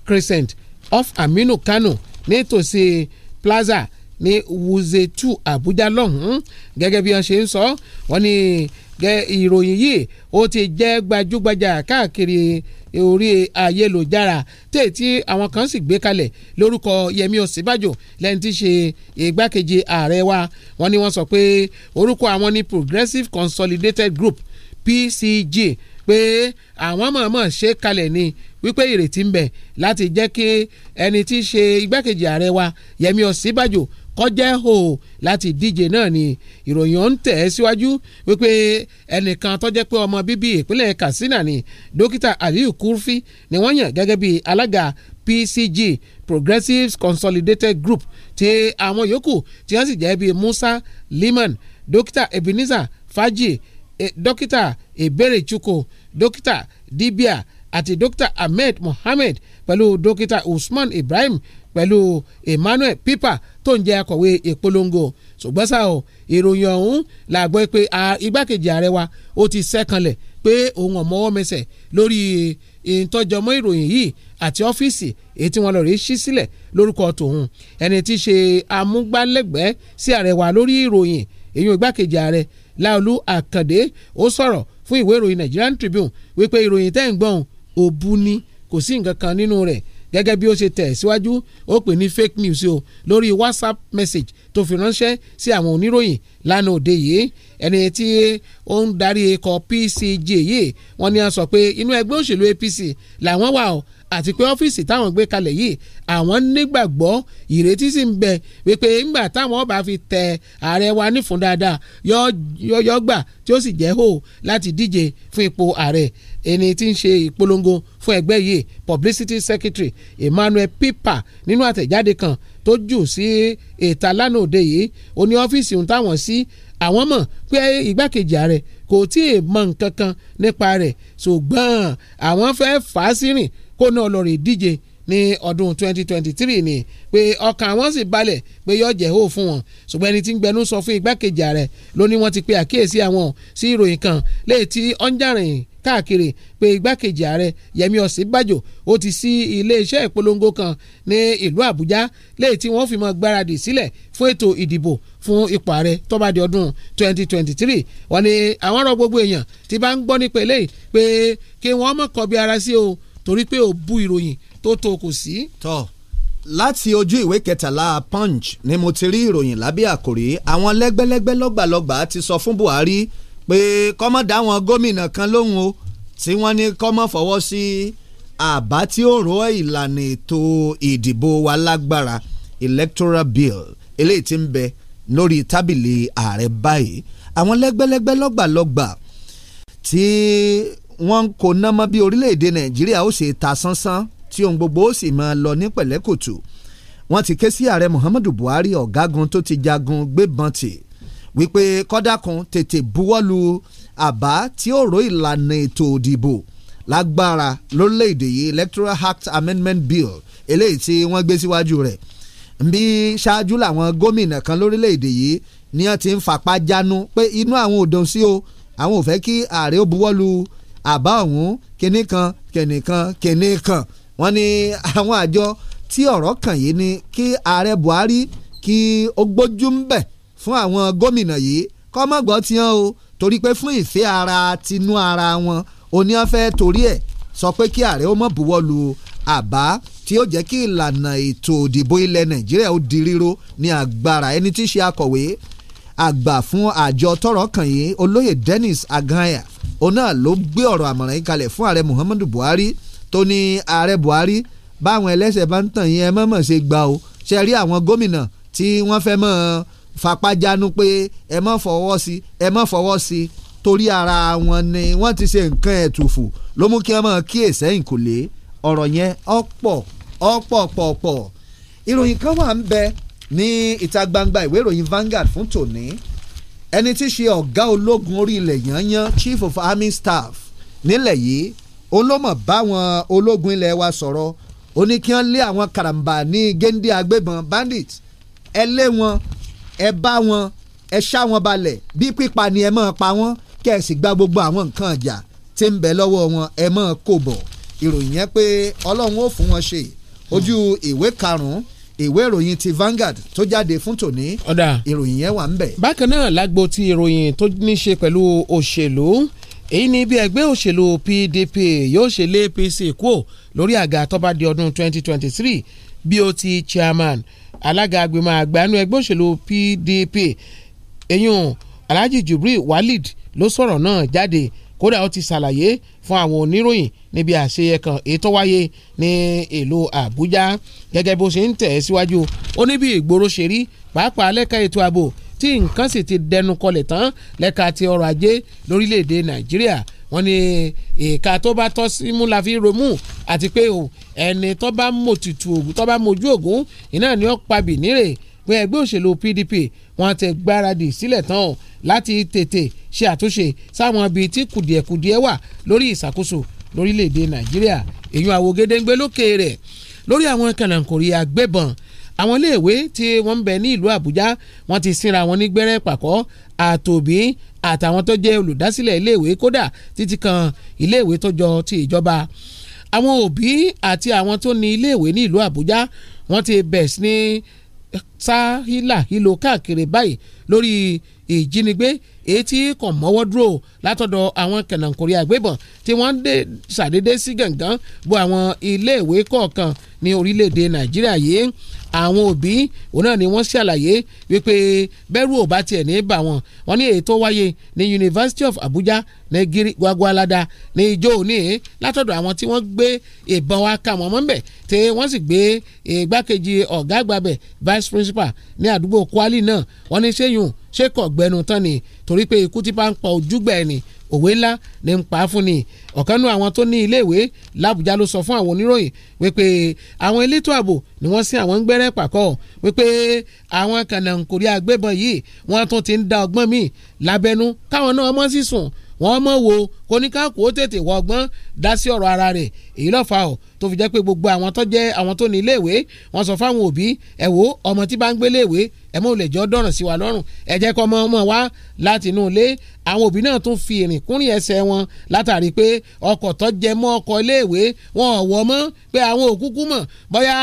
Crescent off Aminu Kano nítòsí Plaza ní Wuse 2 Abuja lọ́hùn-ún gẹ́gẹ́ bí wọ́n ṣe ń sọ wọ́n ní ìròyìn yìí ó ti jẹ́ gbajúgbajà káàkiri orí ayélujára tètí àwọn kan sì gbé kalẹ̀ lórúkọ Yẹmí Ọ̀sínbàjò lẹ́ni tí í ṣe igbákejì ààrẹ wa wọ́n ní wọ́n sọ pé orúkọ àwọn ni Progressive Consolidated Group PCG pé àwọn mọ̀ọ́mọ̀ ṣe kalẹ̀ ni wípé ìrètí ń bẹ láti jẹ́ kí ẹni tí í ṣe igbákejì ààrẹ wa Yẹmí Ọ̀sínbàjò kọjá hò láti díje náà ni ìròyìn ọ̀hún tẹ̀ ẹ́ síwájú wípé ẹnìkan tó jẹ́ pé ọmọ bíbí ìpínlẹ̀ Katsina ni dókítà Aliyu Kurfi ni wọ́n yàn gẹ́gẹ́ bí alága PCG Progressives Consolidated Group ti àwọn yòókù tí wọ́n sì jẹ́ bí Musa Liman dókítà Ebenezer Faji eh, Ebere Eberechukwu dókítà Dibia àti dókítà Ahmed Mohammed pẹ̀lú dókítà Usman Ibrahim pẹ̀lú Emmanuel Pipa tó ń jẹ́ akọ̀wé ìpolongo ṣùgbọ́n ṣá o ìròyìn ọ̀hún la gbọ́ pé igbákejì ààrẹ wa ó ti sẹ́kànlẹ̀ pé òun ọ̀mọ́wọ́ mẹsẹ̀ lórí ìtọ́jọmọ́ ìròyìn yìí àti ọ́fíìsì èyí tí wọ́n lọ rí ṣí sílẹ̀ lórúkọ tòun ẹni tí í ṣe amúgbálẹ́gbẹ̀ẹ́ sí ààrẹ wa lórí ìròyìn èyí igbákejì ààrẹ láolú àkàndé ó sọ̀rọ̀ fún ìwé ìròyìn Nigerian Tribune wípé ìròyìn tẹ́ ń gbọ́n òbu ni kò sí nǹkan kan nínú rẹ̀ gẹ́gẹ́ bí ó ṣe tẹ̀ síwájú ó pè ní fake news o lórí whatsapp message tó fi ránṣẹ́ sí àwọn oníròyìn lánàá òde yìí ẹni tí ó ń darí ikọ̀ PCG yìí wọ́n ní a sọ pé inú ẹgbẹ́ òṣèlú APC làwọn wà o àti pé ọ́fíìsì táwọn gbé kalẹ̀ yìí àwọn nígbàgbọ́ ìrètí sì ń bẹ wípé ńgbà táwọn bá fi tẹ ààrẹ wa nífun dáadáa yọ gbà tí ó sì jẹ́ hò láti díje fún ipò ààrẹ ẹni tí ń ṣe ìpolongo fún ẹgbẹ́ yìí publicity secretary Emmanuel Pipa nínú àtẹ̀jáde kan tó jù sí ìta lánàá òde yìí ó ní ọ́fíìsì ohun táwọn sí àwọn mọ̀ pé igbákejì ààrẹ kò tí ì mọ nǹkan nípa rẹ̀ ṣùgbọ́n àwọn fẹ́ fà á sírìn kó náà lọ rè díje ní ọdún 2023 ni pé ọkàn àwọn sì balẹ̀ pé yóò jẹ́ hó fún wọn ṣùgbọ́n ẹni tí ń gbẹnu sọ fún igbákejì ààrẹ ló ní wọ́n ti pe àkíyèsí àwọn sí ìròyìn kan léè tí ọ̀njàrìn káàkiri pé igbákejì ààrẹ Yẹmi Ọ̀sínbàjò ó ti sí iléeṣẹ́ ìpolongo kan ní ìlú Àbújá léè tí wọ́n fi mọ́ gbáradì sílẹ̀ fún ètò ìdìbò fún ipò ààrẹ tó ọdún 2023 wọ́n ní àwọn ọ̀rọ̀ gbogbo èèyàn ti bá ń gbọ́ nípele pé kí wọ́n mọ̀ kọ́ bí ara sí o torí pé ó bú ìròyìn tó tó kò sí. tọ́ láti ojú ìwé kẹtàlá punch ni mo ti rí ìròyìn lábẹ́ àkòrí àwọn lẹ́gbẹ́lẹ́gbẹ́ lọ́gbàlọ́gbà ti sọ fún Buhari pé kọ́mọ́ dá wọn gómìnà kan lóhùn o tí wọ́n ní kọ́mọ́ fọwọ́ sí àbá tí ó rọ ìlànà ètò ìdìbò wa lágbára electoral bill eléyìí tí ń bẹ lórí tábìlì ààrẹ báyìí àwọn lẹ́gbẹ́lẹ́gbẹ́ lọ́gbàlọ́gbà tí wọ́n ń kó námọ́ bí orílẹ̀-èdè nàìjíríà ó ṣe ta sánsán tí ohun gbogbo ó sì máa lọ ní pẹ̀lẹ́kùtù wọ́n ti ké sí ààrẹ muhammadu buhari ọ̀gágun tó ti jagun gbébọn tì wípé kọ́dákun tètè buwọ́lu àbá tí ó ró ìlànà ètò òdìbò lágbára lórílẹ̀‐èdè yìí electoral act amendment bill eléyìí tí wọ́n gbé síwájú rẹ̀ bí ṣáájú làwọn gómìnà kan lórílẹ̀‐èdè yìí ni wọ́n ti ń fapá jánu pé inú àwọn ò dùn o àwọn ò fẹ́ kí ààrẹ ó buwọ́lu àbá ọ̀hún kinní kan kinní kan kinní kan wọ́n ní àwọn àjọ tí ọ̀rọ̀ kàn yìí ni kí ààrẹ Buhari kí ó gbójú ń bẹ̀ fún àwọn gómìnà yìí kọ́ mọ́ gbọ́ tiwọn o torí pé fún ìfẹ́ ara tinú ara wọn oní ọ̀fẹ́ torí ẹ̀ sọ pé kí ààrẹ ó mọ̀ buwọ́ lu àbá tí ó jẹ́ kí ìlànà ètò òdìbò ilẹ̀ Nàìjíríà ó di ríro ní agbára ẹni tí í ṣe akọ̀wé àgbà fún àjọ tọ́rọ̀ kàn yìí olóyè Dennis Aganya òun náà ló gbé ọ̀rọ̀ àmọ̀ràn yìí kalẹ̀ fún ààrẹ Muhammadu Buhari tó ní ààrẹ Buhari báwọn ẹlẹ́sẹ̀ bá ń tàn yín ẹ mọ̀mọ̀ ṣe gba o ṣe rí àwọn gómìnà tí wọ́n fẹ́ mọ́ fapájánu pé ẹ mọ́ fọwọ́ sí ẹ mọ́ fọwọ́ sí torí ara wọn ni wọ́n ti ṣe nǹkan ẹ̀tùfù ló mú kí wọ́n mọ̀ kí èsẹ́yìn kò lé ọ̀rọ̀ yẹn ọ̀pọ̀ ọ̀pọ̀ pọ̀pọ̀ ìròyìn kan wà ń bẹ ní ìta gbangba ìwé ìròyìn Vanguard fún tòní ẹni tí í ṣe ọ̀gá ológun orí ilẹ̀ yanyan chief of army staff nílẹ̀ yìí òun ló mọ̀ báwọn ológun ilẹ̀ wa sọ̀rọ̀ ó ní kí wọ́n lé àwọn karambà ní géńdé agbébọn bandits ẹ lé wọn ẹ bá wọn ẹ ṣá wọn balẹ̀ bí pípa ni ẹ máa pa wọ́n kẹ́ ẹ sì gba gbogbo àwọn nǹkan ọjà tí ń bẹ lọ́wọ́ wọn ẹ máa kó bọ̀ ìròyìn yẹn pé ọlọ́run ó fún wọn ṣe ojú ìwé karùn-ún ìwé ìròyìn ti Vanguard tó jáde fún tòní ìròyìn yẹn wà ń bẹ̀. bákan náà lágbo ti ìròyìn tó ní ṣe pẹ̀lú òṣèlú èyí ni bí ẹgbẹ́ òṣèlú PDP yóò ṣe lé APC kúò lórí àga tó di ọdún 2023 bí ó ti chairman alága agbèmọ̀ àgbàánu ẹgbẹ́ òṣèlú PDP eyín Alhaji Jubril Walid ló sọ̀rọ̀ náà jáde kódà ó ti ṣàlàyé fún àwọn oníròyìn níbi àṣeyẹ kan èyí tó wáyé ní ìlú Àbújá gẹ́gẹ́ bó ṣe ń tẹ̀ ẹ́ síwájú ó ní bí ìgboro ṣe rí pàápàá lẹ́ka ètò ààbò tí nǹkan sì ti dẹnu kọlẹ̀ tán lẹ́ka ti ọrọ̀ ajé lórílẹ̀‐èdè Nàìjíríà wọ́n ní ìka tó bá tọ́ sí mú la fi romú àti pé ẹni tó bá mojú ògùn ìnáà ni ó pa bìnírè pé ẹgbẹ́ òṣèlú PDP wọ́n ti gbáradì sílẹ̀ tán o láti tètè ṣe àtúnṣe sáwọn ibi tí kùdìẹ̀kùdìẹ̀ wà lórí ìṣàkóso lórílẹ̀‐èdè Nàìjíríà èyàn àwo gédéǹgbé lókè rẹ̀ lórí àwọn kànáńkòrí agbébọn àwọn iléèwé tí wọ́n ń bẹ ní ìlú Àbújá wọ́n ti sinra wọn ní gbẹ́rẹ́ pàkọ́ àtòbí àtàwọn tó jẹ́ olùdásílẹ̀ iléèwé kódà títí kan iléèwé tó jọ ti ìjọba àwọn òbí àti àwọn tó ní iléèwé ní ìlú Àbújá wọ́n ti bẹ̀ sí ní sá hílà hílo káàkiri báyìí lórí ìjínigbé èyí tí kò mọ́wọ́ dúrò látọ̀dọ̀ àwọn kẹ̀nàkùnrin àgbébọn tí wọ́n dé ṣàdédé sí gàngán bo àwọn iléèwé kọ̀ọ̀kan ní orílẹ̀-èdè nàìjíríà yìí àwọn òbí òun náà ni wọ́n ṣàlàyé wípé bẹ́rù ò bá tiẹ̀ ní bà wọ́n wọ́n ní èyí tó wáyé ní University of Abuja ní Gwagwalada ní ijó òní látọ̀dọ̀ àwọn tí wọ́n gbé ìbọn wá ká wọn mọ́ńbẹ̀ tí wọ́n sì gbé igbákejì ọ̀gá àgbàbẹ̀ vice principal ní àdúgbò Kwali náà wọ́n ní sẹ́yìn ṣé kò gbẹnu tán ni torí pé ikú ti bá ń pa ojúgbà ẹni òwe ńlá ní ń pa á fún ni ọ̀kanú àwọn tó ní iléèwé làbújá ló sọ fún àwọn oníròyìn wípé àwọn elétò ààbò ni wọ́n sí àwọn ń gbẹ́rẹ́ pàkọ́ wípé àwọn kànáńkórí agbébọn yìí wọ́n tún ti ń da ọgbọ́n míì lábẹ́nú káwọn náà mọ́ sí sùn wọ́n mọ̀ wo kó ní ká kó tètè wọgbọ́n dá sí ọ̀rọ̀ ara rẹ̀ èyí lọ́fà ọ̀ tó fi jẹ́ pé gbogbo àwọn tó jẹ́ àwọn tó ní iléèwé wọ́n sọ fáwọn òbí ẹ̀ wò ọmọ tí bá ń gbé iléèwé ẹ̀ mọ̀ lè jọ dọ̀ràn sí wa lọ́rùn ẹ̀ jẹ́ kọ́ ọmọ ọmọ wa láti inú ilé àwọn òbí náà tún fi ìrìn kúnrin ẹsẹ̀ wọn látàrí pé ọkọ̀ tó jẹ mọ́ ọkọ̀ iléèwé wọn ò wọ́ mọ́ pé àwọn òkúkú mọ̀ bóyá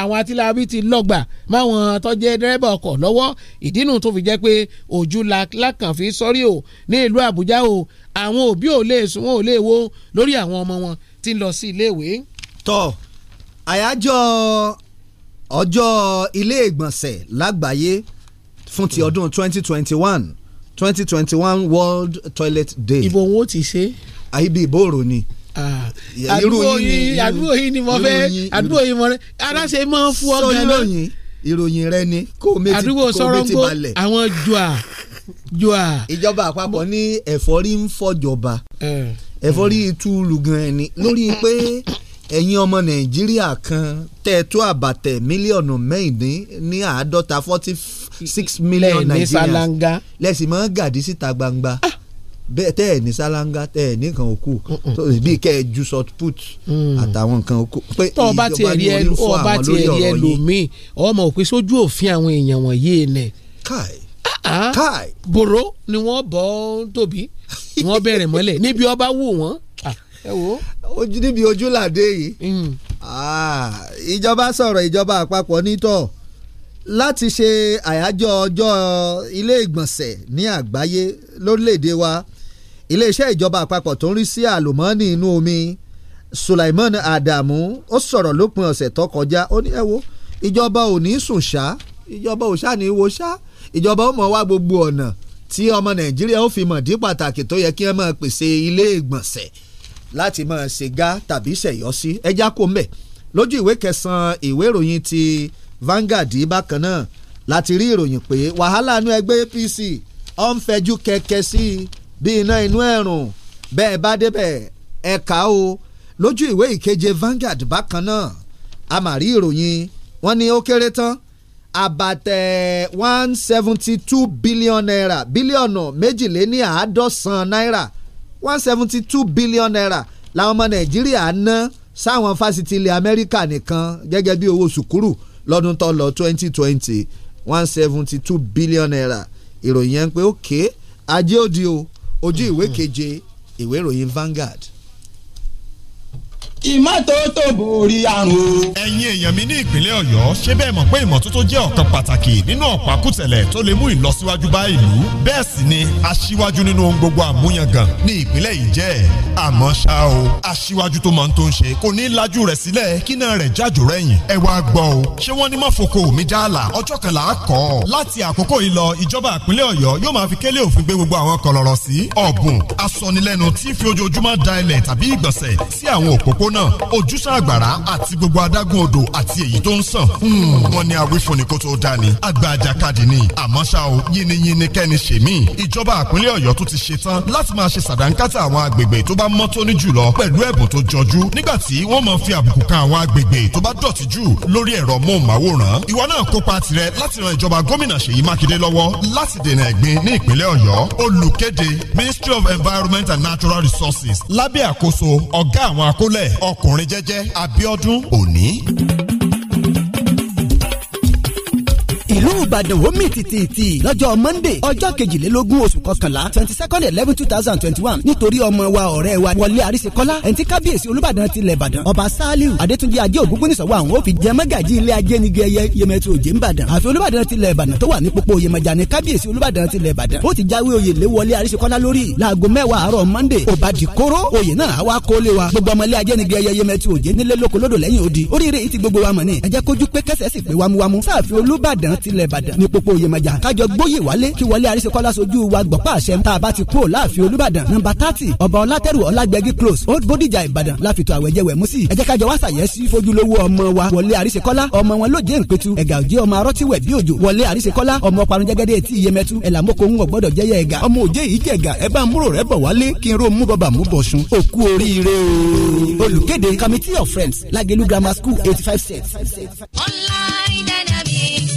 àwọn atilábí ti lọ́gbà máwọn tó jẹ́ dẹ́rẹ́bà ọkọ̀ lọ́wọ́ ìdínú tó fi jẹ́ pé ojú làkàn fi sọ́rí o ní ìlú Àbújá o àwọn òbí ò lè sùn wọn ò lè wo lórí àwọn ọmọ wọn tí ń lọ sí iléèwé. tọ́ àyájọ́ ọjọ́ ilé ìgbọ̀nsẹ̀ lágbàáyé fún ti ọdún twenty twenty one twenty twenty one world toilet day. ìbò wo ti ṣe. àyíbí ah, ìbòrò ah, ni àdúgbò yìí àdúgbò yìí ni mo fẹ́ àdúgbò yìí mo rẹ aláṣẹ máa ń fún ọgbẹ náà ìròyìn rẹ ni kó o méjì balẹ̀ àdúgbò sọ̀rọ̀ ń gbó àwọn jùà joa. ìjọba àpapọ̀ ní ẹ̀fọ́rí ń fọ̀jọba ẹ̀fọ́rí túlù gan-an ni lórí pé ẹ̀yin ọmọ nàìjíríà kan tẹ̀tọ́ àbàtẹ̀ mílíọ̀nù mẹ́ìndín ní àádọ́ta forty six million Nigerians lẹ́sìn máa ń gàdí síta gbangba ah. bẹ́ẹ̀ tẹ́ ẹ̀ ní sálángá tẹ́ ẹ̀ ní nǹkan òkú bíi kẹ́ ẹ ju short put mm. àtàwọn nǹkan òkú. tọ́ ọba ti ẹ̀rí ẹ ọba ti ẹ̀rí ẹ lòmíì ọmọ òpin sójú òfin àwọn èèyàn wọ̀nyí nẹ̀. káì Ah. bòró ni wọ́n bọ́ tóbi wọ́n bẹ̀rẹ̀ mọ́lẹ̀ níbi ọba wù wọ́n ah. wo. ojú níbi ojú làdé yìí mm. ah, ìjọba sọ̀rọ̀ ìjọba àpapọ̀ nítọ̀ láti ṣe àyájọ́ ọjọ́ ilé ìgbọ̀nsẹ̀ ní àgbáyé lórílẹ̀‐èdè wa iléeṣẹ́ ìjọba àpapọ̀ tó ń rí sí àlùmọ́ọ́nì inú omi Sulaiman Adamu ó sọ̀rọ̀ lópin ọ̀sẹ̀ tó kọjá ó ní ẹ wo ìjọba ò ní sùn ṣáá ìjọba ò ni ní wo ṣá ìjọba ó mọ̀ wá gbogbo ọ̀nà tí ọmọ nàìjíríà ó fi mọ̀ dí pàtàkì tó yẹ kí ẹ máa pèsè ilé ìgbọ̀nsẹ̀ láti máa ṣègá tàbí ṣẹ̀yọ́ sí ẹja kó mbẹ̀ lójú ìwé kẹsàn-án ìwé ìròyìn ti Vanguard bákan náà láti rí ìròyìn pé wàhálà inú ẹgbẹ́ APC ó ń fẹjú kẹ̀kẹ́ sí i bí iná inú ẹ̀rùn bẹ́ẹ̀ bá débẹ̀ ẹ̀ka o lójú ìwé ìkeje Vanguard bákan náà a mà rí ìròyìn wọn ni ó kéré tán about one seventy two billion naira bílíọ̀nù méjìléní àádọ́sán náírà one seventy two billion naira làwọn ọmọ nàìjíríà ná sáwọn fásitì ilẹ̀ amẹ́ríkà nìkan gẹ́gẹ́ bí owó sùkúrù lọ́dún tó lọ twenty twenty one seventy two billion naira ìròyìn yẹn ń pé ókè ajé òdi o ojú ìwé hmm, hmm. keje ìwé ìròyìn Vanguard ìmọ́tótó borí àrùn. ẹ̀yin èèyàn mi ní ìpínlẹ̀ ọ̀yọ́ ṣé bẹ́ẹ̀ mọ̀ pé ìmọ́tótó jẹ́ ọ̀kan pàtàkì nínú ọ̀pá kùtẹ̀lẹ̀ tó lè mú ìlọsíwájú bá ìlú bẹ́ẹ̀ sì ni aṣíwájú nínú ohun gbogbo àmúyangàn ní ìpínlẹ̀ yìí jẹ́ àmọ́ ṣá o aṣíwájú tó máa ń tó ń ṣe kò ní lajú rẹ̀ sílẹ̀ kí náà rẹ̀ jájò rẹ̀yìn ẹ wá gbọ́ o ṣé wọ́n ní mọ́foko mi jáàlà ọjọ́ kan òpópónà ojúṣà àgbàrá àti gbogbo adágún odò àti èyí tó ń sàn. Hmm, wọ́n ní awífúnni kó tó dá ni àgbà àjàkadì ni àmọ́ ṣá o yínníyínní kẹ́ni ṣe mí. ìjọba àpínlẹ̀ ọ̀yọ́ tún ti ṣe tán láti máa ṣe sàdánkátà àwọn agbègbè tó bá mọ́ tóní jùlọ pẹ̀lú ẹ̀bùn tó jọjú nígbà tí wọ́n máa fi àbùkù kan àwọn agbègbè tó bá dọ̀tí jù lórí ẹ̀rọ móhùnmáwòrán. ìwọ náà kópa tirẹ̀ láti ran ìjọba gómìnà Ṣèyí Mákindé lọ́wọ́ láti dènà ẹ̀gbin ní ìpínlẹ̀ ọ̀yọ́ olùkéde Ministry of Environment and Natural Resources lábẹ́ àkóso ọ̀gá àwọn akólẹ̀ ọkùnrin jẹ́jẹ́ Abíọ́dún Òní. ìlú ìbàdàn ó mì tìtìtì lọ́jọ́ monday ọjọ́ kejìlélógún oṣù kọkànlá twenty second eleven two thousand twenty one nítorí ọmọ wa ọ̀rẹ́ wa wọlé àrísẹ̀kọ́lá ẹni tí kábíyèsí olúbàdàn tilẹ̀ ìbàdàn ọba saliu adétúnjì ajé ògúngúnnísọ̀wọ́ àwọn òfin jẹ mọ́gàjì ilé ajé ni gẹ̀yẹ yemẹtu òjé ìbàdàn àfi olúbàdàn tilẹ̀ ìbàdàn tó wà ní pópó yemọja ni kábíyèsí olúbàdàn tilẹ̀ ìbàdàn ó ti jáwé oyè lé wọlé àrísẹ̀kọ́lá lórí monday ó bá di kóró oyè náà àwa kólé wa gbogbo ọmọlé ajé ni gẹ̀yẹ yemẹtu òjé nílé odi oríire yìí ti gbogbo wa mọ̀ ni ẹ jẹ́ kójú pé kẹsẹ̀ sì pé wámúwámú sáàfin olúbàdàn ti tilẹ̀ ìbàdàn ní pópó yemaja kájọ gbóyè wálé kí wọlé àrísẹ́kọ́lá sojú wa gbọ̀pá àṣẹ tá a bá ti kúrò láàfin olúbàdàn nọ́mbà tààtì ọba ọlátẹ́rù ọlágbẹ́gí close old bodijà ìbàdàn láfitò àwẹ̀jẹwẹ̀ mú sí ẹ̀jẹ̀ kájọ wá sàyẹ́sí fojúlówó ọmọ wa wọlé àrísẹ́kọ́lá ọmọ wọn lóje npetu ẹ̀gà òjé ọmọ arọ́tíwẹ̀ bí òjò wọlé àrísẹ́kọ́lá ọmọ parun jẹ́gẹ́dẹ́ etí iyemẹtu ẹ̀làmókò grammar school eighty five cents. online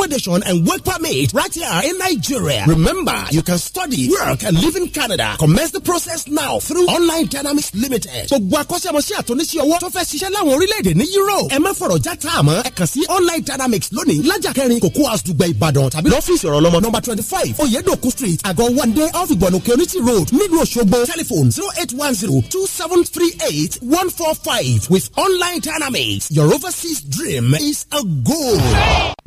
accommodation, and work permit right here in Nigeria. Remember, you can study, work, and live in Canada. Commence the process now through Online Dynamics Limited. Gbogbo akọ́ṣẹ́mọṣẹ́ àtúnṣe owó tó fẹ́ ṣiṣẹ́ láwọn orílẹ̀-èdè ní Europe. Ẹ má fọ̀rọ̀ já tá a mọ́. Ẹ kàn sí Online Dynamics lónìí lájà kẹrin Cocoa House Dùgbẹ́ Ìbàdàn tàbí lọ́fíìsì ọ̀rọ̀ lọ́mọ nọ́mbà twenty five Oyedoku street Àgọ́ Wande off Ìgbọ̀nùkẹ́ Unity road nílùú Òṣogbo telephone zero eight one zero two seven three eight one four five with Online Dynamics your overseas dream is a goal.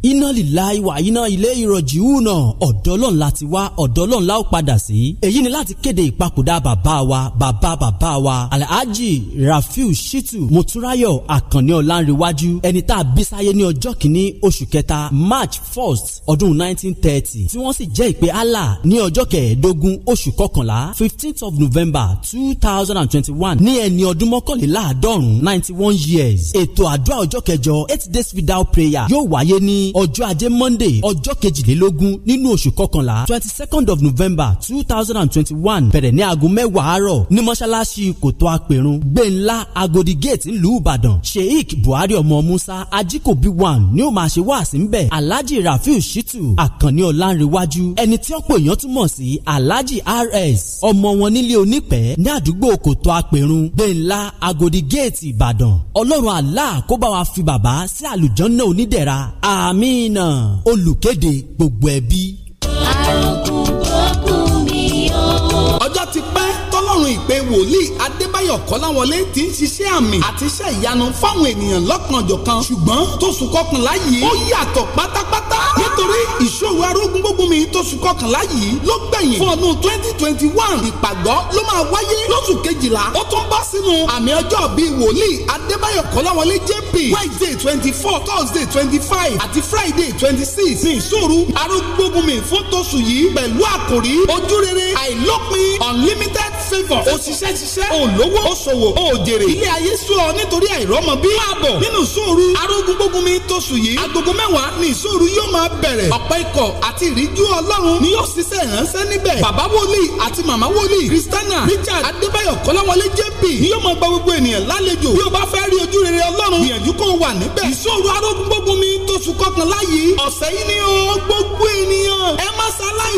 Iná lílá ìhà ìwà yìí náà ilé ìrọ̀jì hù náà ọ̀dọ̀ ọlọ́run la ti wá ọ̀dọ̀ ọlọ́run la padà sí. èyí ni láti kéde ìpapòdà bàbá wa bàbá bàbá wa alhaji rafiu shitu muturayo akànni ọ̀lànrẹ̀wájú ẹni tá a bí sáyé ní ọjọ́ kìíní oṣù kẹta march first ọdún nineteen thirty tí wọ́n sì jẹ́ ìpè allah ní ọjọ́ kẹẹ̀ẹ́dógún oṣù kọkànlá th of november 2021 thousand and twenty-one ní ẹni ọdún mọ́kànléláàádọ́rùn ninety years ètò àdúrà ọjọ́ kẹjọ eight days without prayer yóò wáyé ní ọjọ́ ajé monday ọjọ́ kejìlélógún nínú oṣù kọkànlá twenty second of november two thousand and twenty one bẹ̀rẹ̀ ní aago mẹ́wàá àárọ̀ ní mọ́ṣáláṣí kòtò apẹ̀rún gbẹ̀ńlá agodi gate ńlú ìbàdàn sheik buhari ọmọ musa ajikobi one ni ó máa ṣe wáàsí ńbẹ̀ alhaji rafiu shitu àkànní ọlánrewájú ẹni tí ọ̀pọ̀ èèyàn túmọ̀ sí alhaji rs ọmọ wọn nílé onípẹ̀ ní àdúgbò kòtò apẹ̀rún gbẹ̀ńlá agodi gate ìbàdàn ọlọ́run àlá kó bá wa fi bàbá sí àlùjọ́nà onídẹ̀ra àmín náà náà olùkéde gbogbo ẹbí. àròkùn gbókùn mi ó. ọjọ́ ti pẹ́ tọ́lọ́run ìpè wòlíì adébáyọ̀ kọ́láwọlé ti ń ṣiṣẹ́ àmì àti iṣẹ́ ìyanu fáwọn ènìyàn lọ́kànjọ̀kan ṣùgbọ́n tó sùn kọkànlá yìí ó yàtọ̀ pátápátá nítorí ìṣòro arógún gbógun mi tó sùn kọkànlá yìí ló gbẹ̀yìn fún ọdún twenty twenty one ìpàgọ́ ló máa wáyé lóṣù kejìlá ó tún bọ́ sínú àmì ọjọ́ bíi wòlíì adébáyọ̀ kọ́láwọlé jp wednesday twenty four thursday twenty five àti friday twenty six ní ìṣòro arógún gbógun mi fún tóṣù yìí pẹ̀lú àkòrí ojúrere àìlópin unlimited favour òṣìṣẹ́ ṣiṣẹ́ òǹlówó òṣòwò òjèrè ilé ayé sọ nítorí àìrọ́mọbí máa bọ̀ nínú ìṣòro arógún gbógun mi tóṣù yìí agogo mẹ́wàá ní ìṣòro yóò máa bẹ̀ rẹ̀ ọ̀pọ̀ ikọ̀ àti ìríjú ọlọ́run ni yóò ṣiṣẹ́ ránṣẹ́ níbẹ̀ bàbá wòlíì àti màmá wòlíì kristiana richard adébáyọ̀ kọ́láwọlé jp ni yóò máa gba gbogbo ènìyàn lálejò bí o bá fẹ́ rí ojú rere ọlọ́run gbìyànjú kó wà níbẹ̀ ìṣòro arógun gbógun mi tóṣù kọkànlá yìí ọ̀sẹ̀ yìí ni ó gbogbo ènìyàn ẹ má ṣaláì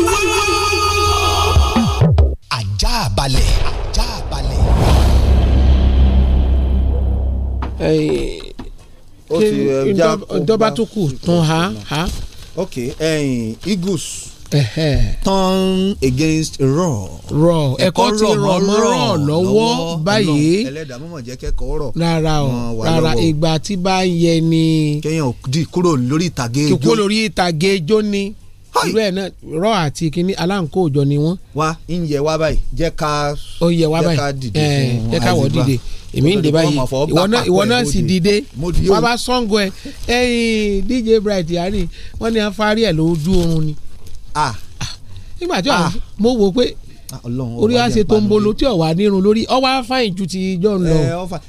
ó ti ẹ̀ já ọ̀dọ́bà tó kù tún ha ha ok eagles turn against raw. raw E ti rọ̀ mọ́ raw lọ́wọ́ báyìí. ẹlẹ́dàá mọ̀mọ́ jẹ́ kẹ́kọ̀ọ́ rọ̀. rárá o rárá ìgbà tí bá yẹ ni. kéèyàn di kúrò lórí ìtàgé ijó. kúrò lórí ìtàgé ijó ni. irú ẹ̀ náà raw àti kínní aláǹkó òjọ ni wọ́n. wa ń yẹ wá báyìí jẹ́ ká. ó yẹ wá báyìí jẹ́ ká dìde. jẹ́ ká wọ́ dìde èmi ń dé báyìí ìwọ náà sì dìde bàbá sango ẹ ẹyin dj bright yari wọn ni afárí ẹ lójú oorun ni ah, nígbà tí mo wò pé ah, orí àṣetò ń bolo tí ò wà nírun lórí ọwọ́ afáyín ju ti john lọ.